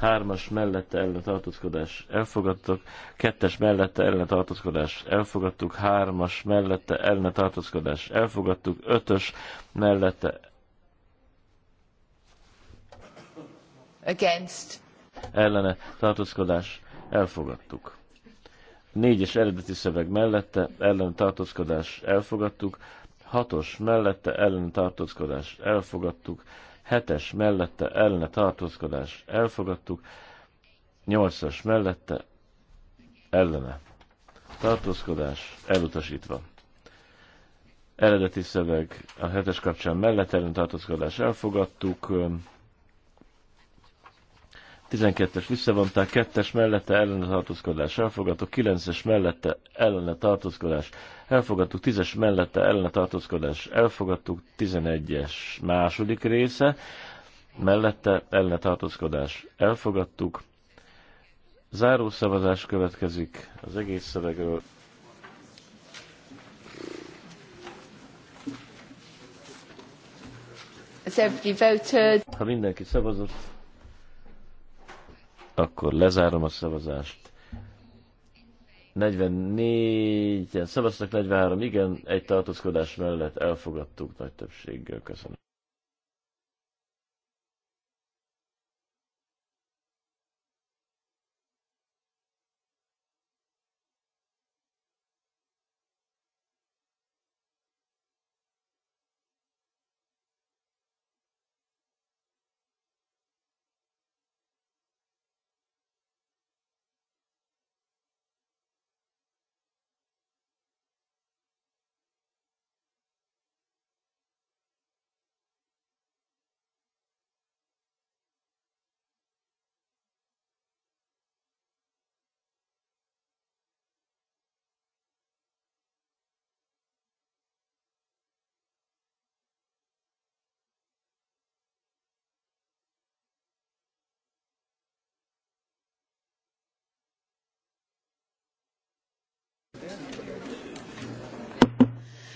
hármas mellette a tartózkodás elfogadtuk, kettes mellette a tartózkodás elfogadtuk, hármas mellette a tartózkodás elfogadtuk, ötös mellette Against. Ellene tartózkodás elfogadtuk. Négyes eredeti szöveg mellette ellen tartózkodás elfogadtuk. Hatos mellette ellen tartózkodás elfogadtuk. Hetes mellette ellene tartózkodás elfogadtuk. Nyolcas mellette ellene tartózkodás elutasítva. Eredeti szöveg a hetes kapcsán mellett ellen tartózkodás elfogadtuk. 12-es visszavonták, 2-es mellette ellene tartózkodás elfogadó, 9-es mellette ellene tartózkodás elfogadtuk, 10-es mellette ellene tartózkodás elfogadtuk, 11-es második része mellette ellene tartózkodás elfogadtuk. Záró szavazás következik az egész szövegről. Ha mindenki szavazott, akkor lezárom a szavazást. 44-en szavaztak, 43 igen, egy tartózkodás mellett elfogadtuk nagy többséggel. Köszönöm.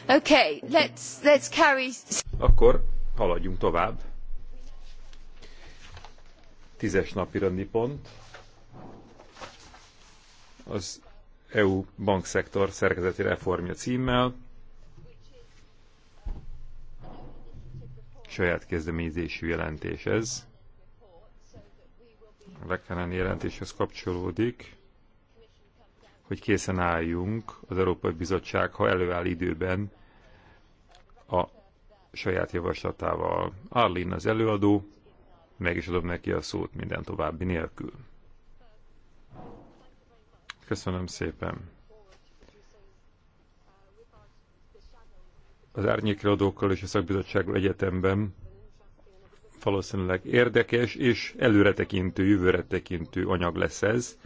Okay, let's, let's carry... Akkor haladjunk tovább. Tízes napi rendi pont. Az EU bankszektor szerkezeti reformja címmel. Saját kezdeményezésű jelentés ez. Lekenen jelentéshez kapcsolódik hogy készen álljunk az Európai Bizottság, ha előáll időben a saját javaslatával. Arlin az előadó, meg is adom neki a szót minden további nélkül. Köszönöm szépen. Az árnyékradókkal és a szakbizottsággal egyetemben valószínűleg érdekes és előretekintő, jövőretekintő anyag lesz ez,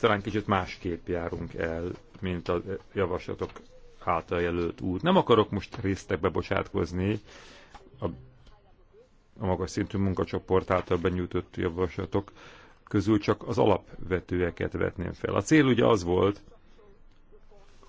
talán kicsit másképp járunk el, mint a javaslatok által jelölt út. Nem akarok most résztekbe bocsátkozni a, a magas szintű munkacsoport által benyújtott javaslatok közül, csak az alapvetőeket vetném fel. A cél ugye az volt,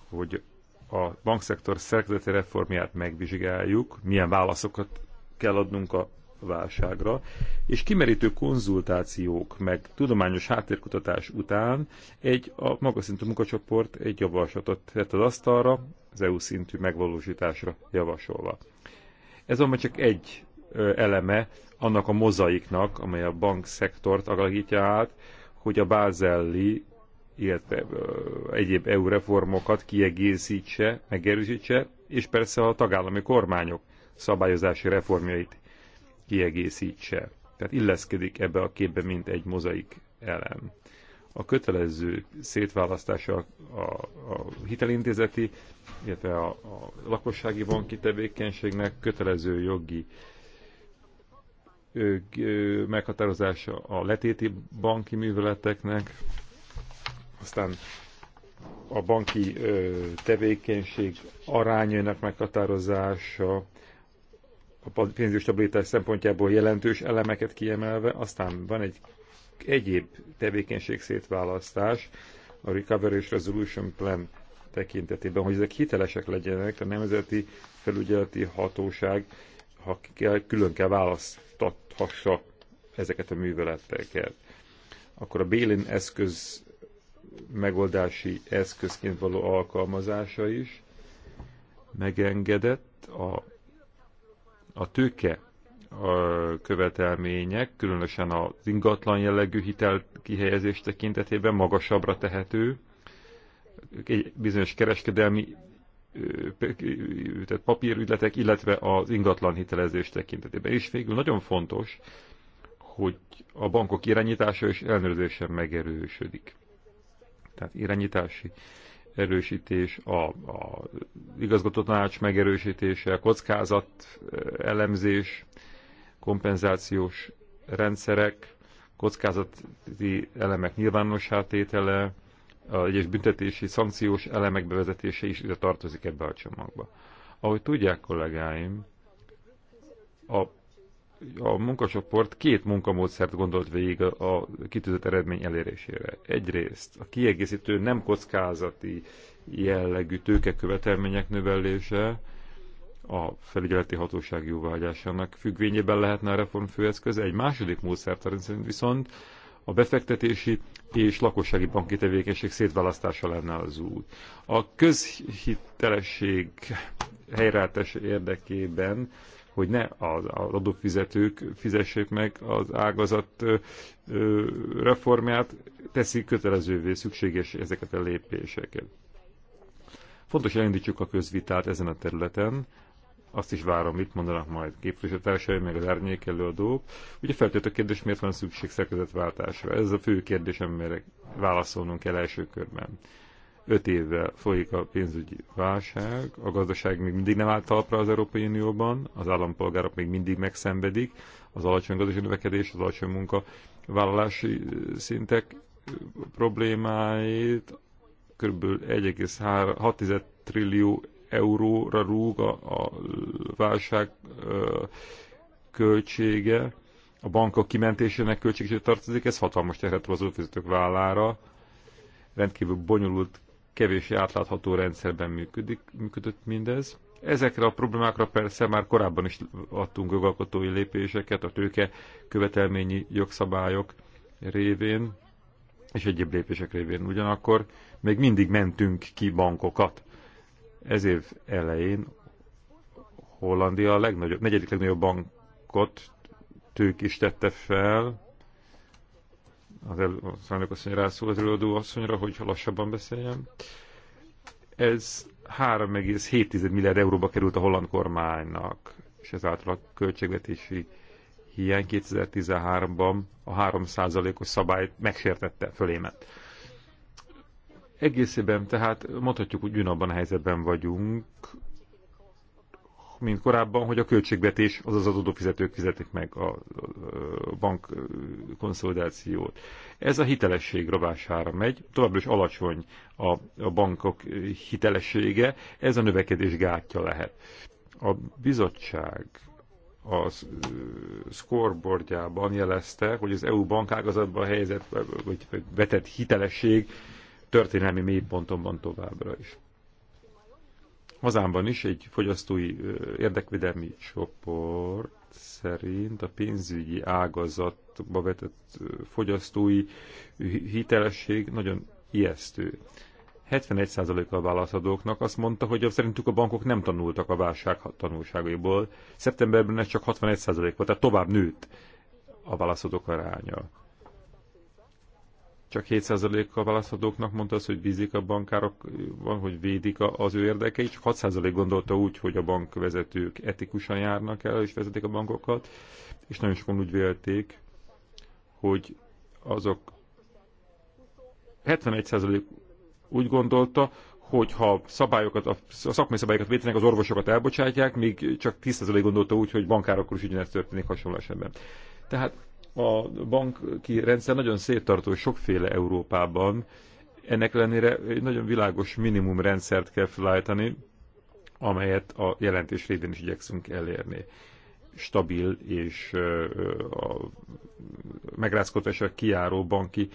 hogy a bankszektor szerkezeti reformját megvizsgáljuk, milyen válaszokat kell adnunk a válságra, és kimerítő konzultációk meg tudományos háttérkutatás után egy a magas szintű munkacsoport egy javaslatot tett az asztalra, az EU szintű megvalósításra javasolva. Ez van csak egy eleme annak a mozaiknak, amely a bankszektort alakítja át, hogy a bázelli, illetve egyéb EU reformokat kiegészítse, megerősítse, és persze a tagállami kormányok szabályozási reformjait kiegészítse. Tehát illeszkedik ebbe a képbe, mint egy mozaik elem. A kötelező szétválasztása a, a hitelintézeti, illetve a, a lakossági banki tevékenységnek kötelező jogi ö, ö, meghatározása a letéti banki műveleteknek, aztán a banki ö, tevékenység arányainak meghatározása, a pénzügyi stabilitás szempontjából jelentős elemeket kiemelve, aztán van egy egyéb tevékenység szétválasztás, a Recovery és Resolution Plan tekintetében, hogy ezek hitelesek legyenek, a Nemzeti Felügyeleti Hatóság ha kell, külön kell választathassa ezeket a műveleteket. Akkor a Bélin eszköz megoldási eszközként való alkalmazása is megengedett a a tőke a követelmények, különösen az ingatlan jellegű hitel kihelyezés tekintetében magasabbra tehető, egy bizonyos kereskedelmi tehát papírügyletek, illetve az ingatlan hitelezés tekintetében. És végül nagyon fontos, hogy a bankok irányítása és ellenőrzése megerősödik. Tehát irányítási erősítés, a, a igazgató tanács megerősítése, a kockázat elemzés, kompenzációs rendszerek, kockázati elemek nyilvánossá tétele, egyes büntetési, szankciós elemek bevezetése is ide tartozik ebbe a csomagba. Ahogy tudják kollégáim, a a munkacsoport két munkamódszert gondolt végig a, a kitűzött eredmény elérésére. Egyrészt a kiegészítő nem kockázati jellegű tőkekövetelmények növelése, a felügyeleti hatóság jóvágyásának függvényében lehetne a reform főeszköz. Egy második módszert szerint viszont a befektetési és lakossági banki tevékenység szétválasztása lenne az út. A közhitelesség helyreállítása érdekében hogy ne az, az adófizetők fizessék meg az ágazat reformját, teszi kötelezővé szükséges ezeket a lépéseket. Fontos elindítsuk a közvitát ezen a területen, azt is várom, mit mondanak majd képviselőtársaim, meg az árnyék előadók. Ugye feltört a kérdés, miért van szükség szerkezetváltásra? Ez a fő kérdés, amire válaszolnunk kell első körben. Öt évvel folyik a pénzügyi válság, a gazdaság még mindig nem állt talpra az Európai Unióban, az állampolgárok még mindig megszenvedik, az alacsony gazdasági növekedés, az alacsony munkavállalási szintek problémáit, kb. 1,6 trillió euróra rúg a, a válság ö, költsége, a bankok kimentésének költségét tartozik, ez hatalmas terhet az fizetők vállára, rendkívül bonyolult kevés átlátható rendszerben működik, működött mindez. Ezekre a problémákra persze már korábban is adtunk jogalkotói lépéseket, a tőke követelményi jogszabályok révén, és egyéb lépések révén. Ugyanakkor még mindig mentünk ki bankokat. Ez év elején Hollandia a legnagyobb, negyedik legnagyobb bankot tők is tette fel, az, el, az elnökasszony rászól az előadó asszonyra, hogy lassabban beszéljem. Ez 3,7 milliárd euróba került a holland kormánynak, és ezáltal a költségvetési hiány 2013-ban a 3%-os szabályt megsértette fölémet. Egészében tehát mondhatjuk, hogy ugyanabban a helyzetben vagyunk, mint korábban, hogy a költségvetés, azaz az adófizetők fizetik meg a bank konszolidációt. Ez a hitelesség rovására megy, továbbra is alacsony a, a bankok hitelessége, ez a növekedés gátja lehet. A bizottság a scoreboardjában jelezte, hogy az EU bankágazatban helyezett, vagy vetett hitelesség történelmi mélyponton van továbbra is. Hazámban is egy fogyasztói érdekvédelmi csoport szerint a pénzügyi ágazatba vetett fogyasztói hitelesség nagyon ijesztő. 71%-a válaszadóknak azt mondta, hogy szerintük a bankok nem tanultak a válság tanulságaiból. Szeptemberben ez csak 61% volt, tehát tovább nőtt a válaszadók aránya csak 7%-a választhatóknak mondta azt, hogy bízik a van, hogy védik az ő érdekeit, csak 6% gondolta úgy, hogy a bankvezetők etikusan járnak el és vezetik a bankokat, és nagyon sokan úgy vélték, hogy azok 71% úgy gondolta, hogy ha szabályokat, a szakmai szabályokat vétenek, az orvosokat elbocsátják, míg csak 10% gondolta úgy, hogy bankárokkal is ugyanezt történik hasonló esetben. Tehát a banki rendszer nagyon széttartó, sokféle Európában. Ennek ellenére egy nagyon világos minimum rendszert kell felállítani, amelyet a jelentés révén is igyekszünk elérni stabil és a a kiáró banki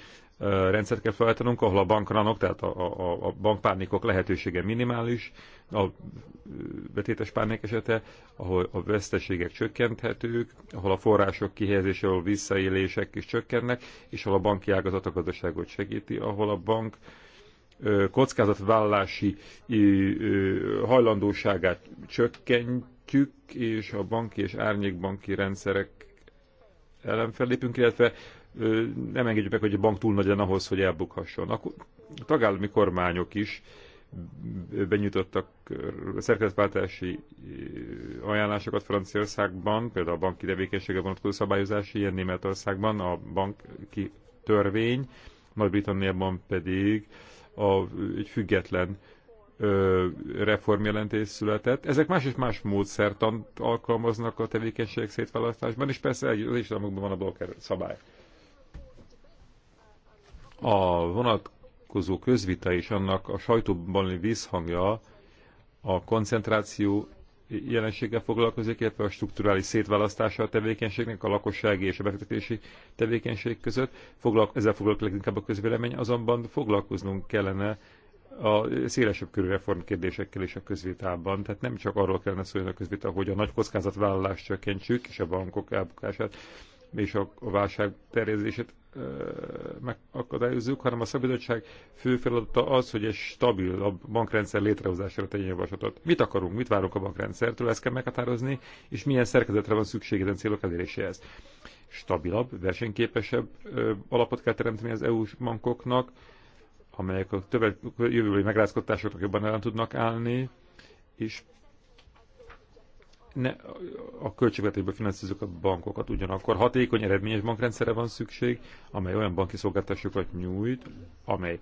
rendszert kell felállítanunk, ahol a bankranok, tehát a, a, a bankpárnikok lehetősége minimális, a betétes párnik esete, ahol a veszteségek csökkenthetők, ahol a források kihelyezése, ahol visszaélések is csökkennek, és ahol a banki ágazat a gazdaságot segíti, ahol a bank kockázatvállalási hajlandóságát csökkent, követjük, és a banki és árnyékbanki rendszerek ellen fellépünk, illetve nem engedjük meg, hogy a bank túl nagy legyen ahhoz, hogy elbukhasson. A tagállami kormányok is benyújtottak szerkezetváltási ajánlásokat Franciaországban, például a banki tevékenysége vonatkozó szabályozás, ilyen Németországban a banki törvény, Nagy-Britanniában pedig a, egy független reformjelentés született. Ezek más és más módszertant alkalmaznak a tevékenység szétválasztásban, és persze egy az Islámokban van a blokker szabály. A vonatkozó közvita és annak a sajtóban visszhangja a koncentráció jelenséggel foglalkozik, illetve a strukturális szétválasztása a tevékenységnek, a lakossági és a befektetési tevékenység között. Foglalko ezzel foglalkozik leginkább a közvélemény, azonban foglalkoznunk kellene a szélesebb körű reformkérdésekkel is a közvitában. Tehát nem csak arról kellene szólni a közvita, hogy a nagy kockázatvállalást csökkentsük, és a bankok elbukását, és a, a válság terjedését megakadályozzuk, hanem a szabadság fő feladata az, hogy egy stabilabb bankrendszer létrehozására tegyen javaslatot. Mit akarunk, mit várunk a bankrendszertől, ezt kell meghatározni, és milyen szerkezetre van szükség ezen célok eléréséhez. Stabilabb, versenyképesebb alapot kell teremteni az EU-s bankoknak, amelyek a többet jövőbeli megrázkodásoknak jobban ellen tudnak állni, és ne a költségvetésből finanszírozzuk a bankokat. Ugyanakkor hatékony, eredményes bankrendszerre van szükség, amely olyan banki szolgáltatásokat nyújt, amely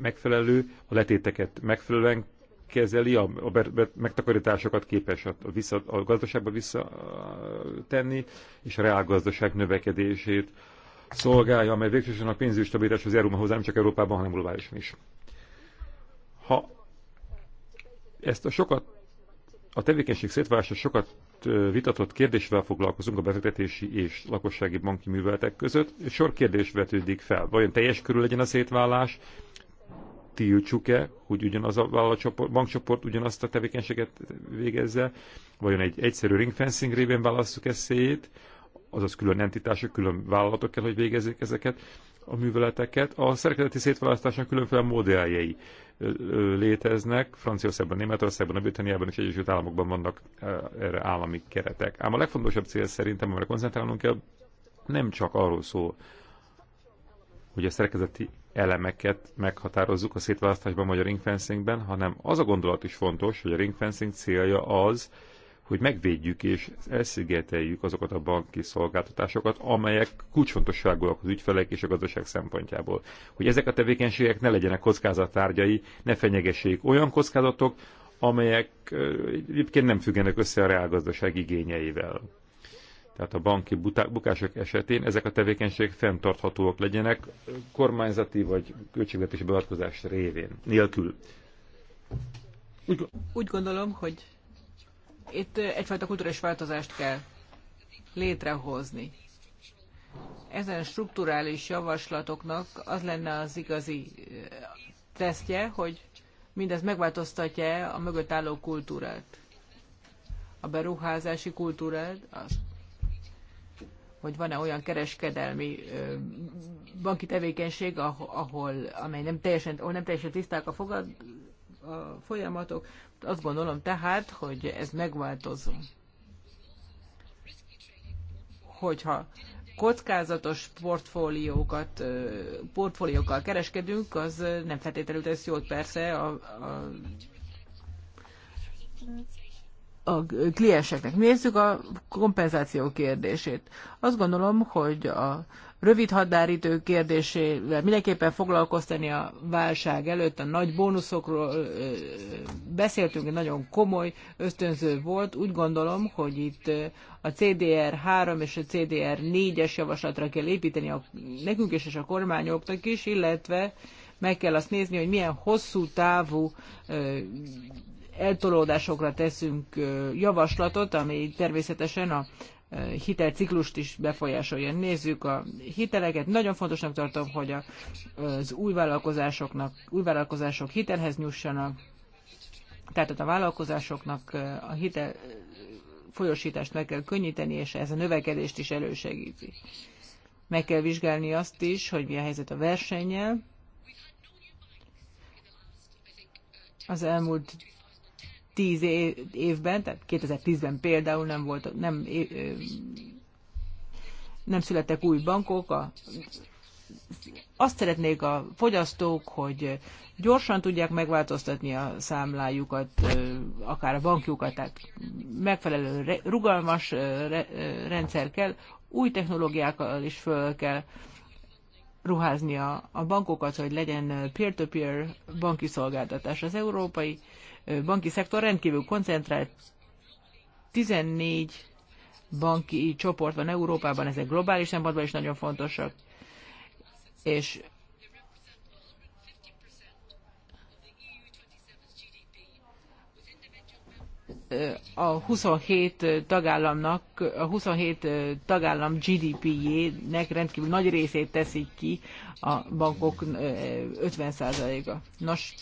megfelelő, a letéteket megfelelően kezeli, a, a be, be, megtakarításokat képes a, a, vissza, a gazdaságba visszatenni, és a reálgazdaság növekedését szolgálja, amely végsősorban a pénzügyi stabilitás az Európa hozzá, nem csak Európában, hanem globálisan is. Ha ezt a sokat a tevékenység szétválása sokat vitatott kérdésvel foglalkozunk a befektetési és lakossági banki műveletek között. Sor kérdés vetődik fel. Vajon teljes körül legyen a szétválás? Tiltsuk-e, hogy ugyanaz a bankcsoport ugyanazt a tevékenységet végezze? Vajon egy egyszerű ringfencing révén választjuk ezt szét? azaz külön entitások, külön vállalatok kell, hogy végezzék ezeket a műveleteket. A szerkezeti szétválasztásnak különféle modelljei léteznek. Franciaországban, Németországban, Nagy-Britanniában és Egyesült Államokban vannak erre állami keretek. Ám a legfontosabb cél szerintem, amire koncentrálnunk kell, nem csak arról szól, hogy a szerkezeti elemeket meghatározzuk a szétválasztásban a a ringfencingben, hanem az a gondolat is fontos, hogy a ringfencing célja az, hogy megvédjük és elszigeteljük azokat a banki szolgáltatásokat, amelyek kulcsfontosságúak az ügyfelek és a gazdaság szempontjából. Hogy ezek a tevékenységek ne legyenek kockázattárgyai, ne fenyegessék olyan kockázatok, amelyek egyébként nem függenek össze a reálgazdaság igényeivel. Tehát a banki bukások esetén ezek a tevékenységek fenntarthatóak legyenek kormányzati vagy költségvetési beavatkozás révén, nélkül. Úgy, úgy gondolom, hogy itt egyfajta kulturális változást kell létrehozni. Ezen strukturális javaslatoknak az lenne az igazi tesztje, hogy mindez megváltoztatja a mögött álló kultúrát. A beruházási kultúrát, az, hogy van-e olyan kereskedelmi ö, banki tevékenység, ahol, amely nem teljesen, ahol nem teljesen tiszták a fogad, a folyamatok. Azt gondolom tehát, hogy ez megváltozó. Hogyha kockázatos portfóliókat, portfóliókkal kereskedünk, az nem feltétlenül tesz jót persze a, a, a klienseknek. Nézzük a kompenzáció kérdését. Azt gondolom, hogy a rövid határidő kérdésével mindenképpen foglalkoztani a válság előtt. A nagy bónuszokról beszéltünk, nagyon komoly ösztönző volt. Úgy gondolom, hogy itt a CDR 3 és a CDR 4-es javaslatra kell építeni a, nekünk is és a kormányoknak is, illetve meg kell azt nézni, hogy milyen hosszú távú eltolódásokra teszünk javaslatot, ami természetesen a hitelciklust is befolyásolja. Nézzük a hiteleket. Nagyon fontosnak tartom, hogy a, az új vállalkozásoknak, új vállalkozások hitelhez nyussanak, tehát a vállalkozásoknak a hitel folyosítást meg kell könnyíteni, és ez a növekedést is elősegíti. Meg kell vizsgálni azt is, hogy mi a helyzet a versennyel. Az elmúlt tíz évben, tehát 2010-ben például nem, volt, nem, nem születtek új bankok, a, azt szeretnék a fogyasztók, hogy gyorsan tudják megváltoztatni a számlájukat, akár a bankjukat, tehát megfelelő rugalmas rendszer kell, új technológiákkal is föl kell ruházni a, a bankokat, hogy legyen peer-to-peer -peer banki szolgáltatás. Az európai banki szektor rendkívül koncentrált. 14 banki csoport van Európában, ezek globális szempontból is nagyon fontosak. És a 27 tagállamnak, a 27 tagállam GDP-jének rendkívül nagy részét teszik ki a bankok 50%-a. Nos,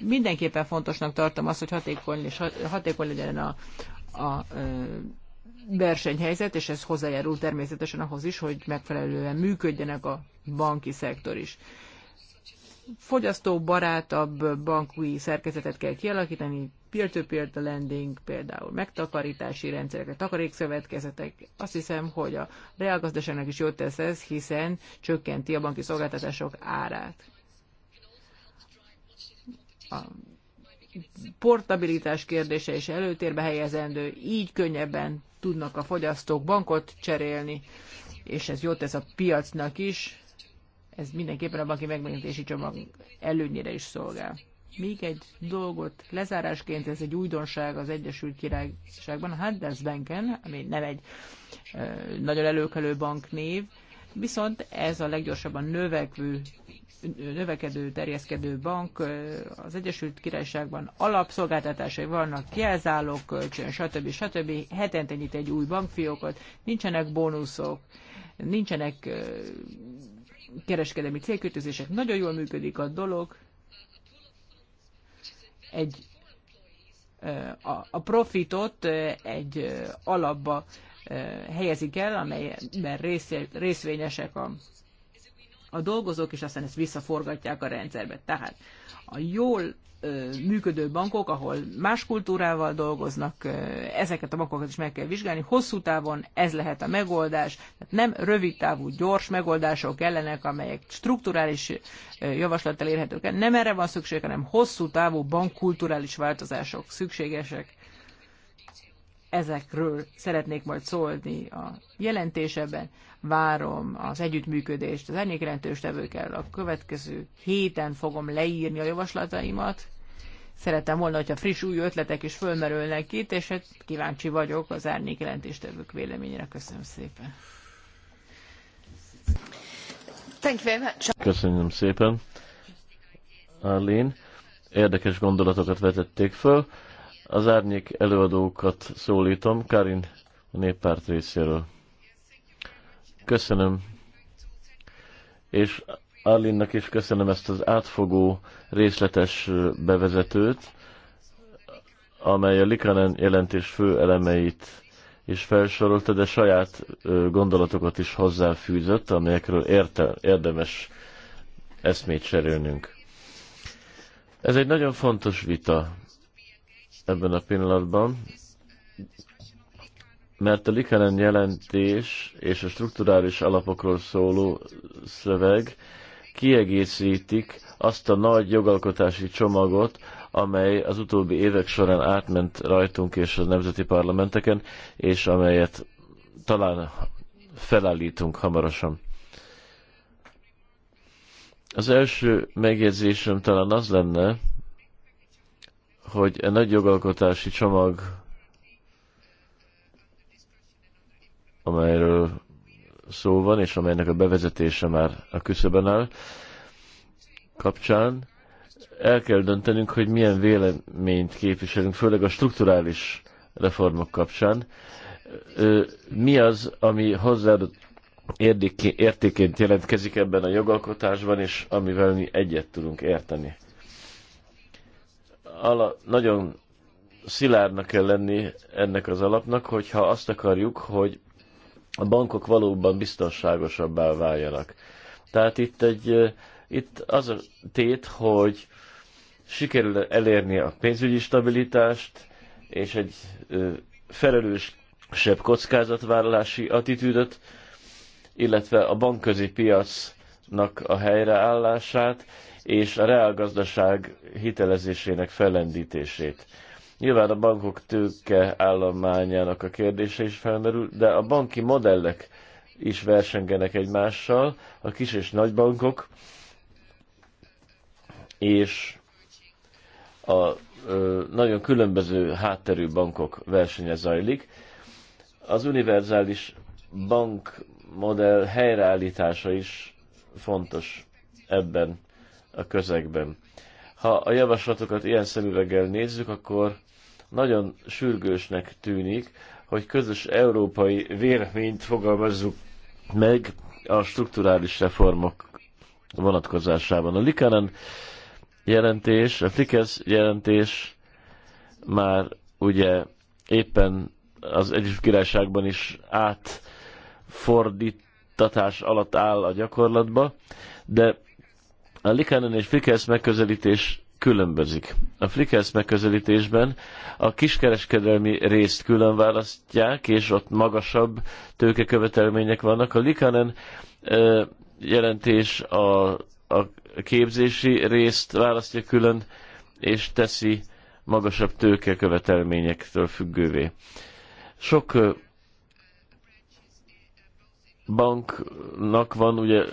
mindenképpen fontosnak tartom azt, hogy hatékony, és hatékony legyen a, a versenyhelyzet, és ez hozzájárul természetesen ahhoz is, hogy megfelelően működjenek a banki szektor is. barátabb banki szerkezetet kell kialakítani, peer to -peer lending, például megtakarítási rendszerekre, takarékszövetkezetek. Azt hiszem, hogy a reálgazdaságnak is jót tesz ez, hiszen csökkenti a banki szolgáltatások árát a portabilitás kérdése is előtérbe helyezendő, így könnyebben tudnak a fogyasztók bankot cserélni, és ez jót tesz a piacnak is, ez mindenképpen a banki megmentési csomag előnyére is szolgál. Még egy dolgot lezárásként, ez egy újdonság az Egyesült Királyságban, a Handelsbanken, ami nem egy nagyon előkelő banknév, Viszont ez a leggyorsabban növekvő, növekedő, terjeszkedő bank az Egyesült Királyságban alapszolgáltatásai vannak, jelzálók, kölcsön, stb. stb. Hetente nyit egy új bankfiókot, nincsenek bónuszok, nincsenek kereskedelmi célkötőzések, nagyon jól működik a dolog. Egy, a, a profitot egy alapba helyezik el, amelyben részvényesek a, a dolgozók, és aztán ezt visszaforgatják a rendszerbe. Tehát a jól működő bankok, ahol más kultúrával dolgoznak, ezeket a bankokat is meg kell vizsgálni. Hosszú távon ez lehet a megoldás, tehát nem rövid távú, gyors megoldások ellenek, amelyek strukturális javaslattal érhetők. Nem erre van szükség, hanem hosszú távú bankkulturális változások szükségesek ezekről szeretnék majd szólni a jelentéseben. Várom az együttműködést az ennél jelentős tevőkkel. A következő héten fogom leírni a javaslataimat. Szeretem volna, hogyha friss új ötletek is fölmerülnek itt, és hát kíváncsi vagyok az árnyék jelentéstevők véleményére. Köszönöm szépen. Köszönöm szépen, Arlene. Érdekes gondolatokat vetették föl. Az árnyék előadókat szólítom. Karin a néppárt részéről. Köszönöm. És Arlinnak is köszönöm ezt az átfogó, részletes bevezetőt, amely a Likanen jelentés fő elemeit is felsorolta, de saját gondolatokat is hozzáfűzött, amelyekről érte, érdemes eszmét cserélnünk. Ez egy nagyon fontos vita, ebben a pillanatban, mert a Likelen jelentés és a strukturális alapokról szóló szöveg kiegészítik azt a nagy jogalkotási csomagot, amely az utóbbi évek során átment rajtunk és a nemzeti parlamenteken, és amelyet talán felállítunk hamarosan. Az első megjegyzésem talán az lenne, hogy a nagy jogalkotási csomag, amelyről szó van, és amelynek a bevezetése már a küszöben áll, kapcsán el kell döntenünk, hogy milyen véleményt képviselünk, főleg a strukturális reformok kapcsán. Mi az, ami hozzáadott értéként jelentkezik ebben a jogalkotásban, és amivel mi egyet tudunk érteni? ala, nagyon szilárdnak kell lenni ennek az alapnak, hogyha azt akarjuk, hogy a bankok valóban biztonságosabbá váljanak. Tehát itt, egy, itt az a tét, hogy sikerül elérni a pénzügyi stabilitást, és egy felelősebb kockázatvállalási attitűdöt, illetve a bankközi piacnak a helyreállását, és a reálgazdaság hitelezésének fellendítését. Nyilván a bankok tőke állományának a kérdése is felmerül, de a banki modellek is versengenek egymással, a kis és nagy bankok, és a ö, nagyon különböző hátterű bankok versenye zajlik. Az univerzális bankmodell helyreállítása is fontos ebben a közegben. Ha a javaslatokat ilyen szemüveggel nézzük, akkor nagyon sürgősnek tűnik, hogy közös európai véleményt fogalmazzuk meg a strukturális reformok vonatkozásában. A Likanen jelentés, a Flikes jelentés már ugye éppen az Egyesült Királyságban is átfordítatás alatt áll a gyakorlatba, de a Likánon és Flikesz megközelítés különbözik. A Flikesz megközelítésben a kiskereskedelmi részt külön választják, és ott magasabb tőkekövetelmények vannak. A Likanen jelentés a, a képzési részt választja külön, és teszi magasabb tőkekövetelményektől függővé. Sok banknak van ugye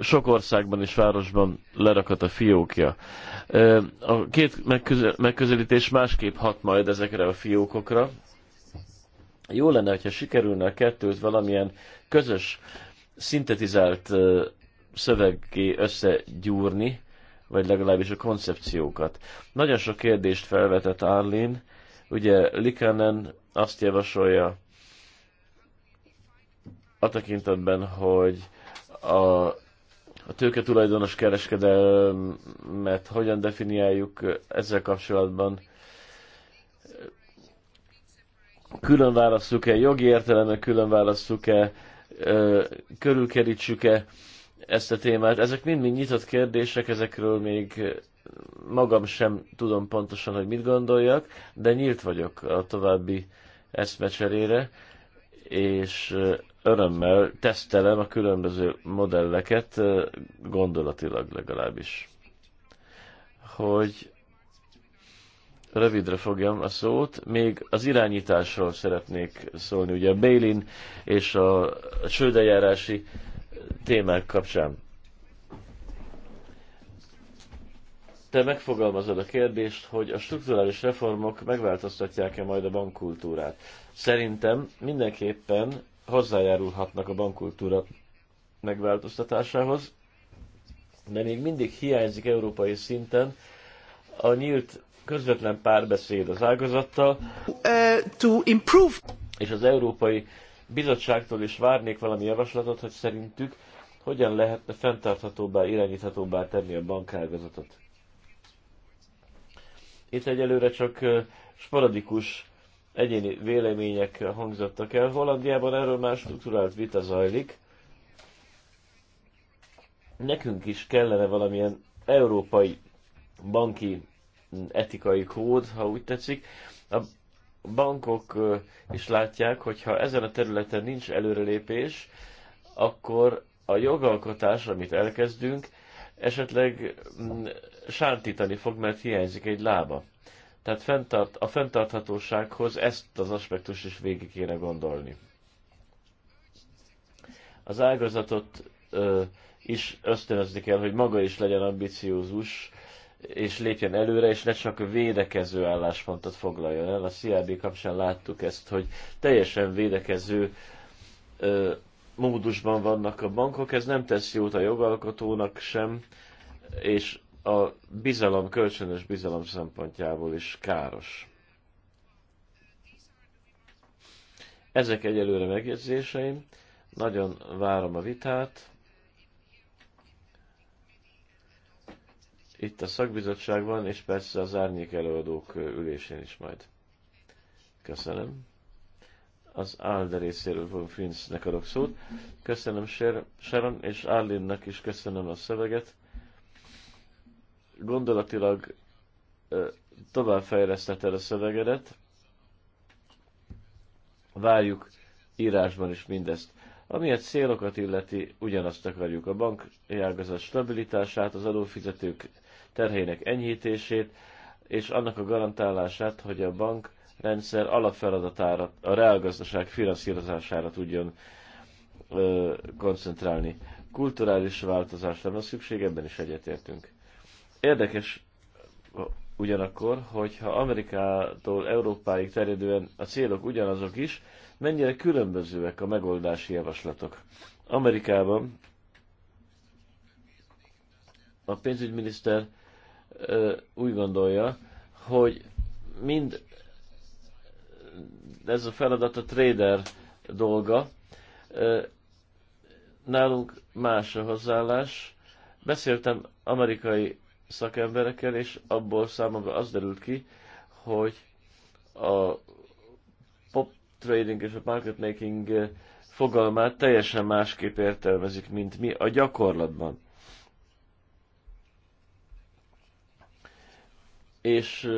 sok országban és városban lerakat a fiókja. A két megközelítés másképp hat majd ezekre a fiókokra. Jó lenne, hogyha sikerülne a kettőt valamilyen közös, szintetizált szövegé összegyúrni, vagy legalábbis a koncepciókat. Nagyon sok kérdést felvetett Arlin, ugye Likanen azt javasolja, a tekintetben, hogy a, a tőke tulajdonos kereskedelmet hogyan definiáljuk ezzel kapcsolatban, külön válasszuk-e, jogi értelemben külön válasszuk-e, körülkerítsük-e ezt a témát. Ezek mind-mind nyitott kérdések, ezekről még magam sem tudom pontosan, hogy mit gondoljak, de nyílt vagyok a további eszmecserére, és örömmel tesztelem a különböző modelleket, gondolatilag legalábbis. Hogy rövidre fogjam a szót, még az irányításról szeretnék szólni, ugye a Bélin és a csődejárási témák kapcsán. Te megfogalmazod a kérdést, hogy a strukturális reformok megváltoztatják-e majd a bankkultúrát. Szerintem mindenképpen hozzájárulhatnak a bankkultúra megváltoztatásához, de még mindig hiányzik európai szinten a nyílt közvetlen párbeszéd az ágazattal. Uh, to improve. És az Európai Bizottságtól is várnék valami javaslatot, hogy szerintük hogyan lehetne fenntarthatóbbá, irányíthatóbbá tenni a bankágazatot. Itt egyelőre csak uh, sporadikus egyéni vélemények hangzottak el. Hollandiában erről már struktúrált vita zajlik. Nekünk is kellene valamilyen európai banki etikai kód, ha úgy tetszik. A bankok is látják, hogy ha ezen a területen nincs előrelépés, akkor a jogalkotás, amit elkezdünk, esetleg mm, sántítani fog, mert hiányzik egy lába. Tehát fenntart, a fenntarthatósághoz ezt az aspektus is végig kéne gondolni. Az ágazatot ö, is ösztönözni kell, hogy maga is legyen ambiciózus, és lépjen előre, és ne csak védekező álláspontot foglaljon el. A CRB kapcsán láttuk ezt, hogy teljesen védekező ö, módusban vannak a bankok, ez nem tesz jót a jogalkotónak sem, és a bizalom, kölcsönös bizalom szempontjából is káros. Ezek egyelőre megjegyzéseim. Nagyon várom a vitát. Itt a szakbizottságban, és persze az árnyék előadók ülésén is majd. Köszönöm. Az Alde részéről von Finsznek adok szót. Köszönöm Sharon és Arlinnak is köszönöm a szöveget gondolatilag továbbfejleszteted a szövegedet. Várjuk írásban is mindezt. Ami a célokat illeti, ugyanazt akarjuk a bank ágazat stabilitását, az adófizetők terhének enyhítését, és annak a garantálását, hogy a bank rendszer alapfeladatára, a reálgazdaság finanszírozására tudjon ö, koncentrálni. Kulturális változásra van szükség, ebben is egyetértünk. Érdekes ugyanakkor, hogyha Amerikától Európáig terjedően a célok ugyanazok is, mennyire különbözőek a megoldási javaslatok. Amerikában a pénzügyminiszter úgy gondolja, hogy mind ez a feladat a trader dolga. Nálunk más a hozzáállás. Beszéltem amerikai szakemberekkel, és abból számomra az derült ki, hogy a pop trading és a market making fogalmát teljesen másképp értelmezik, mint mi a gyakorlatban. És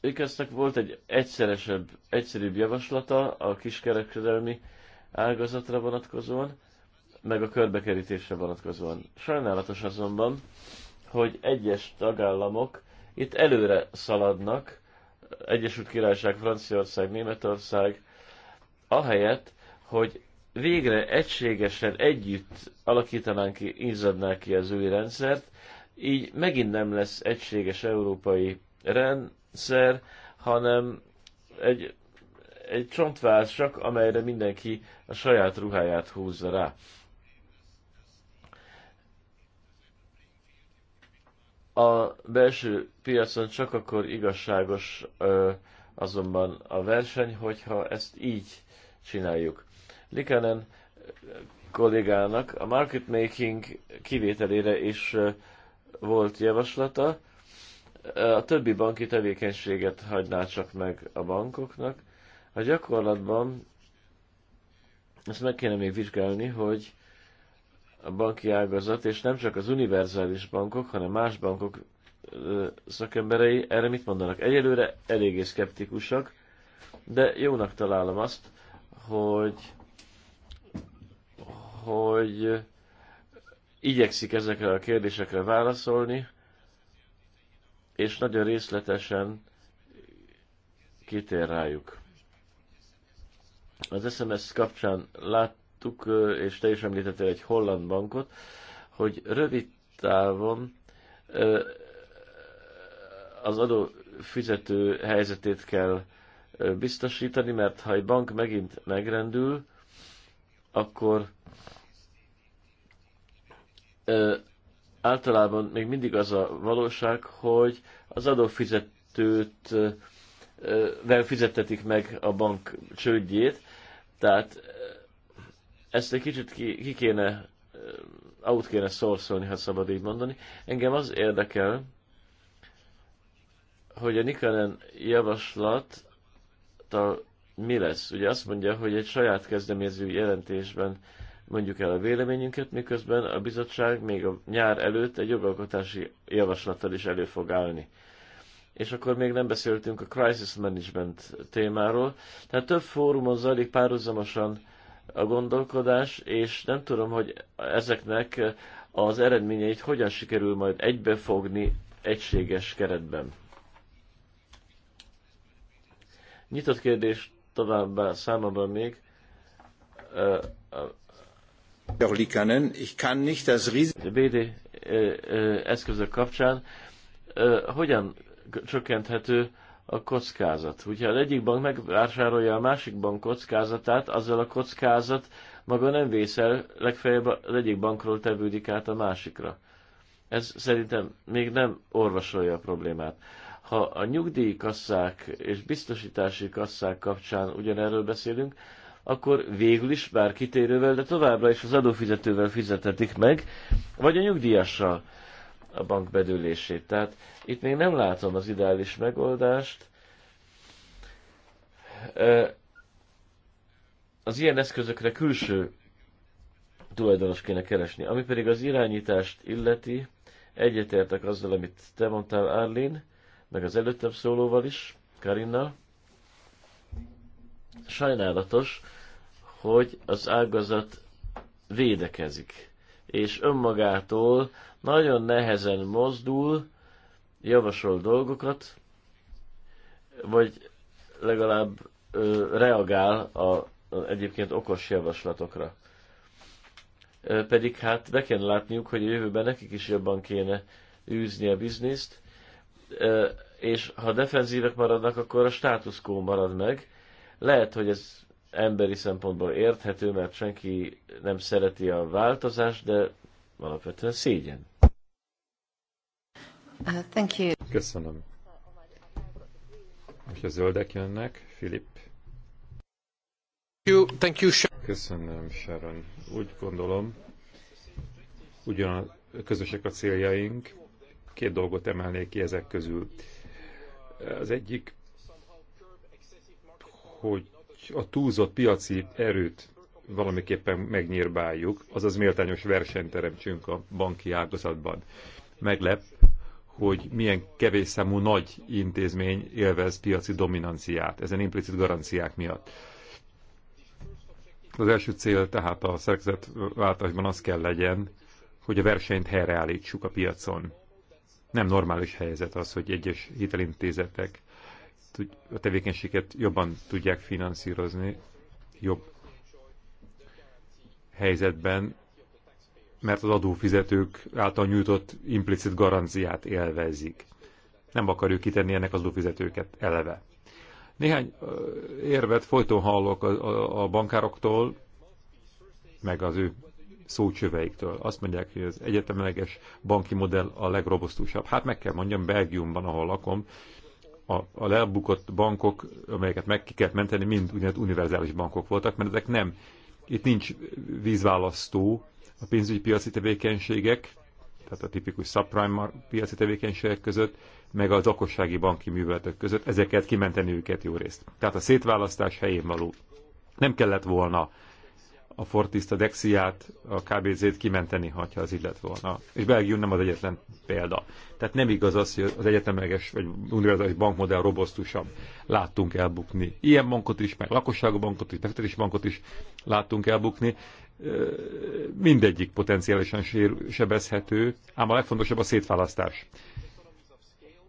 Ikesznek volt egy egyszeresebb, egyszerűbb javaslata a kiskereskedelmi ágazatra vonatkozóan, meg a körbekerítésre vonatkozóan. Sajnálatos azonban, hogy egyes tagállamok itt előre szaladnak, Egyesült Királyság, Franciaország, Németország, ahelyett, hogy végre egységesen együtt alakítanánk ki, ízadnánk ki az új rendszert, így megint nem lesz egységes európai rendszer, hanem egy, egy csontváz csak, amelyre mindenki a saját ruháját húzza rá. A belső piacon csak akkor igazságos azonban a verseny, hogyha ezt így csináljuk. Likanen kollégának a market making kivételére is volt javaslata. A többi banki tevékenységet hagyná csak meg a bankoknak. A gyakorlatban ezt meg kéne még vizsgálni, hogy a banki ágazat, és nem csak az univerzális bankok, hanem más bankok szakemberei erre mit mondanak? Egyelőre eléggé szkeptikusak, de jónak találom azt, hogy hogy igyekszik ezekre a kérdésekre válaszolni, és nagyon részletesen kitér rájuk. Az SMS kapcsán lát, láttuk, és te is említettél egy holland bankot, hogy rövid távon az adófizető helyzetét kell biztosítani, mert ha egy bank megint megrendül, akkor általában még mindig az a valóság, hogy az adófizetőt vel fizettetik meg a bank csődjét, tehát ezt egy kicsit ki, ki kéne, out kéne szorszolni, ha szabad így mondani. Engem az érdekel, hogy a Nikanen javaslat mi lesz. Ugye azt mondja, hogy egy saját kezdeményező jelentésben mondjuk el a véleményünket, miközben a bizottság még a nyár előtt egy jogalkotási javaslattal is elő fog állni. És akkor még nem beszéltünk a crisis management témáról. Tehát több fórumon zajlik párhuzamosan a gondolkodás, és nem tudom, hogy ezeknek az eredményeit hogyan sikerül majd egybefogni egységes keretben. Nyitott kérdés továbbá számomra még. Likanen, ich kann nicht das Risiko... BD eszközök kapcsán hogyan csökkenthető a kockázat. Hogyha az egyik bank megvásárolja a másik bank kockázatát, azzal a kockázat maga nem vészel, legfeljebb az egyik bankról tevődik át a másikra. Ez szerintem még nem orvosolja a problémát. Ha a nyugdíjkasszák és biztosítási kasszák kapcsán ugyanerről beszélünk, akkor végül is, bár kitérővel, de továbbra is az adófizetővel fizetetik meg, vagy a nyugdíjassal a bank bedőlését. Tehát itt még nem látom az ideális megoldást. Az ilyen eszközökre külső tulajdonos kéne keresni. Ami pedig az irányítást illeti, egyetértek azzal, amit te mondtál, Arlin, meg az előttem szólóval is, Karinna. Sajnálatos, hogy az ágazat védekezik, és önmagától nagyon nehezen mozdul, javasol dolgokat, vagy legalább ö, reagál a, a egyébként okos javaslatokra. Ö, pedig hát be kell látniuk, hogy a jövőben nekik is jobban kéne űzni a bizniszt, ö, és ha defenzívek maradnak, akkor a status quo marad meg. Lehet, hogy ez emberi szempontból érthető, mert senki nem szereti a változást, de alapvetően szégyen. Uh, thank you. Köszönöm. Most a zöldek jönnek. Filip. Thank you, Sharon. Köszönöm, Sharon. Úgy gondolom, ugyan közösek a céljaink. Két dolgot emelnék ki ezek közül. Az egyik, hogy a túlzott piaci erőt valamiképpen megnyírbáljuk, azaz méltányos versenyt teremtsünk a banki ágazatban. Meglep, hogy milyen kevés számú nagy intézmény élvez piaci dominanciát, ezen implicit garanciák miatt. Az első cél tehát a szerkezetváltásban az kell legyen, hogy a versenyt helyreállítsuk a piacon. Nem normális helyzet az, hogy egyes hitelintézetek a tevékenységet jobban tudják finanszírozni, jobb helyzetben mert az adófizetők által nyújtott implicit garanciát élvezik. Nem akarjuk kitenni ennek az adófizetőket eleve. Néhány érvet folyton hallok a, a, a bankároktól, meg az ő szócsöveiktől. Azt mondják, hogy az egyetemleges banki modell a legrobosztusabb. Hát meg kell mondjam, Belgiumban, ahol lakom, a, a lebukott bankok, amelyeket meg ki menteni, mind úgynevezett univerzális bankok voltak, mert ezek nem, itt nincs vízválasztó, a pénzügyi piaci tevékenységek, tehát a tipikus subprime piaci tevékenységek között, meg az okossági banki műveletek között, ezeket kimenteni őket jó részt. Tehát a szétválasztás helyén való. Nem kellett volna a Fortiszt, a Dexiát, a KBZ-t kimenteni, ha az így lett volna. És Belgium nem az egyetlen példa. Tehát nem igaz az, hogy az egyetemleges vagy univerzális bankmodell robosztusabb. Láttunk elbukni. Ilyen bankot is, meg lakossági bankot is, befektetési bankot is láttunk elbukni mindegyik potenciálisan sebezhető, ám a legfontosabb a szétválasztás.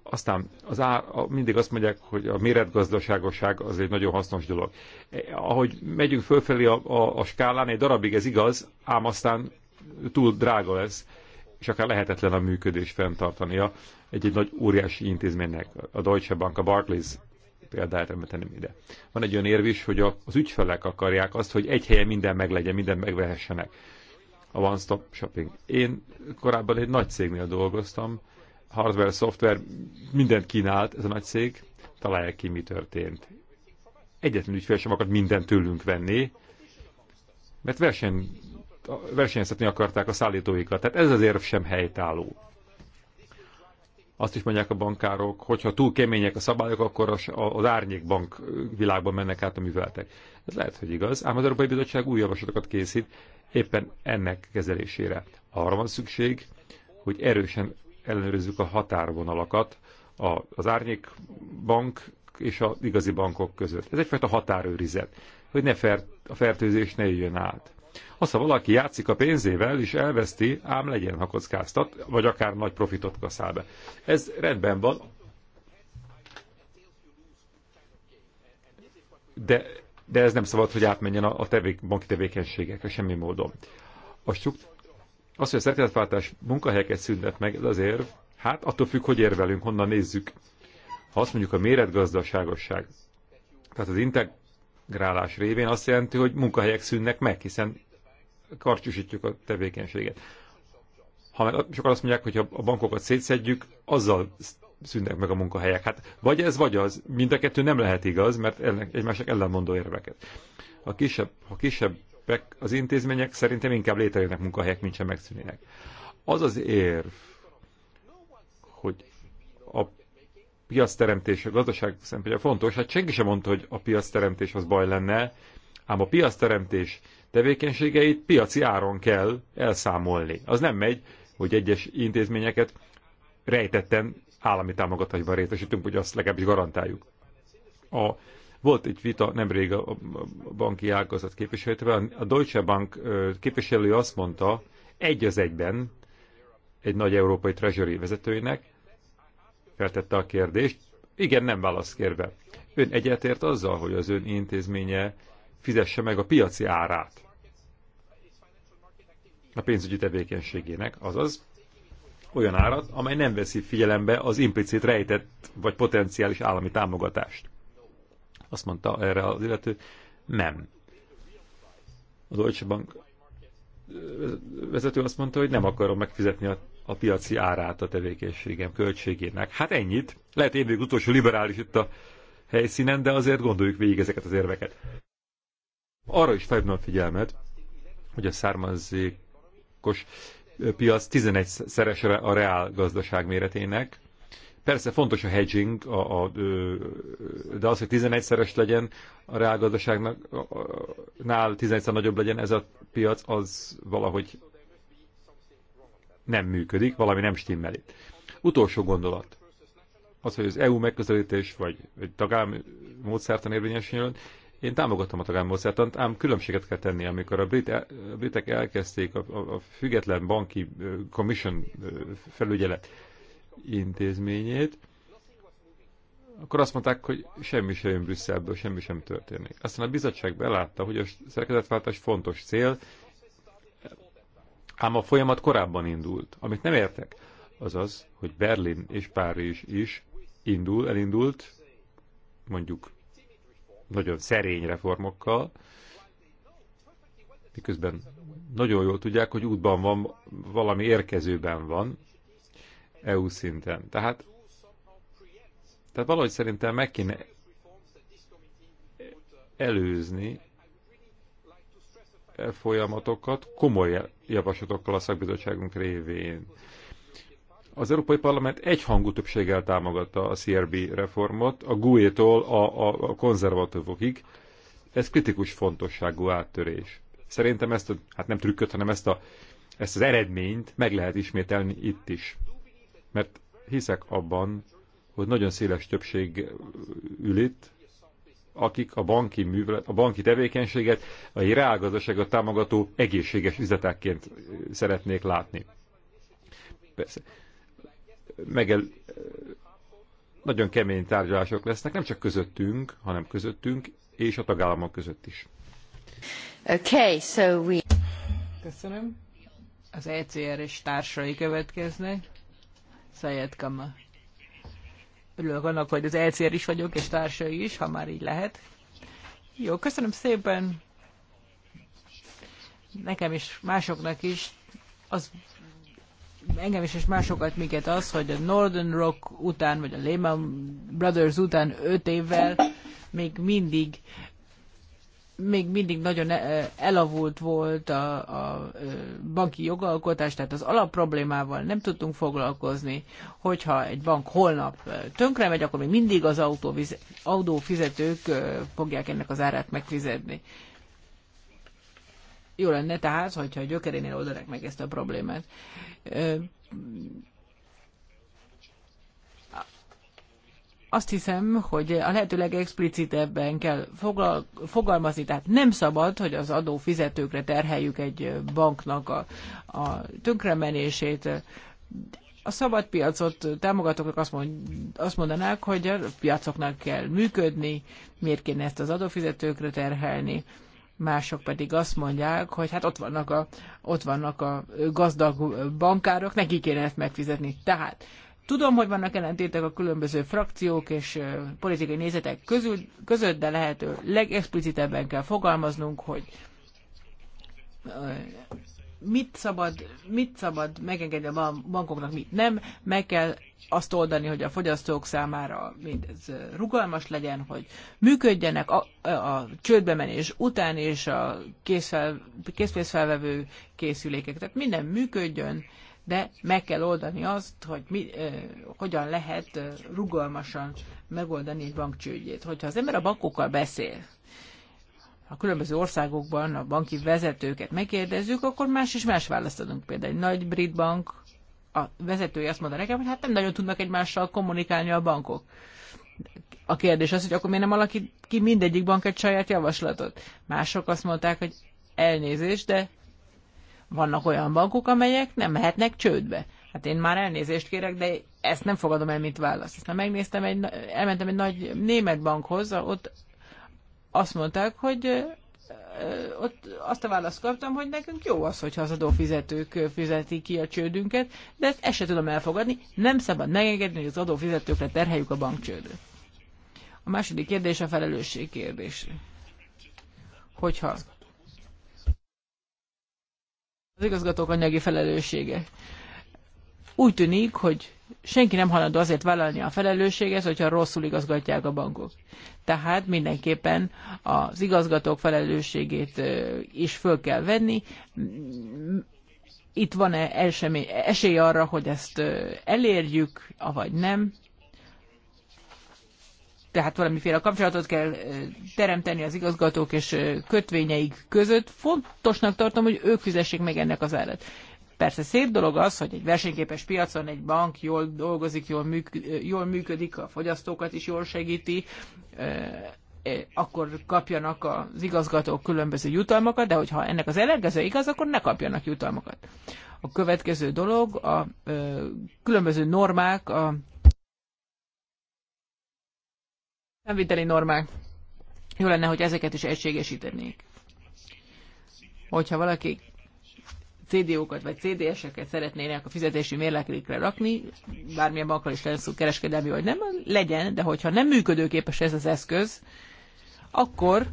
Aztán az á, a, mindig azt mondják, hogy a méretgazdaságosság az egy nagyon hasznos dolog. E, ahogy megyünk fölfelé a, a, a skálán, egy darabig ez igaz, ám aztán túl drága lesz, és akár lehetetlen a működés fenntartania egy-egy nagy óriási intézménynek, a Deutsche Bank, a Barclays példát emeltenem ide. Van egy olyan érv is, hogy az ügyfelek akarják azt, hogy egy helyen minden meglegyen, minden megvehessenek. A One Stop Shopping. Én korábban egy nagy cégnél dolgoztam, hardware, software mindent kínált ez a nagy cég, találják ki, mi történt. Egyetlen ügyfél sem akart mindent tőlünk venni, mert verseny, versenyeztetni akarták a szállítóikat. Tehát ez az érv sem helytálló. Azt is mondják a bankárok, hogyha túl kemények a szabályok, akkor az, az árnyékbank világban mennek át a műveletek. Ez lehet, hogy igaz, ám az Európai Bizottság új javaslatokat készít éppen ennek kezelésére. Arra van szükség, hogy erősen ellenőrizzük a határvonalakat az árnyékbank és az igazi bankok között. Ez egyfajta határőrizet, hogy ne fert, a fertőzés ne jöjjön át. Az, ha szóval valaki játszik a pénzével és elveszti, ám legyen, ha kockáztat, vagy akár nagy profitot kaszál be. Ez rendben van, de, de ez nem szabad, hogy átmenjen a, a tevék, banki tevékenységekre semmi módon. A struktúra az, hogy a szerkezetváltás munkahelyeket szüntet meg, ez az érv, hát attól függ, hogy érvelünk, honnan nézzük. Ha azt mondjuk a méretgazdaságosság, tehát az integrálás révén azt jelenti, hogy munkahelyek szűnnek meg, hiszen karcsúsítjuk a tevékenységet. Ha meg sokan azt mondják, hogy ha a bankokat szétszedjük, azzal szűnnek meg a munkahelyek. Hát vagy ez, vagy az. Mind a kettő nem lehet igaz, mert egymásnak ellenmondó érveket. A kisebb, ha kisebbek az intézmények szerintem inkább létrejönnek munkahelyek, mint sem megszűnének. Az az érv, hogy a piacteremtés, a gazdaság szempontjából fontos, hát senki sem mondta, hogy a piacteremtés az baj lenne, ám a piacteremtés tevékenységeit piaci áron kell elszámolni. Az nem megy, hogy egyes intézményeket rejtetten állami támogatásban részesítünk, hogy azt legalábbis garantáljuk. A, volt egy vita nemrég a, banki ágazat képviselőjével, a Deutsche Bank képviselő azt mondta, egy az egyben, egy nagy európai treasury vezetőjének, feltette a kérdést, igen, nem válasz kérve. Ön egyetért azzal, hogy az ön intézménye fizesse meg a piaci árát a pénzügyi tevékenységének, azaz olyan árat, amely nem veszi figyelembe az implicit rejtett vagy potenciális állami támogatást. Azt mondta erre az illető, nem. A Deutsche Bank vezető azt mondta, hogy nem akarom megfizetni a, a piaci árát a tevékenységem költségének. Hát ennyit. Lehet én még utolsó liberális itt a helyszínen, de azért gondoljuk végig ezeket az érveket. Arra is felhívnám a figyelmet, hogy a származék bankos piac 11-szeresre a reál gazdaság méretének. Persze fontos a hedging, a, a, de az, hogy 11-szeres legyen a gazdaságnak nál 11-szer nagyobb legyen ez a piac, az valahogy nem működik, valami nem stimmel itt. Utolsó gondolat. Az, hogy az EU megközelítés, vagy egy tagállami módszertan érvényesüljön, én támogatom a tagállamorszátant, ám különbséget kell tenni, amikor a, brit, a e, britek elkezdték a, a, a független banki commission felügyelet intézményét, akkor azt mondták, hogy semmi sem jön Brüsszelből, semmi sem történik. Aztán a bizottság belátta, hogy a szerkezetváltás fontos cél, ám a folyamat korábban indult. Amit nem értek, az az, hogy Berlin és Párizs is indul, elindult, mondjuk nagyon szerény reformokkal, miközben nagyon jól tudják, hogy útban van, valami érkezőben van EU szinten. Tehát, tehát valahogy szerintem meg kéne előzni e folyamatokat komoly javaslatokkal a szakbizottságunk révén. Az Európai Parlament egyhangú többséggel támogatta a CRB reformot, a GUE-tól a, a, a konzervatívokig. Ez kritikus fontosságú áttörés. Szerintem ezt a, hát nem trükköt, hanem ezt, a, ezt az eredményt meg lehet ismételni itt is. Mert hiszek abban, hogy nagyon széles többség ül itt, akik a banki, művelet, a banki tevékenységet a reálgazdaságot támogató egészséges üzletekként szeretnék látni. Persze megel, nagyon kemény tárgyalások lesznek, nem csak közöttünk, hanem közöttünk és a tagállamok között is. Okay, so we... Köszönöm. Az ECR és társai következnek. Szajed Kama. Örülök annak, hogy az ECR is vagyok, és társai is, ha már így lehet. Jó, köszönöm szépen. Nekem is, másoknak is az engem is és másokat minket az, hogy a Northern Rock után, vagy a Lehman Brothers után öt évvel még mindig még mindig nagyon eh, elavult volt a, a eh, banki jogalkotás, tehát az alapproblémával nem tudtunk foglalkozni, hogyha egy bank holnap eh, tönkre megy, akkor még mindig az autófizetők fogják ennek az árát megfizetni. Jó lenne tehát, hogyha a gyökerénél oldanak meg ezt a problémát. Azt hiszem, hogy a lehető legexplicitebben kell fogalmazni, tehát nem szabad, hogy az adófizetőkre terheljük egy banknak a, a tönkremenését, a szabad piacot támogatóknak azt, mond, azt mondanák, hogy a piacoknak kell működni, miért kéne ezt az adófizetőkre terhelni mások pedig azt mondják, hogy hát ott vannak a, ott vannak a gazdag bankárok, nekik kéne ezt megfizetni. Tehát tudom, hogy vannak ellentétek a különböző frakciók és politikai nézetek közül, között, de lehető legexplicitebben kell fogalmaznunk, hogy mit szabad, mit szabad megengedni a bankoknak, mit nem. Meg kell azt oldani, hogy a fogyasztók számára mindez rugalmas legyen, hogy működjenek a, a csődbe menés után és a készpénzfelvevő készülékek. Tehát minden működjön, de meg kell oldani azt, hogy mi, eh, hogyan lehet rugalmasan megoldani egy bank csődjét. Hogyha az ember a bankokkal beszél, ha különböző országokban a banki vezetőket megkérdezzük, akkor más és más választ adunk. Például egy nagy brit bank a vezetője azt mondta nekem, hogy hát nem nagyon tudnak egymással kommunikálni a bankok. A kérdés az, hogy akkor miért nem alakít ki mindegyik bank egy saját javaslatot. Mások azt mondták, hogy elnézést, de vannak olyan bankok, amelyek nem mehetnek csődbe. Hát én már elnézést kérek, de ezt nem fogadom el, mint választ. Aztán megnéztem, egy, elmentem egy nagy német bankhoz, ott azt mondták, hogy ott azt a választ kaptam, hogy nekünk jó az, hogyha az adófizetők fizetik ki a csődünket, de ezt, ezt se tudom elfogadni, nem szabad megengedni, hogy az adófizetőkre terheljük a bankcsődöt. A második kérdés a felelősség kérdés. Hogyha az igazgatók anyagi felelőssége. Úgy tűnik, hogy senki nem hajlandó azért vállalni a felelősséget, hogyha rosszul igazgatják a bankok tehát mindenképpen az igazgatók felelősségét is föl kell venni. Itt van-e esély arra, hogy ezt elérjük, avagy nem? tehát valamiféle kapcsolatot kell teremteni az igazgatók és kötvényeik között. Fontosnak tartom, hogy ők fizessék meg ennek az árat. Persze szép dolog az, hogy egy versenyképes piacon egy bank jól dolgozik, jól, műk- jól működik, a fogyasztókat is jól segíti, eh, eh, akkor kapjanak az igazgatók különböző jutalmakat, de hogyha ennek az ellenkező igaz, akkor ne kapjanak jutalmakat. A következő dolog a eh, különböző normák, a számviteli normák. Jó lenne, hogy ezeket is egységesítenék. Hogyha valaki CD-okat vagy CDS-eket szeretnének a fizetési mérlekékre rakni, bármilyen bankra is lesz szó, kereskedelmi vagy nem, legyen, de hogyha nem működőképes ez az eszköz, akkor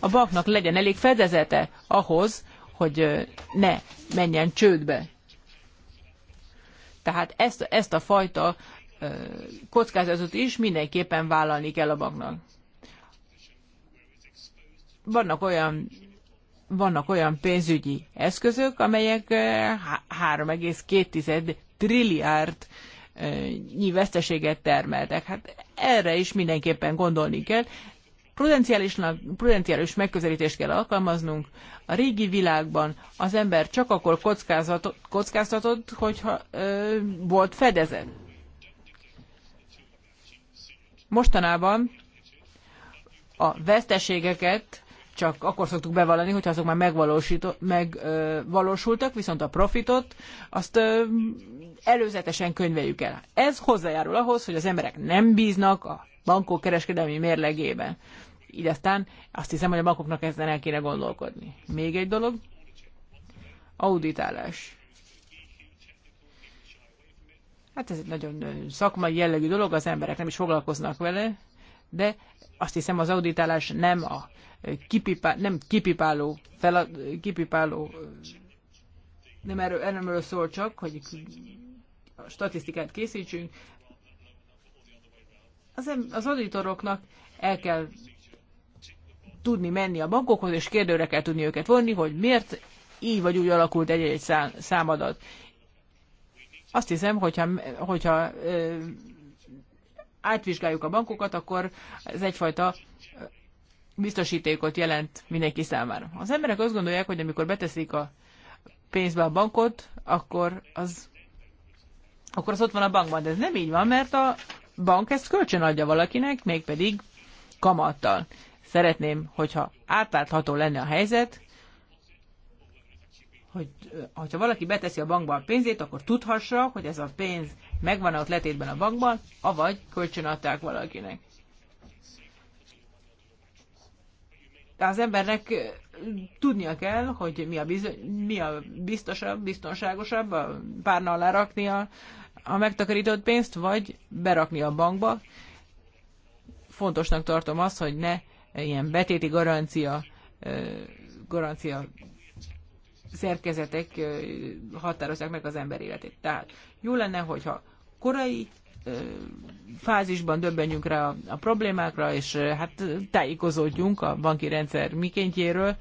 a banknak legyen elég fedezete ahhoz, hogy ne menjen csődbe. Tehát ezt, ezt a fajta kockázatot is mindenképpen vállalni kell a banknak. Vannak olyan vannak olyan pénzügyi eszközök, amelyek 3,2 eh, trilliárd eh, nyi veszteséget termeltek. Hát erre is mindenképpen gondolni kell. Prudenciális megközelítést kell alkalmaznunk. A régi világban az ember csak akkor kockázatot, kockáztatott, hogyha ö, eh, volt fedezet. Mostanában a veszteségeket csak akkor szoktuk bevallani, hogyha azok már megvalósultak, viszont a profitot azt ö, előzetesen könyveljük el. Ez hozzájárul ahhoz, hogy az emberek nem bíznak a bankok kereskedelmi mérlegében. Így aztán azt hiszem, hogy a bankoknak ezen el kéne gondolkodni. Még egy dolog, auditálás. Hát ez egy nagyon szakmai jellegű dolog, az emberek nem is foglalkoznak vele, de azt hiszem az auditálás nem a kipipá, nem kipipáló, felad, kipipáló, nem erről, erről szól csak, hogy a statisztikát készítsünk. Az, az auditoroknak el kell tudni menni a bankokhoz, és kérdőre kell tudni őket vonni, hogy miért így vagy úgy alakult egy-egy számadat. Azt hiszem, hogyha, hogyha ö, átvizsgáljuk a bankokat, akkor ez egyfajta biztosítékot jelent mindenki számára. Az emberek azt gondolják, hogy amikor beteszik a pénzbe a bankot, akkor az, akkor az ott van a bankban. De ez nem így van, mert a bank ezt kölcsön adja valakinek, mégpedig kamattal. Szeretném, hogyha átlátható lenne a helyzet, hogy ha valaki beteszi a bankba a pénzét, akkor tudhassa, hogy ez a pénz megvan ott letétben a bankban, avagy kölcsön adták valakinek. De az embernek tudnia kell, hogy mi a, biz- mi a biztosabb, biztonságosabb, a párna alá rakni a, a megtakarított pénzt, vagy berakni a bankba. Fontosnak tartom azt, hogy ne ilyen betéti garancia, garancia szerkezetek határozzák meg az ember életét. Tehát jó lenne, hogyha korai fázisban döbbenjünk rá a problémákra, és hát tájékozódjunk a banki rendszer mikéntjéről.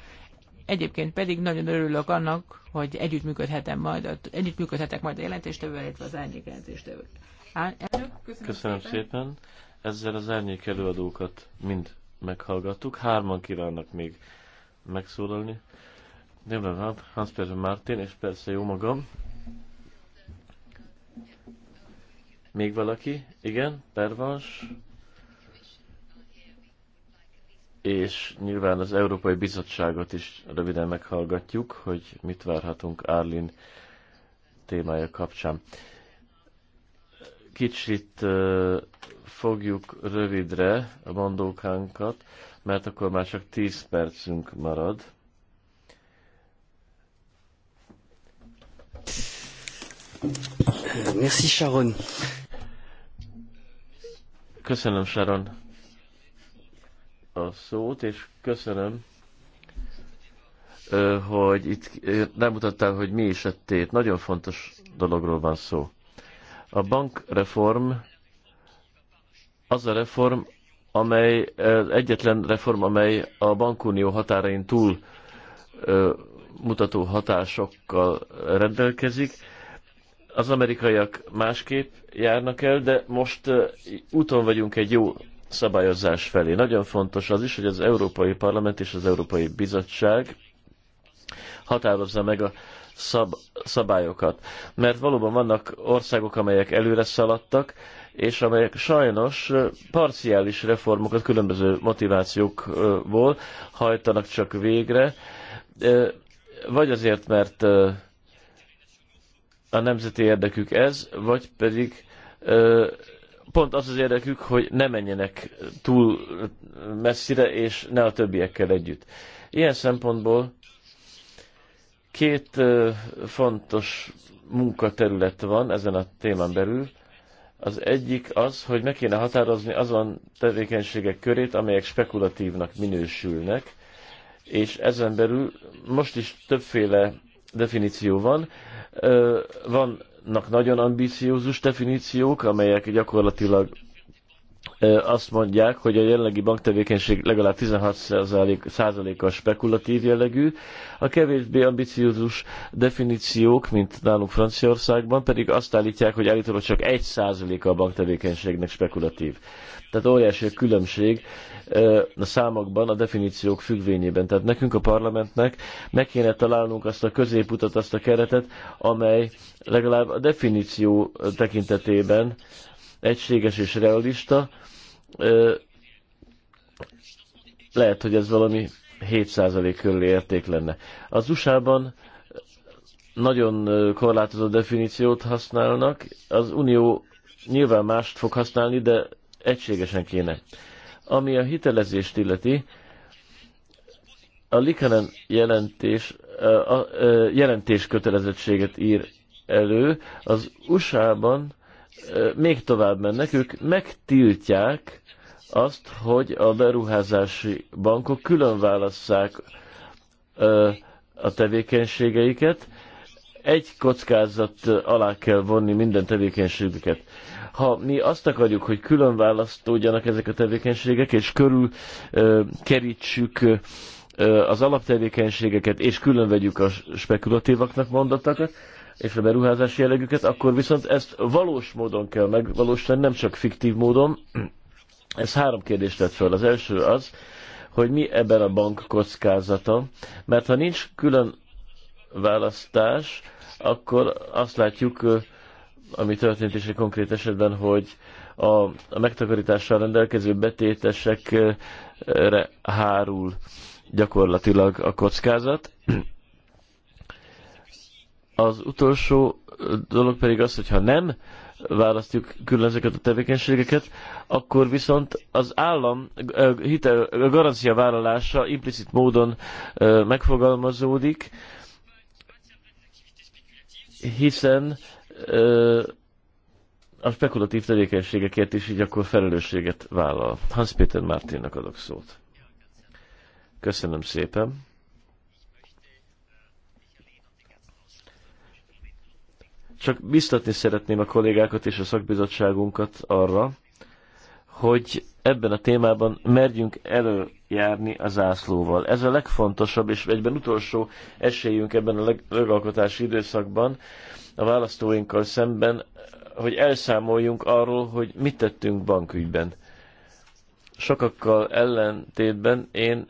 Egyébként pedig nagyon örülök annak, hogy együttműködhetem majd, együttműködhetek majd a jelentéstevővel, illetve az árnyék jelentéstevővel. Köszönöm, Köszönöm szépen. szépen. Ezzel az árnyék előadókat mind meghallgattuk. Hárman kívánnak még megszólalni. Débra Hans Peter Martin, és persze jó magam. Még valaki? Igen, pervans. És nyilván az Európai Bizottságot is röviden meghallgatjuk, hogy mit várhatunk Árlin témája kapcsán. Kicsit fogjuk rövidre a mondókánkat, mert akkor már csak 10 percünk marad. Merci Sharon. Köszönöm, Sharon, a szót, és köszönöm, hogy itt mutattál, hogy mi is a tét. Nagyon fontos dologról van szó. A bankreform az a reform, amely egyetlen reform, amely a bankunió határain túl mutató hatásokkal rendelkezik. Az amerikaiak másképp járnak el, de most úton vagyunk egy jó szabályozás felé. Nagyon fontos az is, hogy az Európai Parlament és az Európai Bizottság határozza meg a szab- szabályokat. Mert valóban vannak országok, amelyek előre szaladtak, és amelyek sajnos parciális reformokat különböző motivációkból hajtanak csak végre, vagy azért, mert a nemzeti érdekük ez, vagy pedig pont az az érdekük, hogy ne menjenek túl messzire, és ne a többiekkel együtt. Ilyen szempontból két fontos munkaterület van ezen a témán belül. Az egyik az, hogy meg kéne határozni azon tevékenységek körét, amelyek spekulatívnak minősülnek, és ezen belül most is többféle definíció van, vannak nagyon ambíciózus definíciók, amelyek gyakorlatilag azt mondják, hogy a jelenlegi banktevékenység legalább 16%-a spekulatív jellegű, a kevésbé ambiciózus definíciók, mint nálunk Franciaországban, pedig azt állítják, hogy állítólag csak 1%-a a banktevékenységnek spekulatív. Tehát óriási a különbség a számokban, a definíciók függvényében. Tehát nekünk a parlamentnek meg kéne találnunk azt a középutat, azt a keretet, amely legalább a definíció tekintetében egységes és realista. Lehet, hogy ez valami 7% körüli érték lenne. Az USA-ban nagyon korlátozott definíciót használnak, az Unió nyilván mást fog használni, de egységesen kéne. Ami a hitelezést illeti, a Likanen jelentés, a, a, jelentés kötelezettséget ír elő. Az USA-ban még tovább mennek, ők megtiltják azt, hogy a beruházási bankok külön válasszák a tevékenységeiket, egy kockázat alá kell vonni minden tevékenységüket. Ha mi azt akarjuk, hogy külön választódjanak ezek a tevékenységek, és körül ö, kerítsük ö, az alaptevékenységeket, és külön vegyük a spekulatívaknak mondatokat, és a beruházás jellegüket, akkor viszont ezt valós módon kell megvalósítani, nem csak fiktív módon. Ez három kérdést tett fel. Az első az, hogy mi ebben a bank kockázata, mert ha nincs külön választás, akkor azt látjuk, ami történt is egy konkrét esetben, hogy a, a megtakarítással rendelkező betétesekre hárul gyakorlatilag a kockázat, az utolsó dolog pedig az, hogyha nem választjuk külön ezeket a tevékenységeket, akkor viszont az állam hitel, garancia vállalása implicit módon megfogalmazódik, hiszen a spekulatív tevékenységekért is így akkor felelősséget vállal. Hans Péter Mártinnak adok szót. Köszönöm szépen. csak biztatni szeretném a kollégákat és a szakbizottságunkat arra, hogy ebben a témában merjünk előjárni az zászlóval. Ez a legfontosabb és egyben utolsó esélyünk ebben a legalkotási időszakban a választóinkkal szemben, hogy elszámoljunk arról, hogy mit tettünk bankügyben. Sokakkal ellentétben én,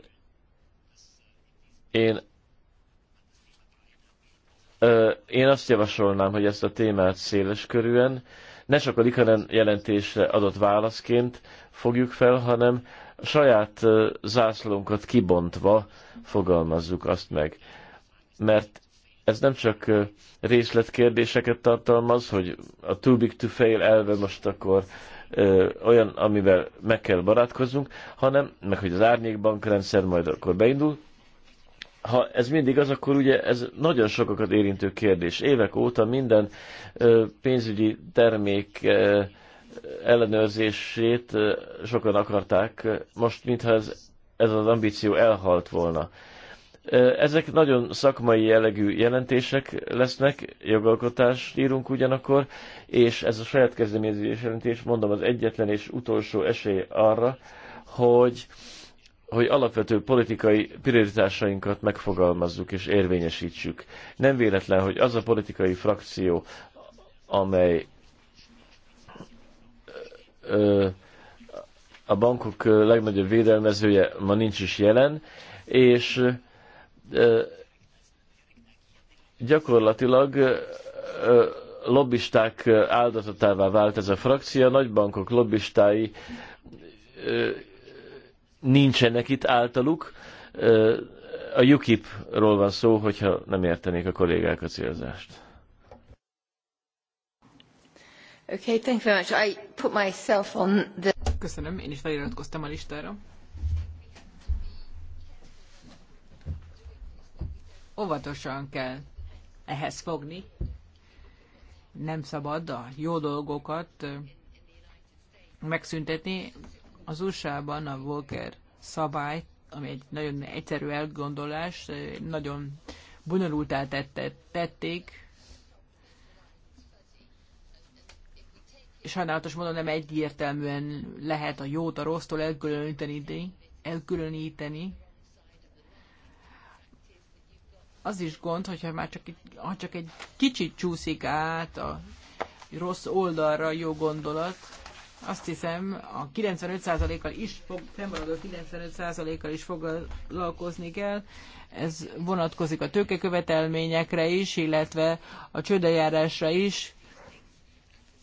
én én azt javasolnám, hogy ezt a témát széles körűen, ne csak a Likaren jelentésre adott válaszként fogjuk fel, hanem a saját zászlónkat kibontva fogalmazzuk azt meg. Mert ez nem csak részletkérdéseket tartalmaz, hogy a too big to fail elve most akkor ö, olyan, amivel meg kell barátkoznunk, hanem, meg hogy az árnyékbankrendszer majd akkor beindul, ha ez mindig az, akkor ugye ez nagyon sokakat érintő kérdés. Évek óta minden pénzügyi termék ellenőrzését sokan akarták, most mintha ez, ez az ambíció elhalt volna. Ezek nagyon szakmai jellegű jelentések lesznek, jogalkotást írunk ugyanakkor, és ez a saját kezdeményezés jelentés, mondom, az egyetlen és utolsó esély arra, hogy hogy alapvető politikai prioritásainkat megfogalmazzuk és érvényesítsük. Nem véletlen, hogy az a politikai frakció, amely ö, a bankok legnagyobb védelmezője ma nincs is jelen, és ö, gyakorlatilag ö, lobbisták áldozatává vált ez a frakcia, a nagybankok lobbistái nincsenek itt általuk. A UKIP-ról van szó, hogyha nem értenék a kollégák a célzást. Okay, thank you very much. I put myself on the... Köszönöm, én is feliratkoztam a listára. Óvatosan kell ehhez fogni. Nem szabad a jó dolgokat megszüntetni az USA-ban a Volker szabály, ami egy nagyon egyszerű elgondolás, nagyon bonyolultá tette, tették, sajnálatos módon nem egyértelműen lehet a jót a rossztól elkülöníteni, elkülöníteni. Az is gond, hogyha már csak, ha csak egy kicsit csúszik át a rossz oldalra a jó gondolat, azt hiszem, a 95%-kal is, fog, fennmaradó 95%-kal is foglalkozni kell. Ez vonatkozik a tőkekövetelményekre is, illetve a csődejárásra is.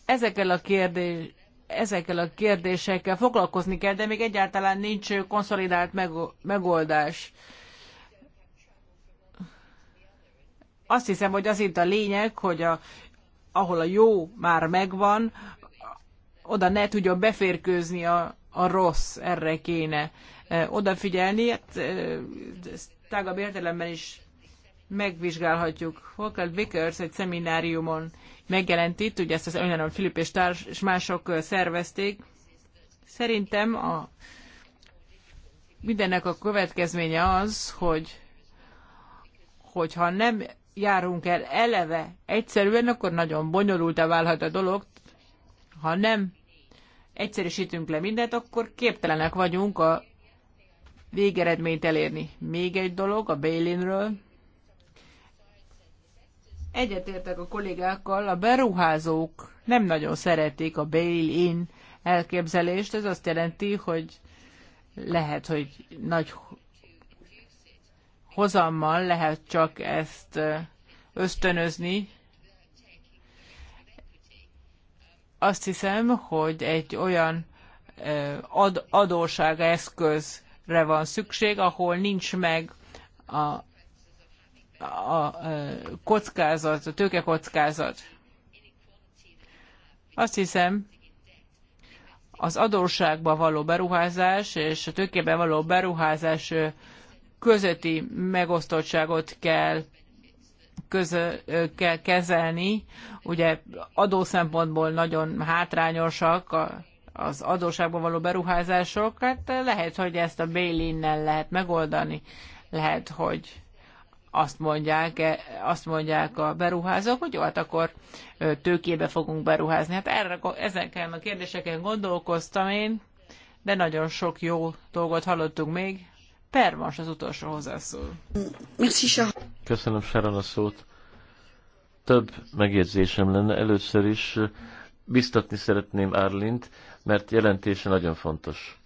Ezekkel a kérdés, ezekkel a kérdésekkel foglalkozni kell, de még egyáltalán nincs konszolidált megoldás. Azt hiszem, hogy az itt a lényeg, hogy a, ahol a jó már megvan, oda ne tudjon beférkőzni a, a rossz, erre kéne odafigyelni. Hát, ezt tágabb értelemben is megvizsgálhatjuk. Volker Vickers egy szemináriumon megjelent itt, ugye ezt az Önlenon Filip és, társ, és mások szervezték. Szerintem a, mindennek a következménye az, hogy hogyha nem járunk el eleve egyszerűen, akkor nagyon bonyolultá válhat a dolog, ha nem egyszerűsítünk le mindent, akkor képtelenek vagyunk a végeredményt elérni. Még egy dolog a Bélinről. Egyetértek a kollégákkal, a beruházók nem nagyon szeretik a bail-in elképzelést. Ez azt jelenti, hogy lehet, hogy nagy hozammal lehet csak ezt ösztönözni, Azt hiszem, hogy egy olyan ad, eszközre van szükség, ahol nincs meg a, a, a kockázat, a tőkekockázat. Azt hiszem, az adósságba való beruházás és a tőkébe való beruházás közötti megosztottságot kell közö, kell kezelni. Ugye adó szempontból nagyon hátrányosak a, az adóságban való beruházások, hát lehet, hogy ezt a bail-innel lehet megoldani. Lehet, hogy azt mondják, azt mondják a beruházók, hogy jó, hát akkor tőkébe fogunk beruházni. Hát erre, ezeken a kérdéseken gondolkoztam én, de nagyon sok jó dolgot hallottunk még. Permas az utolsó hozzászól. Köszönöm Sharon a szót. Több megjegyzésem lenne. Először is biztatni szeretném Árlint, mert jelentése nagyon fontos.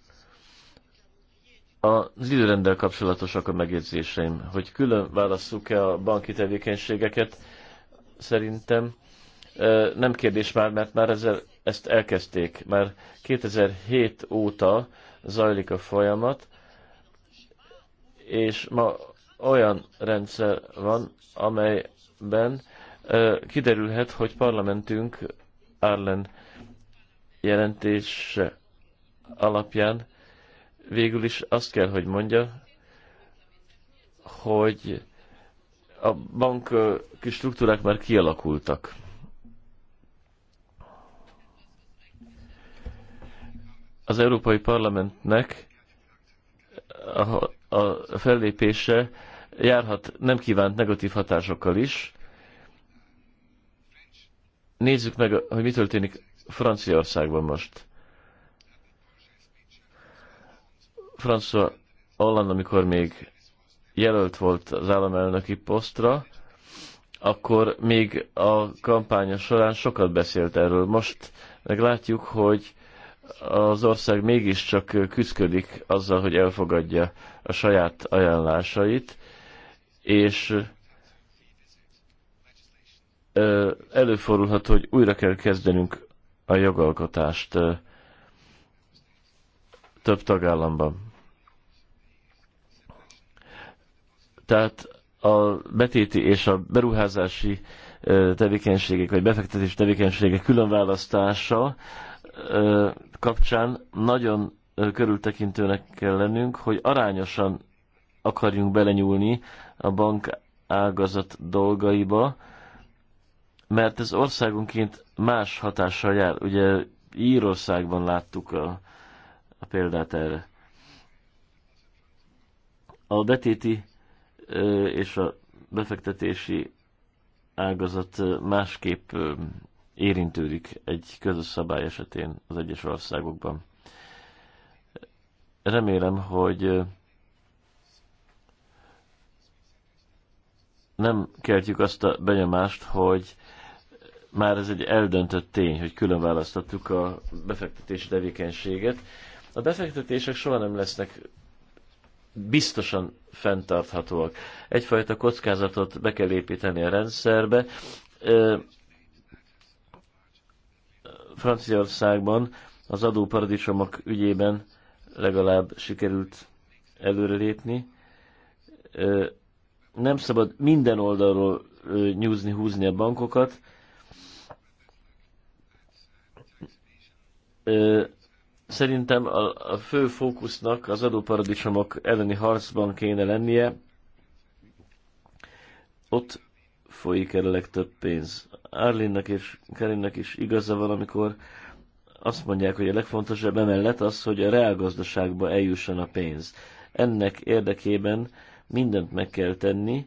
Az időrendel kapcsolatosak a megjegyzéseim, hogy külön válasszuk-e a banki tevékenységeket, szerintem nem kérdés már, mert már ezzel, ezt elkezdték. Már 2007 óta zajlik a folyamat, és ma olyan rendszer van, amelyben ö, kiderülhet, hogy parlamentünk Arlen jelentése alapján végül is azt kell, hogy mondja, hogy a kis struktúrák már kialakultak. Az Európai Parlamentnek, a fellépése járhat nem kívánt negatív hatásokkal is. Nézzük meg, hogy mi történik Franciaországban most. François Hollande, amikor még jelölt volt az államelnöki posztra, akkor még a kampánya során sokat beszélt erről. Most meg hogy az ország mégiscsak küzdködik azzal, hogy elfogadja a saját ajánlásait, és előfordulhat, hogy újra kell kezdenünk a jogalkotást több tagállamban. Tehát a betéti és a beruházási tevékenységek, vagy befektetés tevékenységek különválasztása kapcsán nagyon körültekintőnek kell lennünk, hogy arányosan akarjunk belenyúlni a bank ágazat dolgaiba, mert ez országunként más hatással jár. Ugye Írországban láttuk a, a példát erre. A betéti és a befektetési ágazat másképp érintődik egy közös szabály esetén az egyes országokban. Remélem, hogy nem keltjük azt a benyomást, hogy már ez egy eldöntött tény, hogy külön választottuk a befektetési tevékenységet. A befektetések soha nem lesznek biztosan fenntarthatóak. Egyfajta kockázatot be kell építeni a rendszerbe, Franciaországban az adóparadicsomok ügyében legalább sikerült előrelépni. Nem szabad minden oldalról nyúzni, húzni a bankokat. Szerintem a fő fókusznak az adóparadicsomok elleni harcban kéne lennie. Ott folyik el a legtöbb pénz. Arlinnak és Karinnak is igaza van, amikor azt mondják, hogy a legfontosabb emellett az, hogy a reálgazdaságba eljusson a pénz. Ennek érdekében mindent meg kell tenni.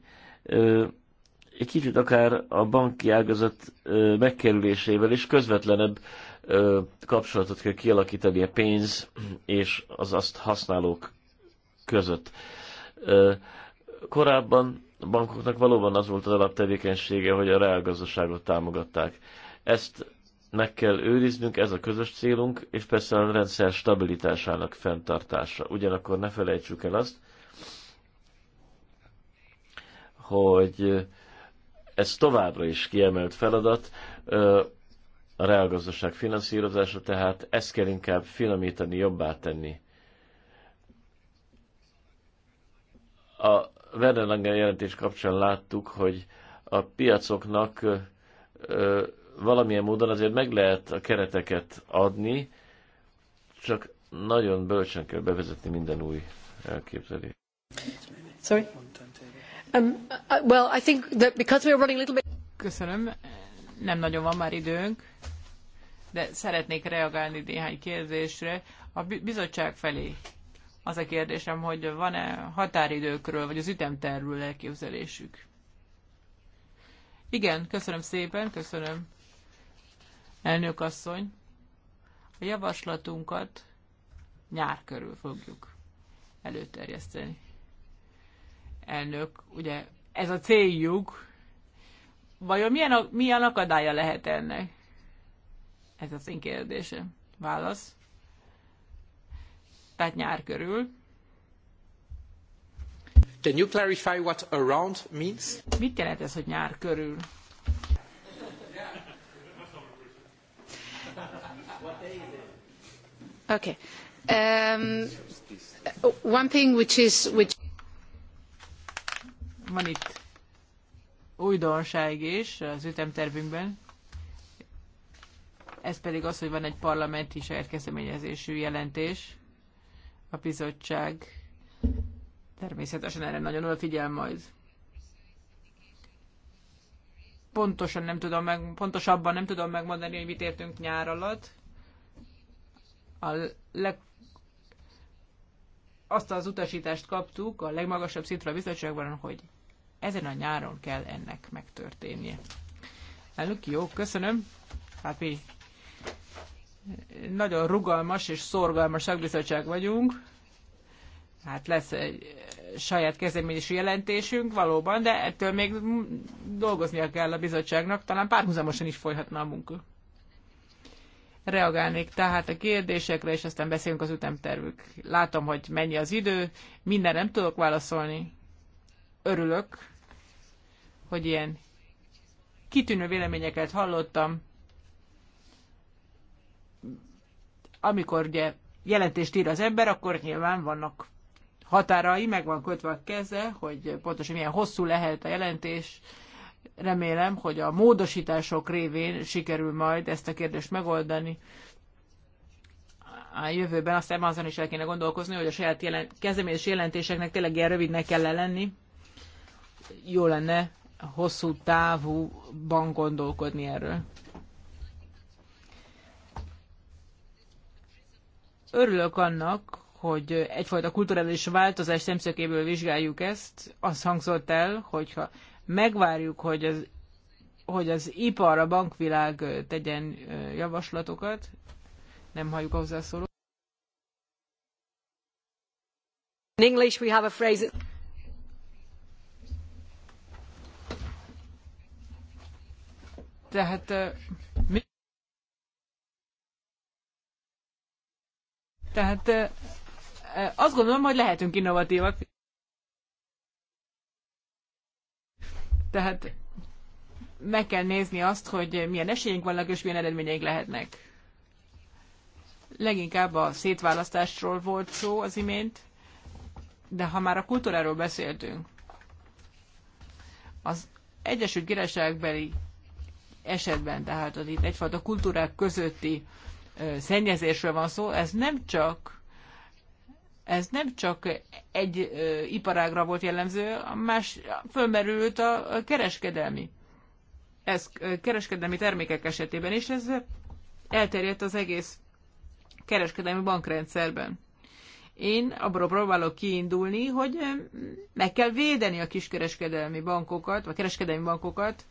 Egy kicsit akár a banki ágazat megkerülésével is közvetlenebb kapcsolatot kell kialakítani a pénz és az azt használók között. Korábban a bankoknak valóban az volt az alaptevékenysége, hogy a reálgazdaságot támogatták. Ezt meg kell őriznünk, ez a közös célunk, és persze a rendszer stabilitásának fenntartása. Ugyanakkor ne felejtsük el azt, hogy ez továbbra is kiemelt feladat, a reálgazdaság finanszírozása, tehát ezt kell inkább finomítani, jobbá tenni. A Werner Langen jelentés kapcsán láttuk, hogy a piacoknak valamilyen módon azért meg lehet a kereteket adni, csak nagyon bölcsen kell bevezetni minden új elképzelést. Sorry. Um, uh, well, I think that because we are running a little bit... Köszönöm. Nem nagyon van már időnk, de szeretnék reagálni néhány kérdésre. A bizottság felé az a kérdésem, hogy van-e határidőkről, vagy az ütemterről elképzelésük? Igen, köszönöm szépen, köszönöm, elnök asszony. A javaslatunkat nyár körül fogjuk előterjeszteni. Elnök, ugye ez a céljuk. Vajon milyen, milyen akadálya lehet ennek? Ez az én kérdésem. Válasz tehát nyár körül. Can you clarify what around means? Mit jelent ez, hogy nyár körül? Okay. Um, one thing which is which van itt újdonság is az ütemtervünkben. Ez pedig az, hogy van egy parlamenti saját kezdeményezésű jelentés. A bizottság természetesen erre nagyon odafigyel majd. Pontosan nem tudom meg, pontosabban nem tudom megmondani, hogy mit értünk nyár alatt. A leg, azt az utasítást kaptuk a legmagasabb szintre a bizottságban, hogy ezen a nyáron kell ennek megtörténnie. Elnök, jó, köszönöm. Hát mi nagyon rugalmas és szorgalmas szakbizottság vagyunk. Hát lesz egy saját kezdeményezésű jelentésünk valóban, de ettől még dolgoznia kell a bizottságnak, talán párhuzamosan is folyhatna a munka. Reagálnék tehát a kérdésekre, és aztán beszélünk az ütemtervük. Látom, hogy mennyi az idő, minden nem tudok válaszolni. Örülök, hogy ilyen kitűnő véleményeket hallottam amikor ugye jelentést ír az ember, akkor nyilván vannak határai, meg van kötve a keze, hogy pontosan milyen hosszú lehet a jelentés. Remélem, hogy a módosítások révén sikerül majd ezt a kérdést megoldani. A jövőben aztán azon is el kéne gondolkozni, hogy a saját jelen- kezdeményezés jelentéseknek tényleg ilyen rövidnek kell lenni. Jó lenne hosszú távúban gondolkodni erről. Örülök annak, hogy egyfajta kulturális változás szemszögéből vizsgáljuk ezt. Az hangzott el, hogyha megvárjuk, hogy az, hogy az ipar, a bankvilág tegyen javaslatokat, nem halljuk a hozzászólót. In English we have a phrase tehát Tehát azt gondolom, hogy lehetünk innovatívak. Tehát meg kell nézni azt, hogy milyen esélyünk vannak és milyen eredményeink lehetnek. Leginkább a szétválasztásról volt szó az imént, de ha már a kultúráról beszéltünk, az Egyesült Királyságbeli esetben, tehát az itt egyfajta kultúrák közötti szennyezésről van szó, ez nem csak ez nem csak egy ö, iparágra volt jellemző, a más fölmerült a, a kereskedelmi. Ez ö, kereskedelmi termékek esetében is, ez elterjedt az egész kereskedelmi bankrendszerben. Én abból próbálok kiindulni, hogy meg kell védeni a kiskereskedelmi bankokat, vagy kereskedelmi bankokat,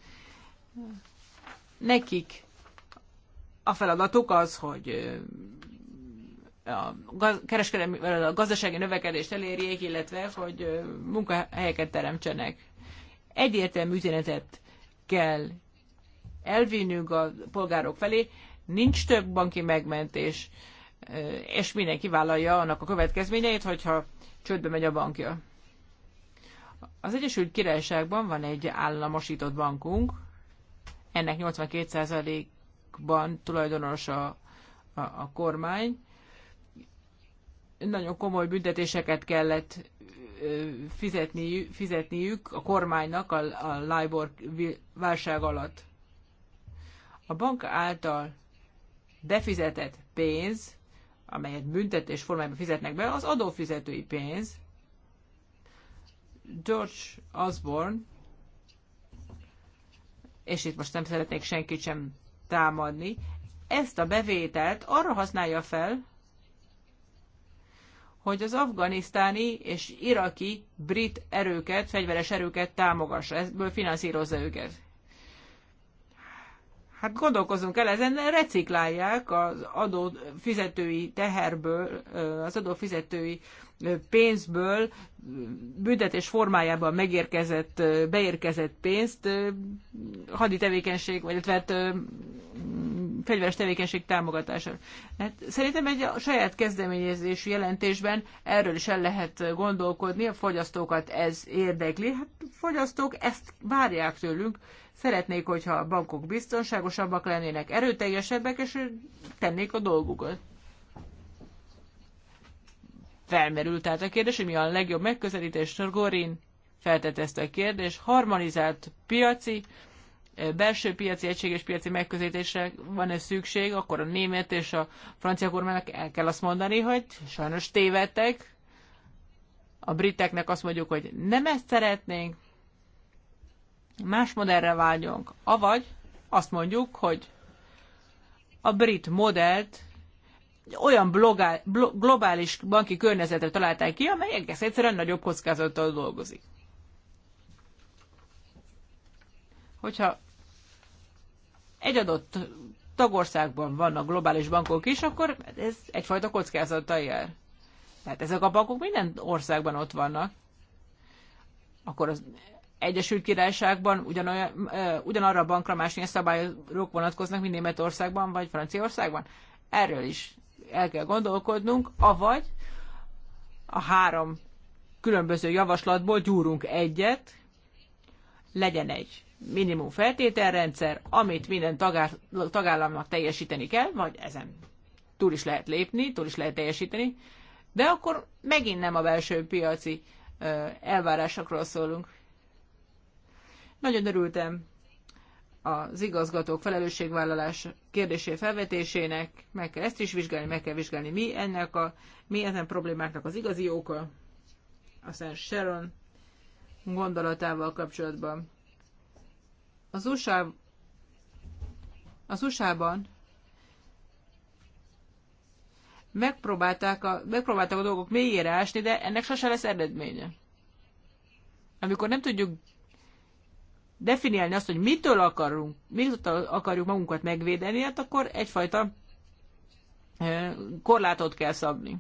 nekik a feladatuk az, hogy a, kereskedelmi, a gazdasági növekedést elérjék, illetve hogy munkahelyeket teremtsenek. Egyértelmű üzenetet kell elvinnünk a polgárok felé, nincs több banki megmentés, és mindenki vállalja annak a következményeit, hogyha csődbe megy a bankja. Az Egyesült Királyságban van egy államosított bankunk, ennek 82% bankban tulajdonos a, a, a kormány. Nagyon komoly büntetéseket kellett fizetni, fizetniük a kormánynak a, a LIBOR válság alatt. A bank által befizetett pénz, amelyet büntetés formájában fizetnek be, az adófizetői pénz. George Osborne, és itt most nem szeretnék senkit sem támadni, ezt a bevételt arra használja fel, hogy az afganisztáni és iraki brit erőket, fegyveres erőket támogassa, ebből finanszírozza őket. Hát gondolkozunk el ezen, reciklálják az fizetői teherből, az fizetői pénzből büntetés formájában megérkezett, beérkezett pénzt haditevékenység, vagy illetve hát, fegyveres tevékenység támogatására. Hát szerintem egy a saját kezdeményezésű jelentésben erről is el lehet gondolkodni, a fogyasztókat ez érdekli. Hát fogyasztók ezt várják tőlünk, szeretnék, hogyha a bankok biztonságosabbak lennének, erőteljesebbek, és tennék a dolgukat. Felmerült tehát a kérdés, hogy mi a legjobb megközelítés. Norgorin feltette ezt a kérdést. Harmonizált piaci, eh, belső piaci, egységes piaci megközelítésre van-e szükség, akkor a német és a francia kormánynak el kell azt mondani, hogy sajnos tévedtek. A briteknek azt mondjuk, hogy nem ezt szeretnénk, más modellre vágyunk. Avagy azt mondjuk, hogy a brit modellt olyan blogál, blo, globális banki környezetre találták ki, amely egész egyszerűen nagyobb kockázattal dolgozik. Hogyha egy adott tagországban vannak globális bankok is, akkor ez egyfajta kockázattal jár. Tehát ezek a bankok minden országban ott vannak. Akkor az Egyesült Királyságban ugyanolyan, ugyanarra a bankra más milyen szabályok vonatkoznak, mint Németországban vagy Franciaországban. Erről is el kell gondolkodnunk, avagy a három különböző javaslatból gyúrunk egyet, legyen egy minimum feltételrendszer, amit minden tagállamnak teljesíteni kell, vagy ezen túl is lehet lépni, túl is lehet teljesíteni, de akkor megint nem a belső piaci elvárásokról szólunk. Nagyon örültem az igazgatók felelősségvállalás kérdésé felvetésének, meg kell ezt is vizsgálni, meg kell vizsgálni, mi ennek a, mi ezen problémáknak az igazi oka, aztán Sharon gondolatával kapcsolatban. Az USA az USA-ban megpróbálták a, megpróbáltak a dolgok mélyére ásni, de ennek sose lesz eredménye. Amikor nem tudjuk definiálni azt, hogy mitől akarunk, mitől akarjuk magunkat megvédeni, hát akkor egyfajta korlátot kell szabni.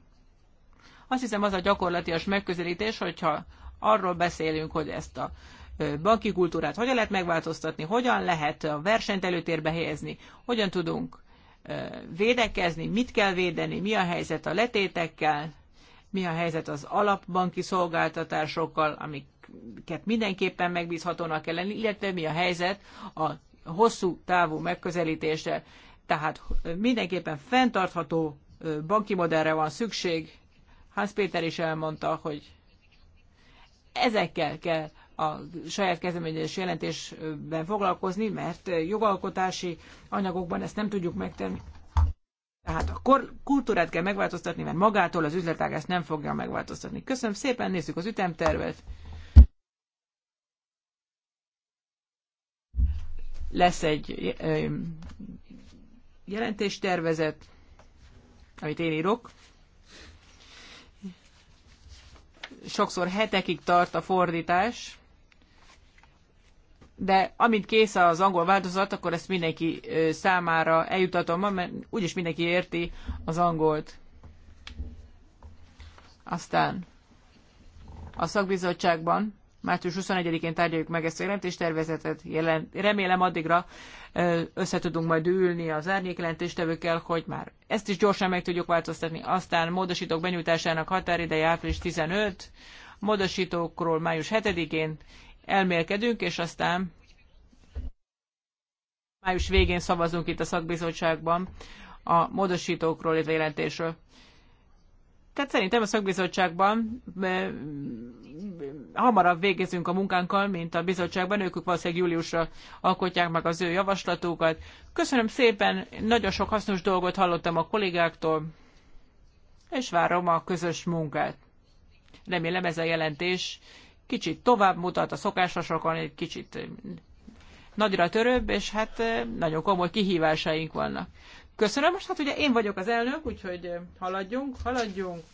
Azt hiszem az a gyakorlatias megközelítés, hogyha arról beszélünk, hogy ezt a banki kultúrát hogyan lehet megváltoztatni, hogyan lehet a versenyt előtérbe helyezni, hogyan tudunk védekezni, mit kell védeni, mi a helyzet a letétekkel, mi a helyzet az alapbanki szolgáltatásokkal, amik akiket mindenképpen megbízhatónak kell lenni, illetve mi a helyzet a hosszú távú megközelítéssel. Tehát mindenképpen fenntartható banki modellre van szükség. Hans Péter is elmondta, hogy ezekkel kell a saját kezdeményezés jelentésben foglalkozni, mert jogalkotási anyagokban ezt nem tudjuk megtenni. Tehát a kor- kultúrát kell megváltoztatni, mert magától az ezt nem fogja megváltoztatni. Köszönöm szépen, nézzük az ütemtervet. Lesz egy jelentéstervezet, amit én írok. Sokszor hetekig tart a fordítás, de amint kész az angol változat, akkor ezt mindenki számára eljutatom, mert úgyis mindenki érti az angolt. Aztán a szakbizottságban március 21-én tárgyaljuk meg ezt a jelentéstervezetet. remélem addigra összetudunk majd ülni az árnyék jelentéstevőkkel, hogy már ezt is gyorsan meg tudjuk változtatni. Aztán módosítók benyújtásának határideje április 15, módosítókról május 7-én elmélkedünk, és aztán május végén szavazunk itt a szakbizottságban a módosítókról, illetve jelentésről. Tehát szerintem a szakbizottságban hamarabb végezünk a munkánkkal, mint a bizottságban. Ők valószínűleg júliusra alkotják meg az ő javaslatukat. Köszönöm szépen, nagyon sok hasznos dolgot hallottam a kollégáktól, és várom a közös munkát. Remélem ez a jelentés kicsit tovább mutat a szokásosokon, egy kicsit nagyra törőbb, és hát eh, nagyon komoly kihívásaink vannak. Köszönöm, most hát ugye én vagyok az elnök, úgyhogy eh, haladjunk, haladjunk.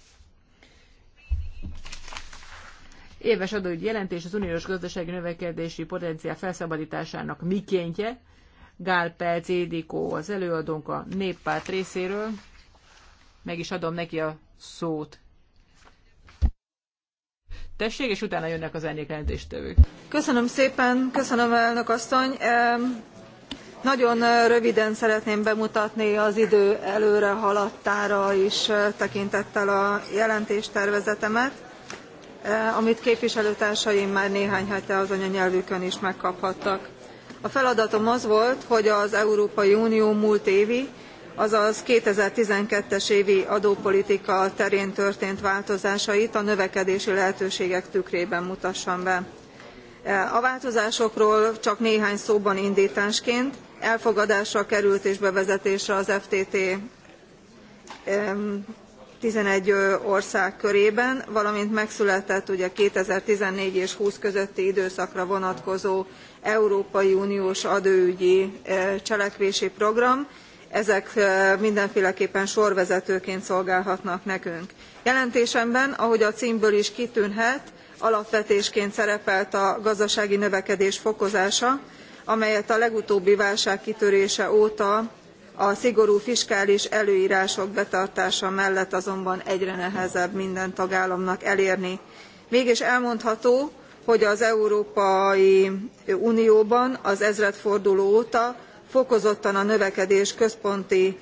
Éves adóügyi jelentés az uniós gazdasági növekedési potenciál felszabadításának mikéntje. Gál Pelc Édikó az előadónk a néppárt részéről. Meg is adom neki a szót. Tessék, és utána jönnek az ennyi jelentéstevők. Köszönöm szépen, köszönöm elnök asszony nagyon röviden szeretném bemutatni az idő előrehaladtára is tekintettel a jelentéstervezetemet amit képviselőtársaim már néhány hete az anyanyelvükön is megkaphattak. a feladatom az volt hogy az európai unió múlt évi azaz two thousand and twelve es évi adópolitika terén történt változásait a növekedési lehetőségek tükrében mutassam be E, a változásokról csak néhány szóban indtásként elfogadásra került és bevezetésre az ftt eleven ország körében valamint megszületett ugye two thousand and fourteen és two thousand and twenty közötti időszakra vonatkozó európai uniós adóügyi e, cselekvési program ezek e, mindenféleképpen sorvezetőként szolgálhatnak nekünk. jelentésemben ahogy a cmből is kitűnhet alapvetésként szerepelt a gazdasági növekedés fokozása amelyet a legutóbbi válság kitörése óta a szigorú fiskális előrások betartása mellett azonban egyre nehezebb minden tagállamnak elérni. mégis elmondható hogy az európai unióban az ezredforduló óta fokozottan a növekedés központi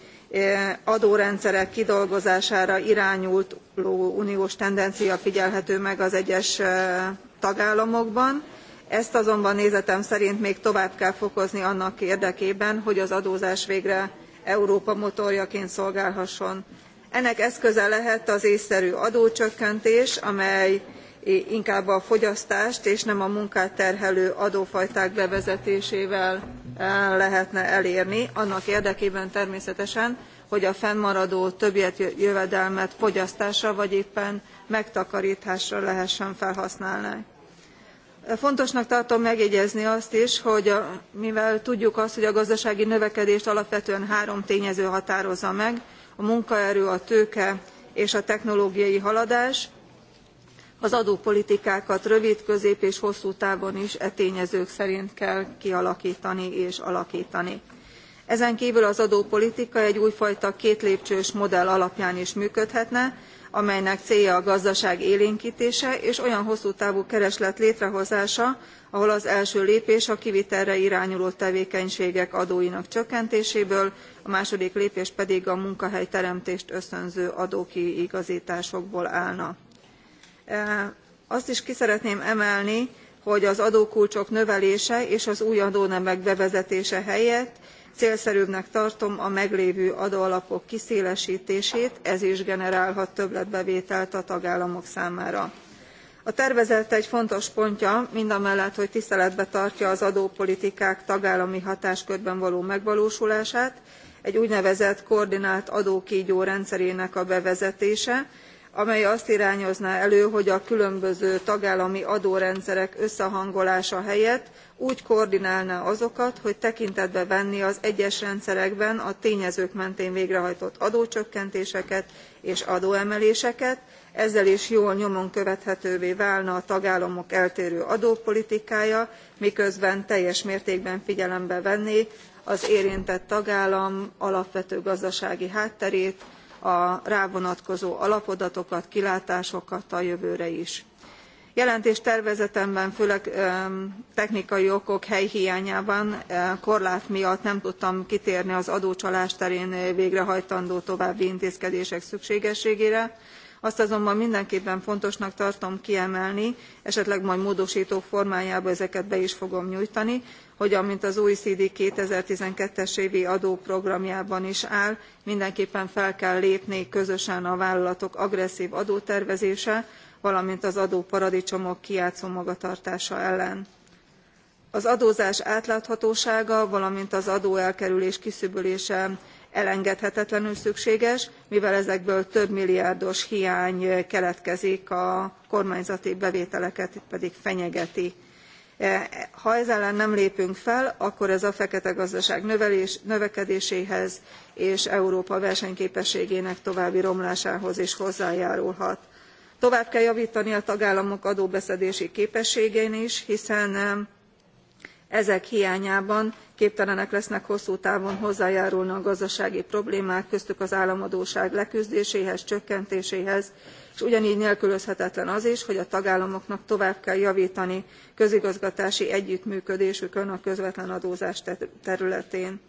adórendszerek kidolgozására irányuló uniós tendencia figyelhető meg az egyes tagállamokban ezt azonban nézetem szerint még tovább kell fokozni annak érdekében hogy az adózás végre európa motorjaként szolgálhasson. ennek eszköze lehet az ésszerű adócsökkentés amely inkább a fogyasztást és nem a munkát terhelő adófajták bevezetésével eh, lehetne elérni annak érdekében természetesen hogy a fennmaradó többletjövedelmet fogyasztásra vagy éppen megtakartásra lehessen felhasználni. Eh, fontosnak tartom megjegyezni azt is hogy mivel tudjuk azt hogy a gazdasági növekedést alapvetően három tényező határozza meg a munkaerő a tőke és a technológiai haladás az adópolitikákat rövid közép és hosszú távon is e tényezők szerint kell kialaktani és alaktani. ezen kvül az adópolitika egy újfajta kétlépcsős modell alapján is működhetne amelynek célja a gazdaság élénktése és olyan hosszú távú kereslet létrehozása ahol az első lépés a kivitelre irányuló tevékenységek adóinak csökkentéséből a második lépés pedig a munkahelyteremtést ösztönző adókiigaztásokból állna azt is ki szeretném emelni hogy az adókulcsok növelése és az új adónemek bevezetése helyett célszerűbbnek tartom a meglévő adóalapok kiszélestését ez is generálhat többletbevételt a tagállamok számára. a tervezet egy fontos pontja mindamellett hogy tiszteletben tartja az adópolitikák tagállami hatáskörben való megvalósulását egy úgynevezett koordinált adókgyó rendszerének a bevezetése amely azt irányozná elő hogy a különböző tagállami adórendszerek összehangolása helyett úgy koordinálná azokat hogy tekintetbe venni az egyes rendszerekben a tényezők mentén végrehajtott adócsökkentéseket és adóemeléseket ezzel is jól nyomon követhetővé válna a tagállamok eltérő adópolitikája miközben teljes mértékben figyelembe venné az érintett tagállam alapvető gazdasági hátterét a rá vonatkozó alapadatokat kilátásokat a jövőre is. jelentéstervezetemben főleg technikai okok helyhiányában korlát miatt nem tudtam kitérni az adócsalás terén eh, végrehajtandó további intézkedések szükségességére azt azonban mindenképpen fontosnak tartom kiemelni esetleg majd módostók formájában ezeket be is fogom nyújtani hogy amint az oecd two thousand and twelve es évi adóprogramjában is áll mindenképpen fel kell lépni közösen a vállalatok agresszv adótervezése valamint az adóparadicsomok kijátszó magatartása ellen. az adózás átláthatósága valamint az adóelkerülés kiszűrése elengedhetetlenül szükséges mivel ezekből több milliárdos hiány keletkezik a kormányzati bevételeket pedig fenyegeti. E, ha ez ellen nem lépünk fel akkor ez a fekete gazdaság növekedéséhez és európa versenyképességének további romlásához is hozzájárulhat. tovább kell javtani a tagállamok adóbeszedési képességén is hiszen ezek hiányában képtelenek lesznek hosszú távon hozzájárulni a gazdasági problémák köztük az államadósság leküzdéséhez csökkentéséhez és ugyangy nélkülözhetetlen az is hogy a tagállamoknak tovább kell javtani közigazgatási együttműködésükön a közvetlen adózás területén.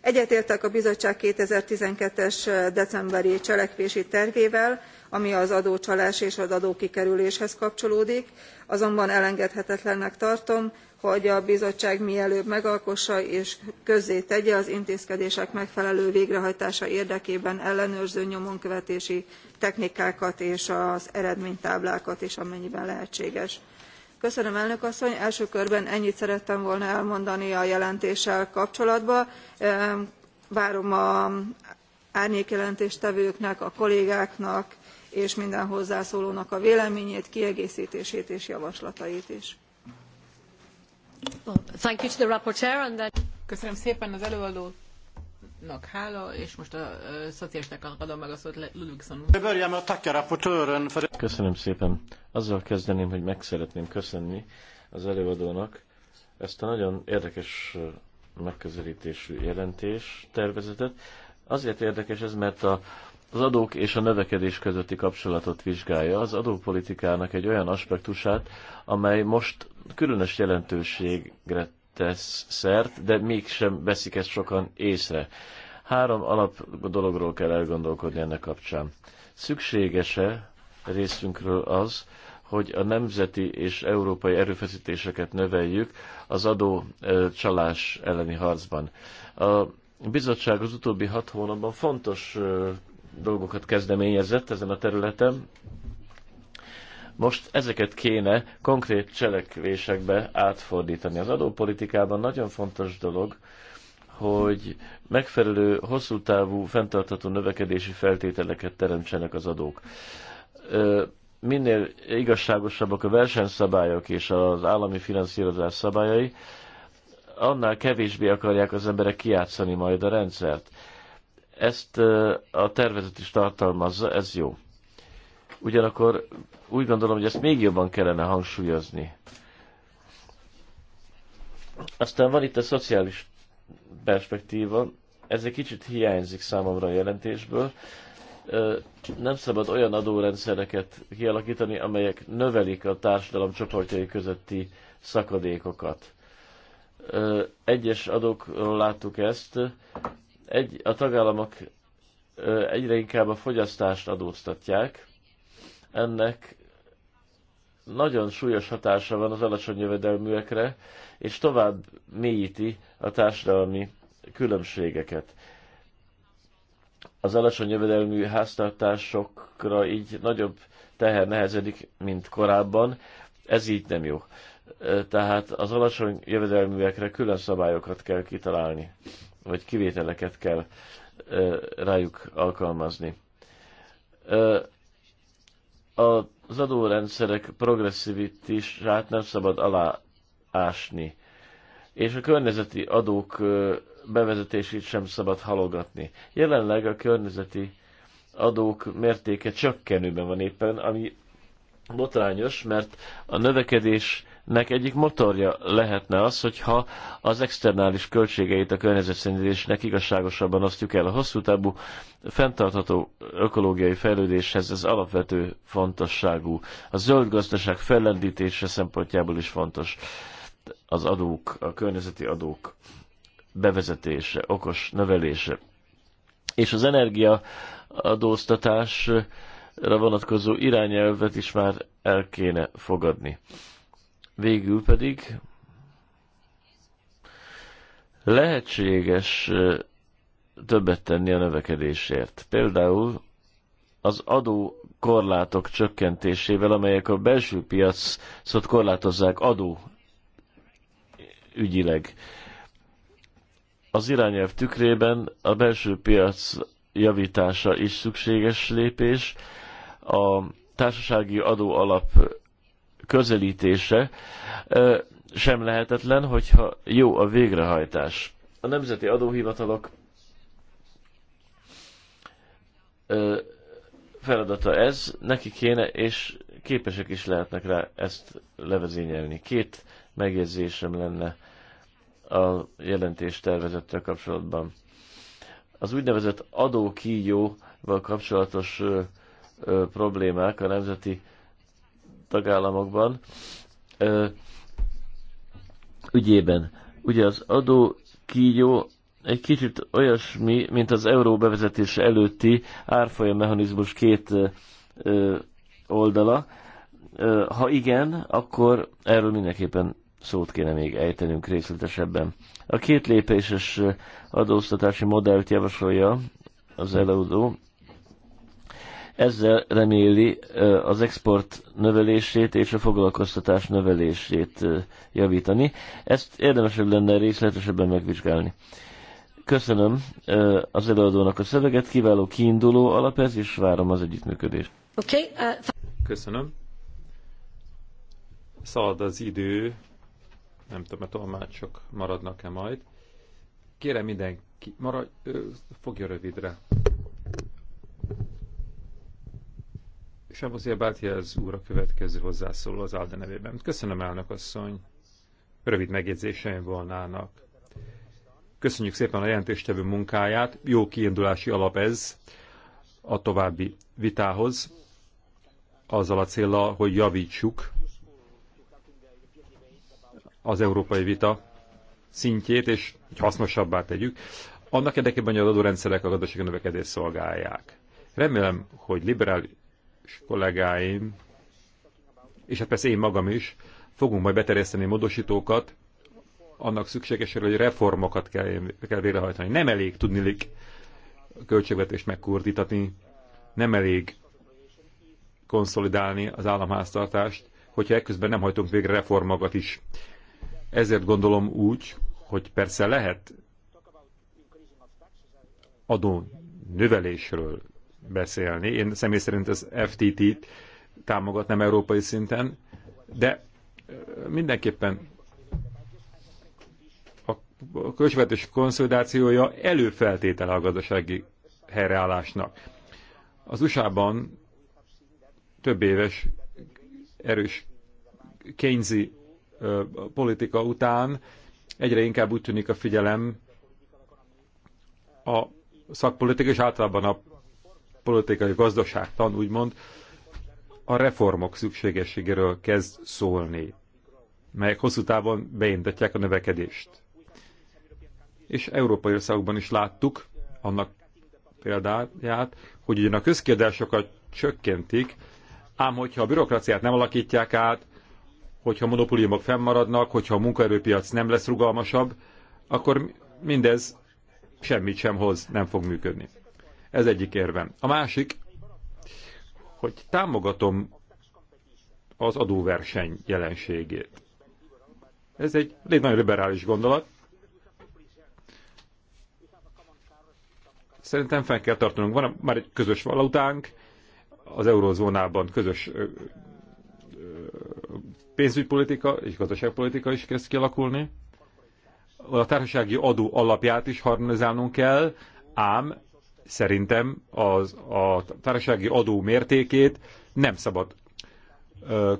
egyetértek a bizottság two thousand and twelve es decemberi cselekvési tervével ami az adócsalás és az adókikerüléshez kapcsolódik azonban elengedhetetlennek tartom hogy a bizottság mielőbb megalkossa és közzétegye az intézkedések megfelelő végrehajtása érdekében ellenőrző nyomonkövetési technikákat és az eredménytáblákat is amennyiben lehetséges. köszönöm elnök asszony első körben ennyit szerettem volna elmondani a jelentéssel kapcsolatban várom az árnyékjelentéstevőknek a kollégáknak és minden hozzászólónak a véleményét kiegésztését és javaslatait is. Köszönöm szépen az előadónak hála, és most a szociálistáknak adom meg a szót Ludvigson úr. Köszönöm szépen. Azzal kezdeném, hogy meg szeretném köszönni az előadónak ezt a nagyon érdekes megközelítésű jelentés tervezetet. Azért érdekes ez, mert a az adók és a növekedés közötti kapcsolatot vizsgálja, az adópolitikának egy olyan aspektusát, amely most különös jelentőségre tesz szert, de mégsem veszik ezt sokan észre. Három alap dologról kell elgondolkodni ennek kapcsán. Szükséges-e részünkről az, hogy a nemzeti és európai erőfeszítéseket növeljük az adó csalás elleni harcban. A bizottság az utóbbi hat hónapban fontos dolgokat kezdeményezett ezen a területen. Most ezeket kéne konkrét cselekvésekbe átfordítani. Az adópolitikában nagyon fontos dolog, hogy megfelelő, hosszú távú, fenntartható növekedési feltételeket teremtsenek az adók. Minél igazságosabbak a versenyszabályok és az állami finanszírozás szabályai, annál kevésbé akarják az emberek kiátszani majd a rendszert. Ezt a tervezet is tartalmazza, ez jó. Ugyanakkor úgy gondolom, hogy ezt még jobban kellene hangsúlyozni. Aztán van itt a szociális perspektíva, ez egy kicsit hiányzik számomra a jelentésből. Nem szabad olyan adórendszereket kialakítani, amelyek növelik a társadalom csoportjai közötti szakadékokat. Egyes adókról láttuk ezt, egy, a tagállamok egyre inkább a fogyasztást adóztatják. Ennek nagyon súlyos hatása van az alacsony jövedelműekre, és tovább mélyíti a társadalmi különbségeket. Az alacsony jövedelmű háztartásokra így nagyobb teher nehezedik, mint korábban. Ez így nem jó. Tehát az alacsony jövedelműekre külön szabályokat kell kitalálni vagy kivételeket kell rájuk alkalmazni. Az adórendszerek progresszivitását nem szabad aláásni, és a környezeti adók bevezetését sem szabad halogatni. Jelenleg a környezeti adók mértéke csökkenőben van éppen, ami botrányos, mert a növekedés nek egyik motorja lehetne az, hogyha az externális költségeit a környezetszennyezésnek igazságosabban osztjuk el. A hosszú távú fenntartható ökológiai fejlődéshez ez alapvető fontosságú. A zöld gazdaság fellendítése szempontjából is fontos az adók, a környezeti adók bevezetése, okos növelése. És az energia adóztatásra vonatkozó irányelvet is már el kéne fogadni. Végül pedig lehetséges többet tenni a növekedésért. Például az adó korlátok csökkentésével, amelyek a belső piacot korlátozzák adó ügyileg. Az irányelv tükrében a belső piac javítása is szükséges lépés. A társasági adó alap közelítése sem lehetetlen, hogyha jó a végrehajtás. A nemzeti adóhivatalok feladata ez, neki kéne, és képesek is lehetnek rá ezt levezényelni. Két megjegyzésem lenne a jelentés tervezettel kapcsolatban. Az úgynevezett adókígyóval kapcsolatos ö, ö, problémák a nemzeti tagállamokban ö, ügyében. Ugye az adó kígyó egy kicsit olyasmi, mint az euró bevezetése előtti árfolyam mechanizmus két ö, oldala. Ö, ha igen, akkor erről mindenképpen szót kéne még ejtenünk részletesebben. A két lépéses adóztatási modellt javasolja az előadó, ezzel reméli az export növelését és a foglalkoztatás növelését javítani. Ezt érdemesebb lenne részletesebben megvizsgálni. Köszönöm az előadónak a szöveget, kiváló kiinduló alap ez, és várom az együttműködést. Okay, uh... Köszönöm. Szalad az idő, nem tudom, a tolmácsok maradnak-e majd. Kérem mindenki, maradj, fogja rövidre. Sem azért Bátyáz úr a következő hozzászóló az Álda nevében. Köszönöm, elnök asszony. Rövid megjegyzéseim volnának. Köszönjük szépen a jelentéstevő munkáját. Jó kiindulási alap ez a további vitához. Azzal a célra, hogy javítsuk az európai vita szintjét, és hasznosabbá tegyük. Annak érdekében, hogy az adórendszerek a gazdasági növekedést szolgálják. Remélem, hogy liberális és kollégáim, és hát persze én magam is, fogunk majd beterjeszteni módosítókat, annak szükségesére, hogy reformokat kell, kell végrehajtani. Nem elég tudni a költségvetést megkurdítani, nem elég konszolidálni az államháztartást, hogyha ekközben nem hajtunk végre reformokat is. Ezért gondolom úgy, hogy persze lehet adó növelésről, beszélni. Én személy szerint az FTT-t támogatnám európai szinten, de mindenképpen a költségvetés konszolidációja előfeltétele a gazdasági helyreállásnak. Az USA-ban több éves erős Keynesi politika után egyre inkább úgy tűnik a figyelem a szakpolitika és általában a politikai gazdaságtan, úgymond, a reformok szükségességéről kezd szólni, melyek hosszú távon beindítják a növekedést. És európai országokban is láttuk annak példáját, hogy ugyan a közkérdésokat csökkentik, ám hogyha a bürokráciát nem alakítják át, hogyha monopóliumok fennmaradnak, hogyha a munkaerőpiac nem lesz rugalmasabb, akkor mindez semmit sem hoz, nem fog működni. Ez egyik érvem. A másik, hogy támogatom az adóverseny jelenségét. Ez egy nagyon liberális gondolat. Szerintem fenn kell tartanunk. Van már egy közös valutánk, az eurozónában közös pénzügypolitika és gazdaságpolitika is kezd kialakulni. A társasági adó alapját is harmonizálnunk kell, ám Szerintem az, a társasági adó mértékét nem szabad ö,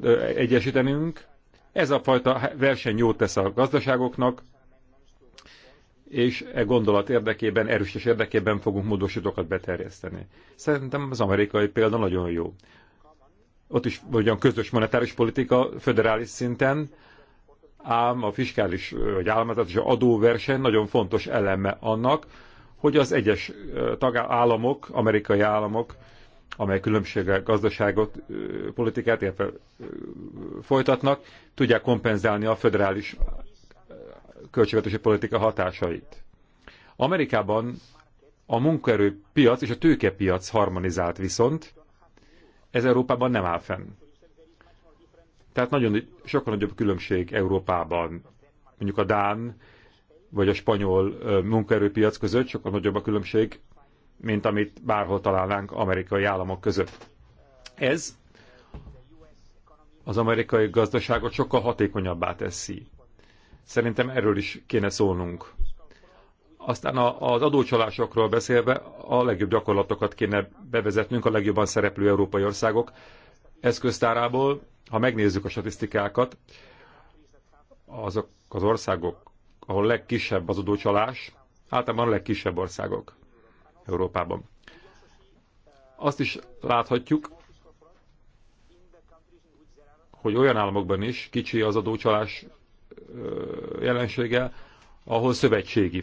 ö, egyesítenünk. Ez a fajta verseny jót tesz a gazdaságoknak, és e gondolat érdekében, erősös érdekében fogunk módosítókat beterjeszteni. Szerintem az amerikai példa nagyon jó. Ott is ugyan közös monetáris politika föderális szinten, ám a fiskális vagy államadatos adóverseny nagyon fontos eleme annak, hogy az egyes tagállamok, amerikai államok, amely különbsége gazdaságot, politikát érve folytatnak, tudják kompenzálni a föderális költségvetési politika hatásait. Amerikában a munkaerőpiac és a tőkepiac harmonizált viszont, ez Európában nem áll fenn. Tehát nagyon sokkal nagyobb különbség Európában, mondjuk a Dán vagy a spanyol munkaerőpiac között sokkal nagyobb a különbség, mint amit bárhol találnánk amerikai államok között. Ez az amerikai gazdaságot sokkal hatékonyabbá teszi. Szerintem erről is kéne szólnunk. Aztán az adócsalásokról beszélve a legjobb gyakorlatokat kéne bevezetnünk a legjobban szereplő európai országok eszköztárából. Ha megnézzük a statisztikákat, azok az országok, ahol legkisebb az adócsalás, általában a legkisebb országok Európában. Azt is láthatjuk, hogy olyan államokban is kicsi az adócsalás jelensége, ahol szövetségi,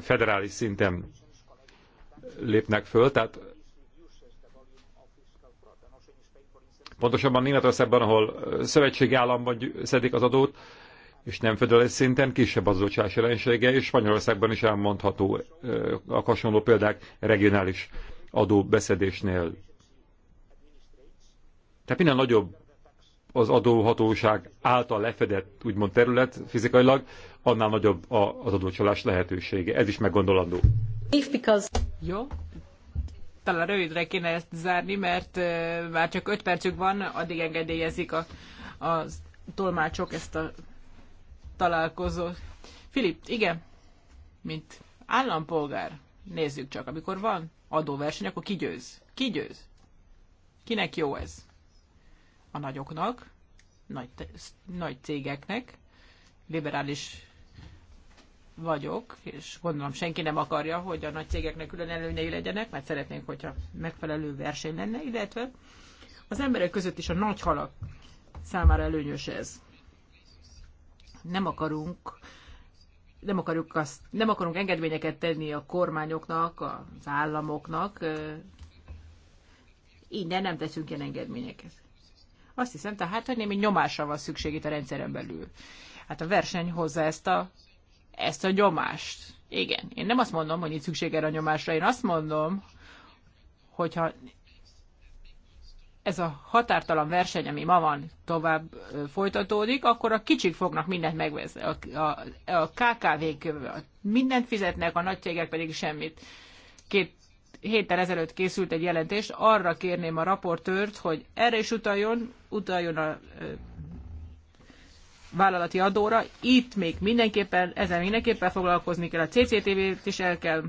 federális szinten lépnek föl, tehát pontosabban Németországban, ahol szövetségi államban szedik az adót, és nem föderális szinten kisebb az azottság jelensége, és Spanyolországban is elmondható a hasonló példák regionális adóbeszedésnél. Tehát minden nagyobb az adóhatóság által lefedett, úgymond terület fizikailag, annál nagyobb az adócsalás lehetősége. Ez is meggondolandó. Jó, talán rövidre kéne ezt zárni, mert már csak öt percük van, addig engedélyezik a, a tolmácsok ezt a találkozó. Filip, igen, mint állampolgár, nézzük csak, amikor van adóverseny, akkor ki győz? Ki győz? Kinek jó ez? A nagyoknak, nagy, nagy cégeknek, liberális vagyok, és gondolom senki nem akarja, hogy a nagy cégeknek külön előnyei legyenek, mert szeretnénk, hogyha megfelelő verseny lenne, illetve az emberek között is a nagy halak számára előnyös ez nem akarunk nem, akarjuk azt, nem akarunk engedményeket tenni a kormányoknak, az államoknak, innen nem teszünk ilyen engedményeket. Azt hiszem, tehát, hogy némi nyomásra van szükség itt a rendszeren belül. Hát a verseny hozza ezt a, ezt a nyomást. Igen, én nem azt mondom, hogy itt szükség erre a nyomásra, én azt mondom, hogyha ez a határtalan verseny, ami ma van, tovább folytatódik, akkor a kicsik fognak mindent megvezni. A, a, a KKV-k mindent fizetnek, a nagy cégek pedig semmit. Két héttel ezelőtt készült egy jelentés, arra kérném a raportőrt, hogy erre is utaljon, utaljon a vállalati adóra. Itt még mindenképpen, ezzel mindenképpen foglalkozni kell, a CCTV-t is el kell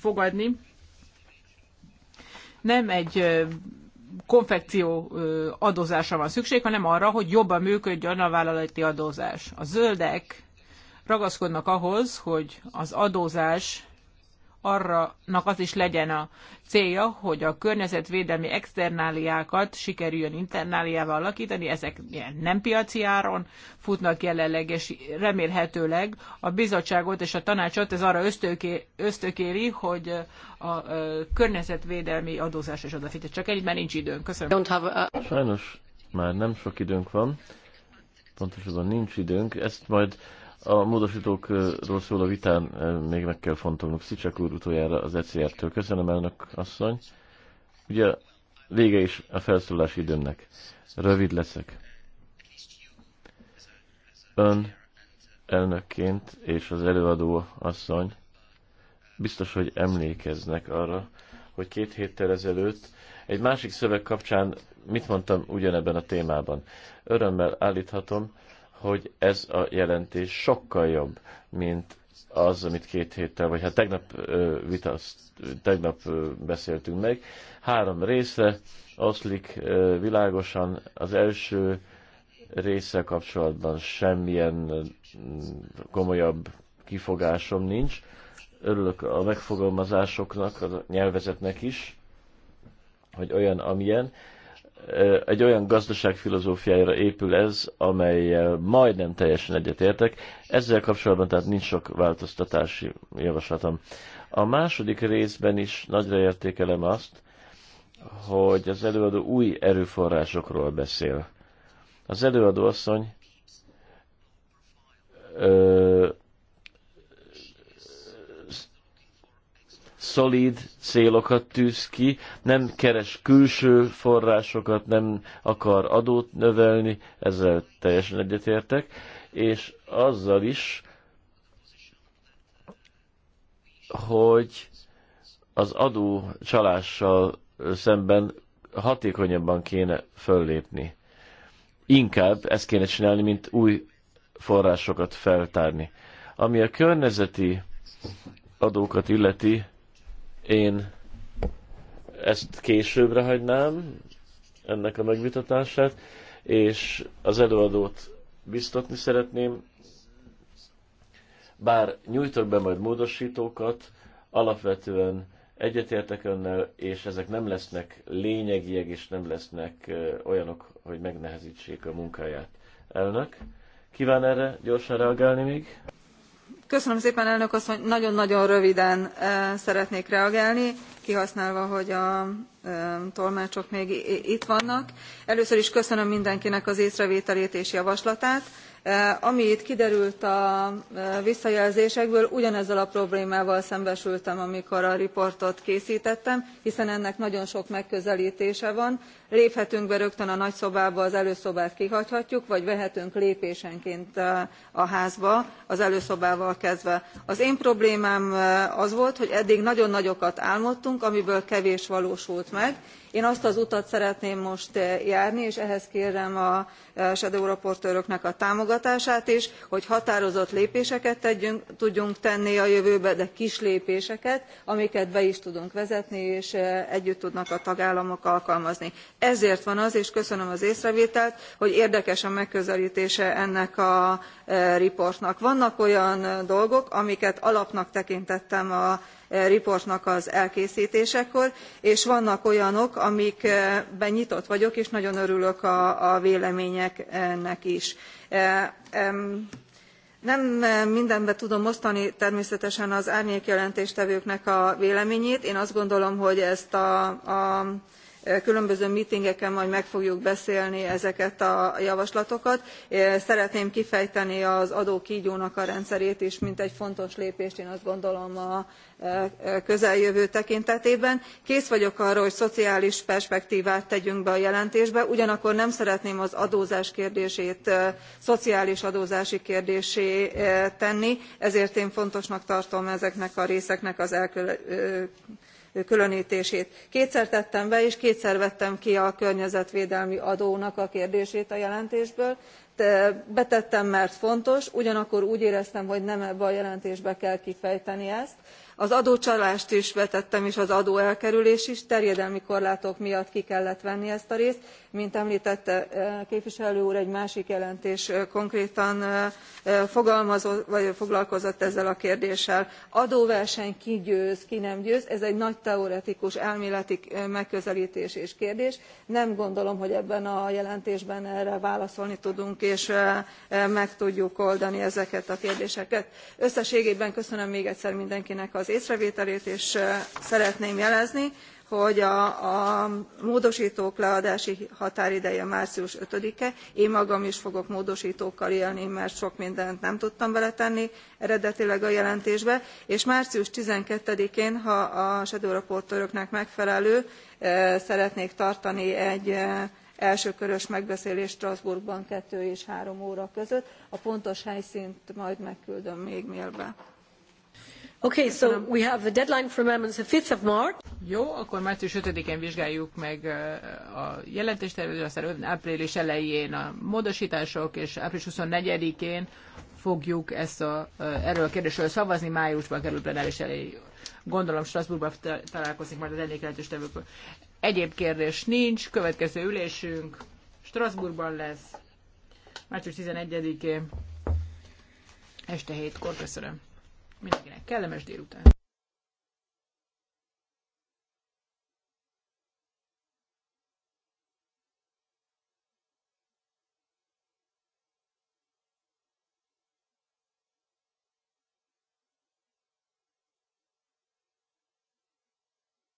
fogadni. Nem egy konfekció adózásra van szükség, hanem arra, hogy jobban működjön a vállalati adózás. A zöldek ragaszkodnak ahhoz, hogy az adózás arra az is legyen a célja, hogy a környezetvédelmi externáliákat sikerüljön internáliával alakítani, ezek nem piaci áron futnak jelenleg, és remélhetőleg a bizottságot és a tanácsot ez arra ösztökéri, hogy a, környezetvédelmi adózás is odafigyel. Csak egy, mert nincs időnk. Köszönöm. Sajnos már nem sok időnk van, pontosabban nincs időnk, ezt majd a módosítókról szól a vitán, eh, még meg kell fontolnunk Szicsek úr utoljára az ECR-től. Köszönöm, elnök asszony. Ugye vége is a felszólási időmnek. Rövid leszek. Ön elnökként és az előadó asszony biztos, hogy emlékeznek arra, hogy két héttel ezelőtt egy másik szöveg kapcsán mit mondtam ugyanebben a témában. Örömmel állíthatom, hogy ez a jelentés sokkal jobb, mint az, amit két héttel, vagy hát tegnap, vitaszt, tegnap beszéltünk meg. Három része, oszlik világosan. Az első része kapcsolatban semmilyen komolyabb kifogásom nincs. Örülök a megfogalmazásoknak, a nyelvezetnek is, hogy olyan, amilyen egy olyan gazdaságfilozófiára épül ez, amelyel majdnem teljesen egyetértek. Ezzel kapcsolatban tehát nincs sok változtatási javaslatom. A második részben is nagyra értékelem azt, hogy az előadó új erőforrásokról beszél. Az előadó asszony ö, szolíd célokat tűz ki, nem keres külső forrásokat, nem akar adót növelni, ezzel teljesen egyetértek, és azzal is, hogy az adó csalással szemben hatékonyabban kéne föllépni. Inkább ezt kéne csinálni, mint új forrásokat feltárni. Ami a környezeti adókat illeti, én ezt későbbre hagynám, ennek a megvitatását, és az előadót biztatni szeretném, bár nyújtok be majd módosítókat, alapvetően egyetértek önnel, és ezek nem lesznek lényegiek, és nem lesznek olyanok, hogy megnehezítsék a munkáját. Elnök, kíván erre gyorsan reagálni még? köszönöm szépen elnök asszony nagyon nagyon röviden eh, szeretnék reagálni kihasználva hogy a eh, tolmácsok még itt vannak. először is köszönöm mindenkinek az észrevételét és javaslatát. Eh, ami itt kiderült a eh, visszajelzésekből ugyanezzel a problémával szembesültem amikor a riportot késztettem hiszen ennek nagyon sok megközeltése van léphetünk be rögtön a nagyszobába az előszobát kihagyhatjuk vagy vehetünk lépésenként eh, a házba az előszobával kezdve. az én problémám az volt hogy eddig nagyon nagyokat álmodtunk amiből kevés valósult meg én azt az utat szeretném most eh, járni és ehhez kérem a eh, shadow raportőröknek a támogatását is hogy határozott lépéseket tudjunk tenni a jövőbe de kis lépéseket amiket be is tudunk vezetni és eh, együtt tudnak a tagállamok alkalmazni. ezért van az és köszönöm az észrevételt hogy érdekes a megközeltése ennek a riportnak. vannak olyan dolgok amiket alapnak tekintettem a riportnak az elkésztésekor és vannak olyanok amikben nyitott vagyok és nagyon örülök a, véleményeknek is. E, nem mindenben tudom osztani természetesen az árnyékjelentéstevőknek a véleményét én azt gondolom hogy ezt a különböző meetingeken majd meg fogjuk beszélni ezeket a javaslatokat. szeretném kifejteni az adókgyónak a rendszerét is mint egy fontos lépést én azt gondolom a közeljövő tekintetében. kész vagyok arra hogy szociális perspektvát tegyünk be a jelentésbe ugyanakkor nem szeretném az adózás kérdését szociális adózási kérdéssé tenni ezért én fontosnak tartom ezeknek a részeknek az elkülöntését különtését. kétszer tettem be és kétszer vettem ki a környezetvédelmi adónak a kérdését a jelentésből betettem mert fontos ugyanakkor úgy éreztem hogy nem ebbe a jelentésbe kell kifejteni ezt az adócsalást is betettem és az adóelkerülést is terjedelmi korlátok miatt ki kellett venni ezt a részt mint emltette eh, képviselő úr egy másik jelentés eh, konkrétan eh, foglalkozott ezzel a kérdéssel. adóverseny ki győz ki nem győz ez egy nagy teoretikus elméleti megközeltés és kérdés nem gondolom hogy ebben a jelentésben erre válaszolni tudunk és meg tudjuk oldani ezeket a kérdéseket. összességében köszönöm még egyszer mindenkinek az észrevételét és szeretném jelezni hogy a, módostók leadási határideje március five e én magam is fogok módostókkal élni mert sok mindent nem tudtam beletenni eredetileg a jelentésbe és március twelve én ha a shadow raportőröknek megfelelő eh, szeretnék tartani egy eh, első körös megbeszélést strasbourgban two és three óra között a pontos helysznt majd megküldöm még mailben a 5 Jó, akkor március 5-én vizsgáljuk meg eh, a jelentéstervezőt aztán április elején a módostások és április 24-én fogjuk ezt a, eh, erről a kérdésről szavazni, májusban kerül plenáris elé. Gondolom Strasbourgban találkozik majd az egyik lehetőstevőkből. Egyéb kérdés nincs, következő ülésünk Strasbourgban lesz, március 11-én, este 7-kor. Köszönöm. Mindenkinek kellemes délután.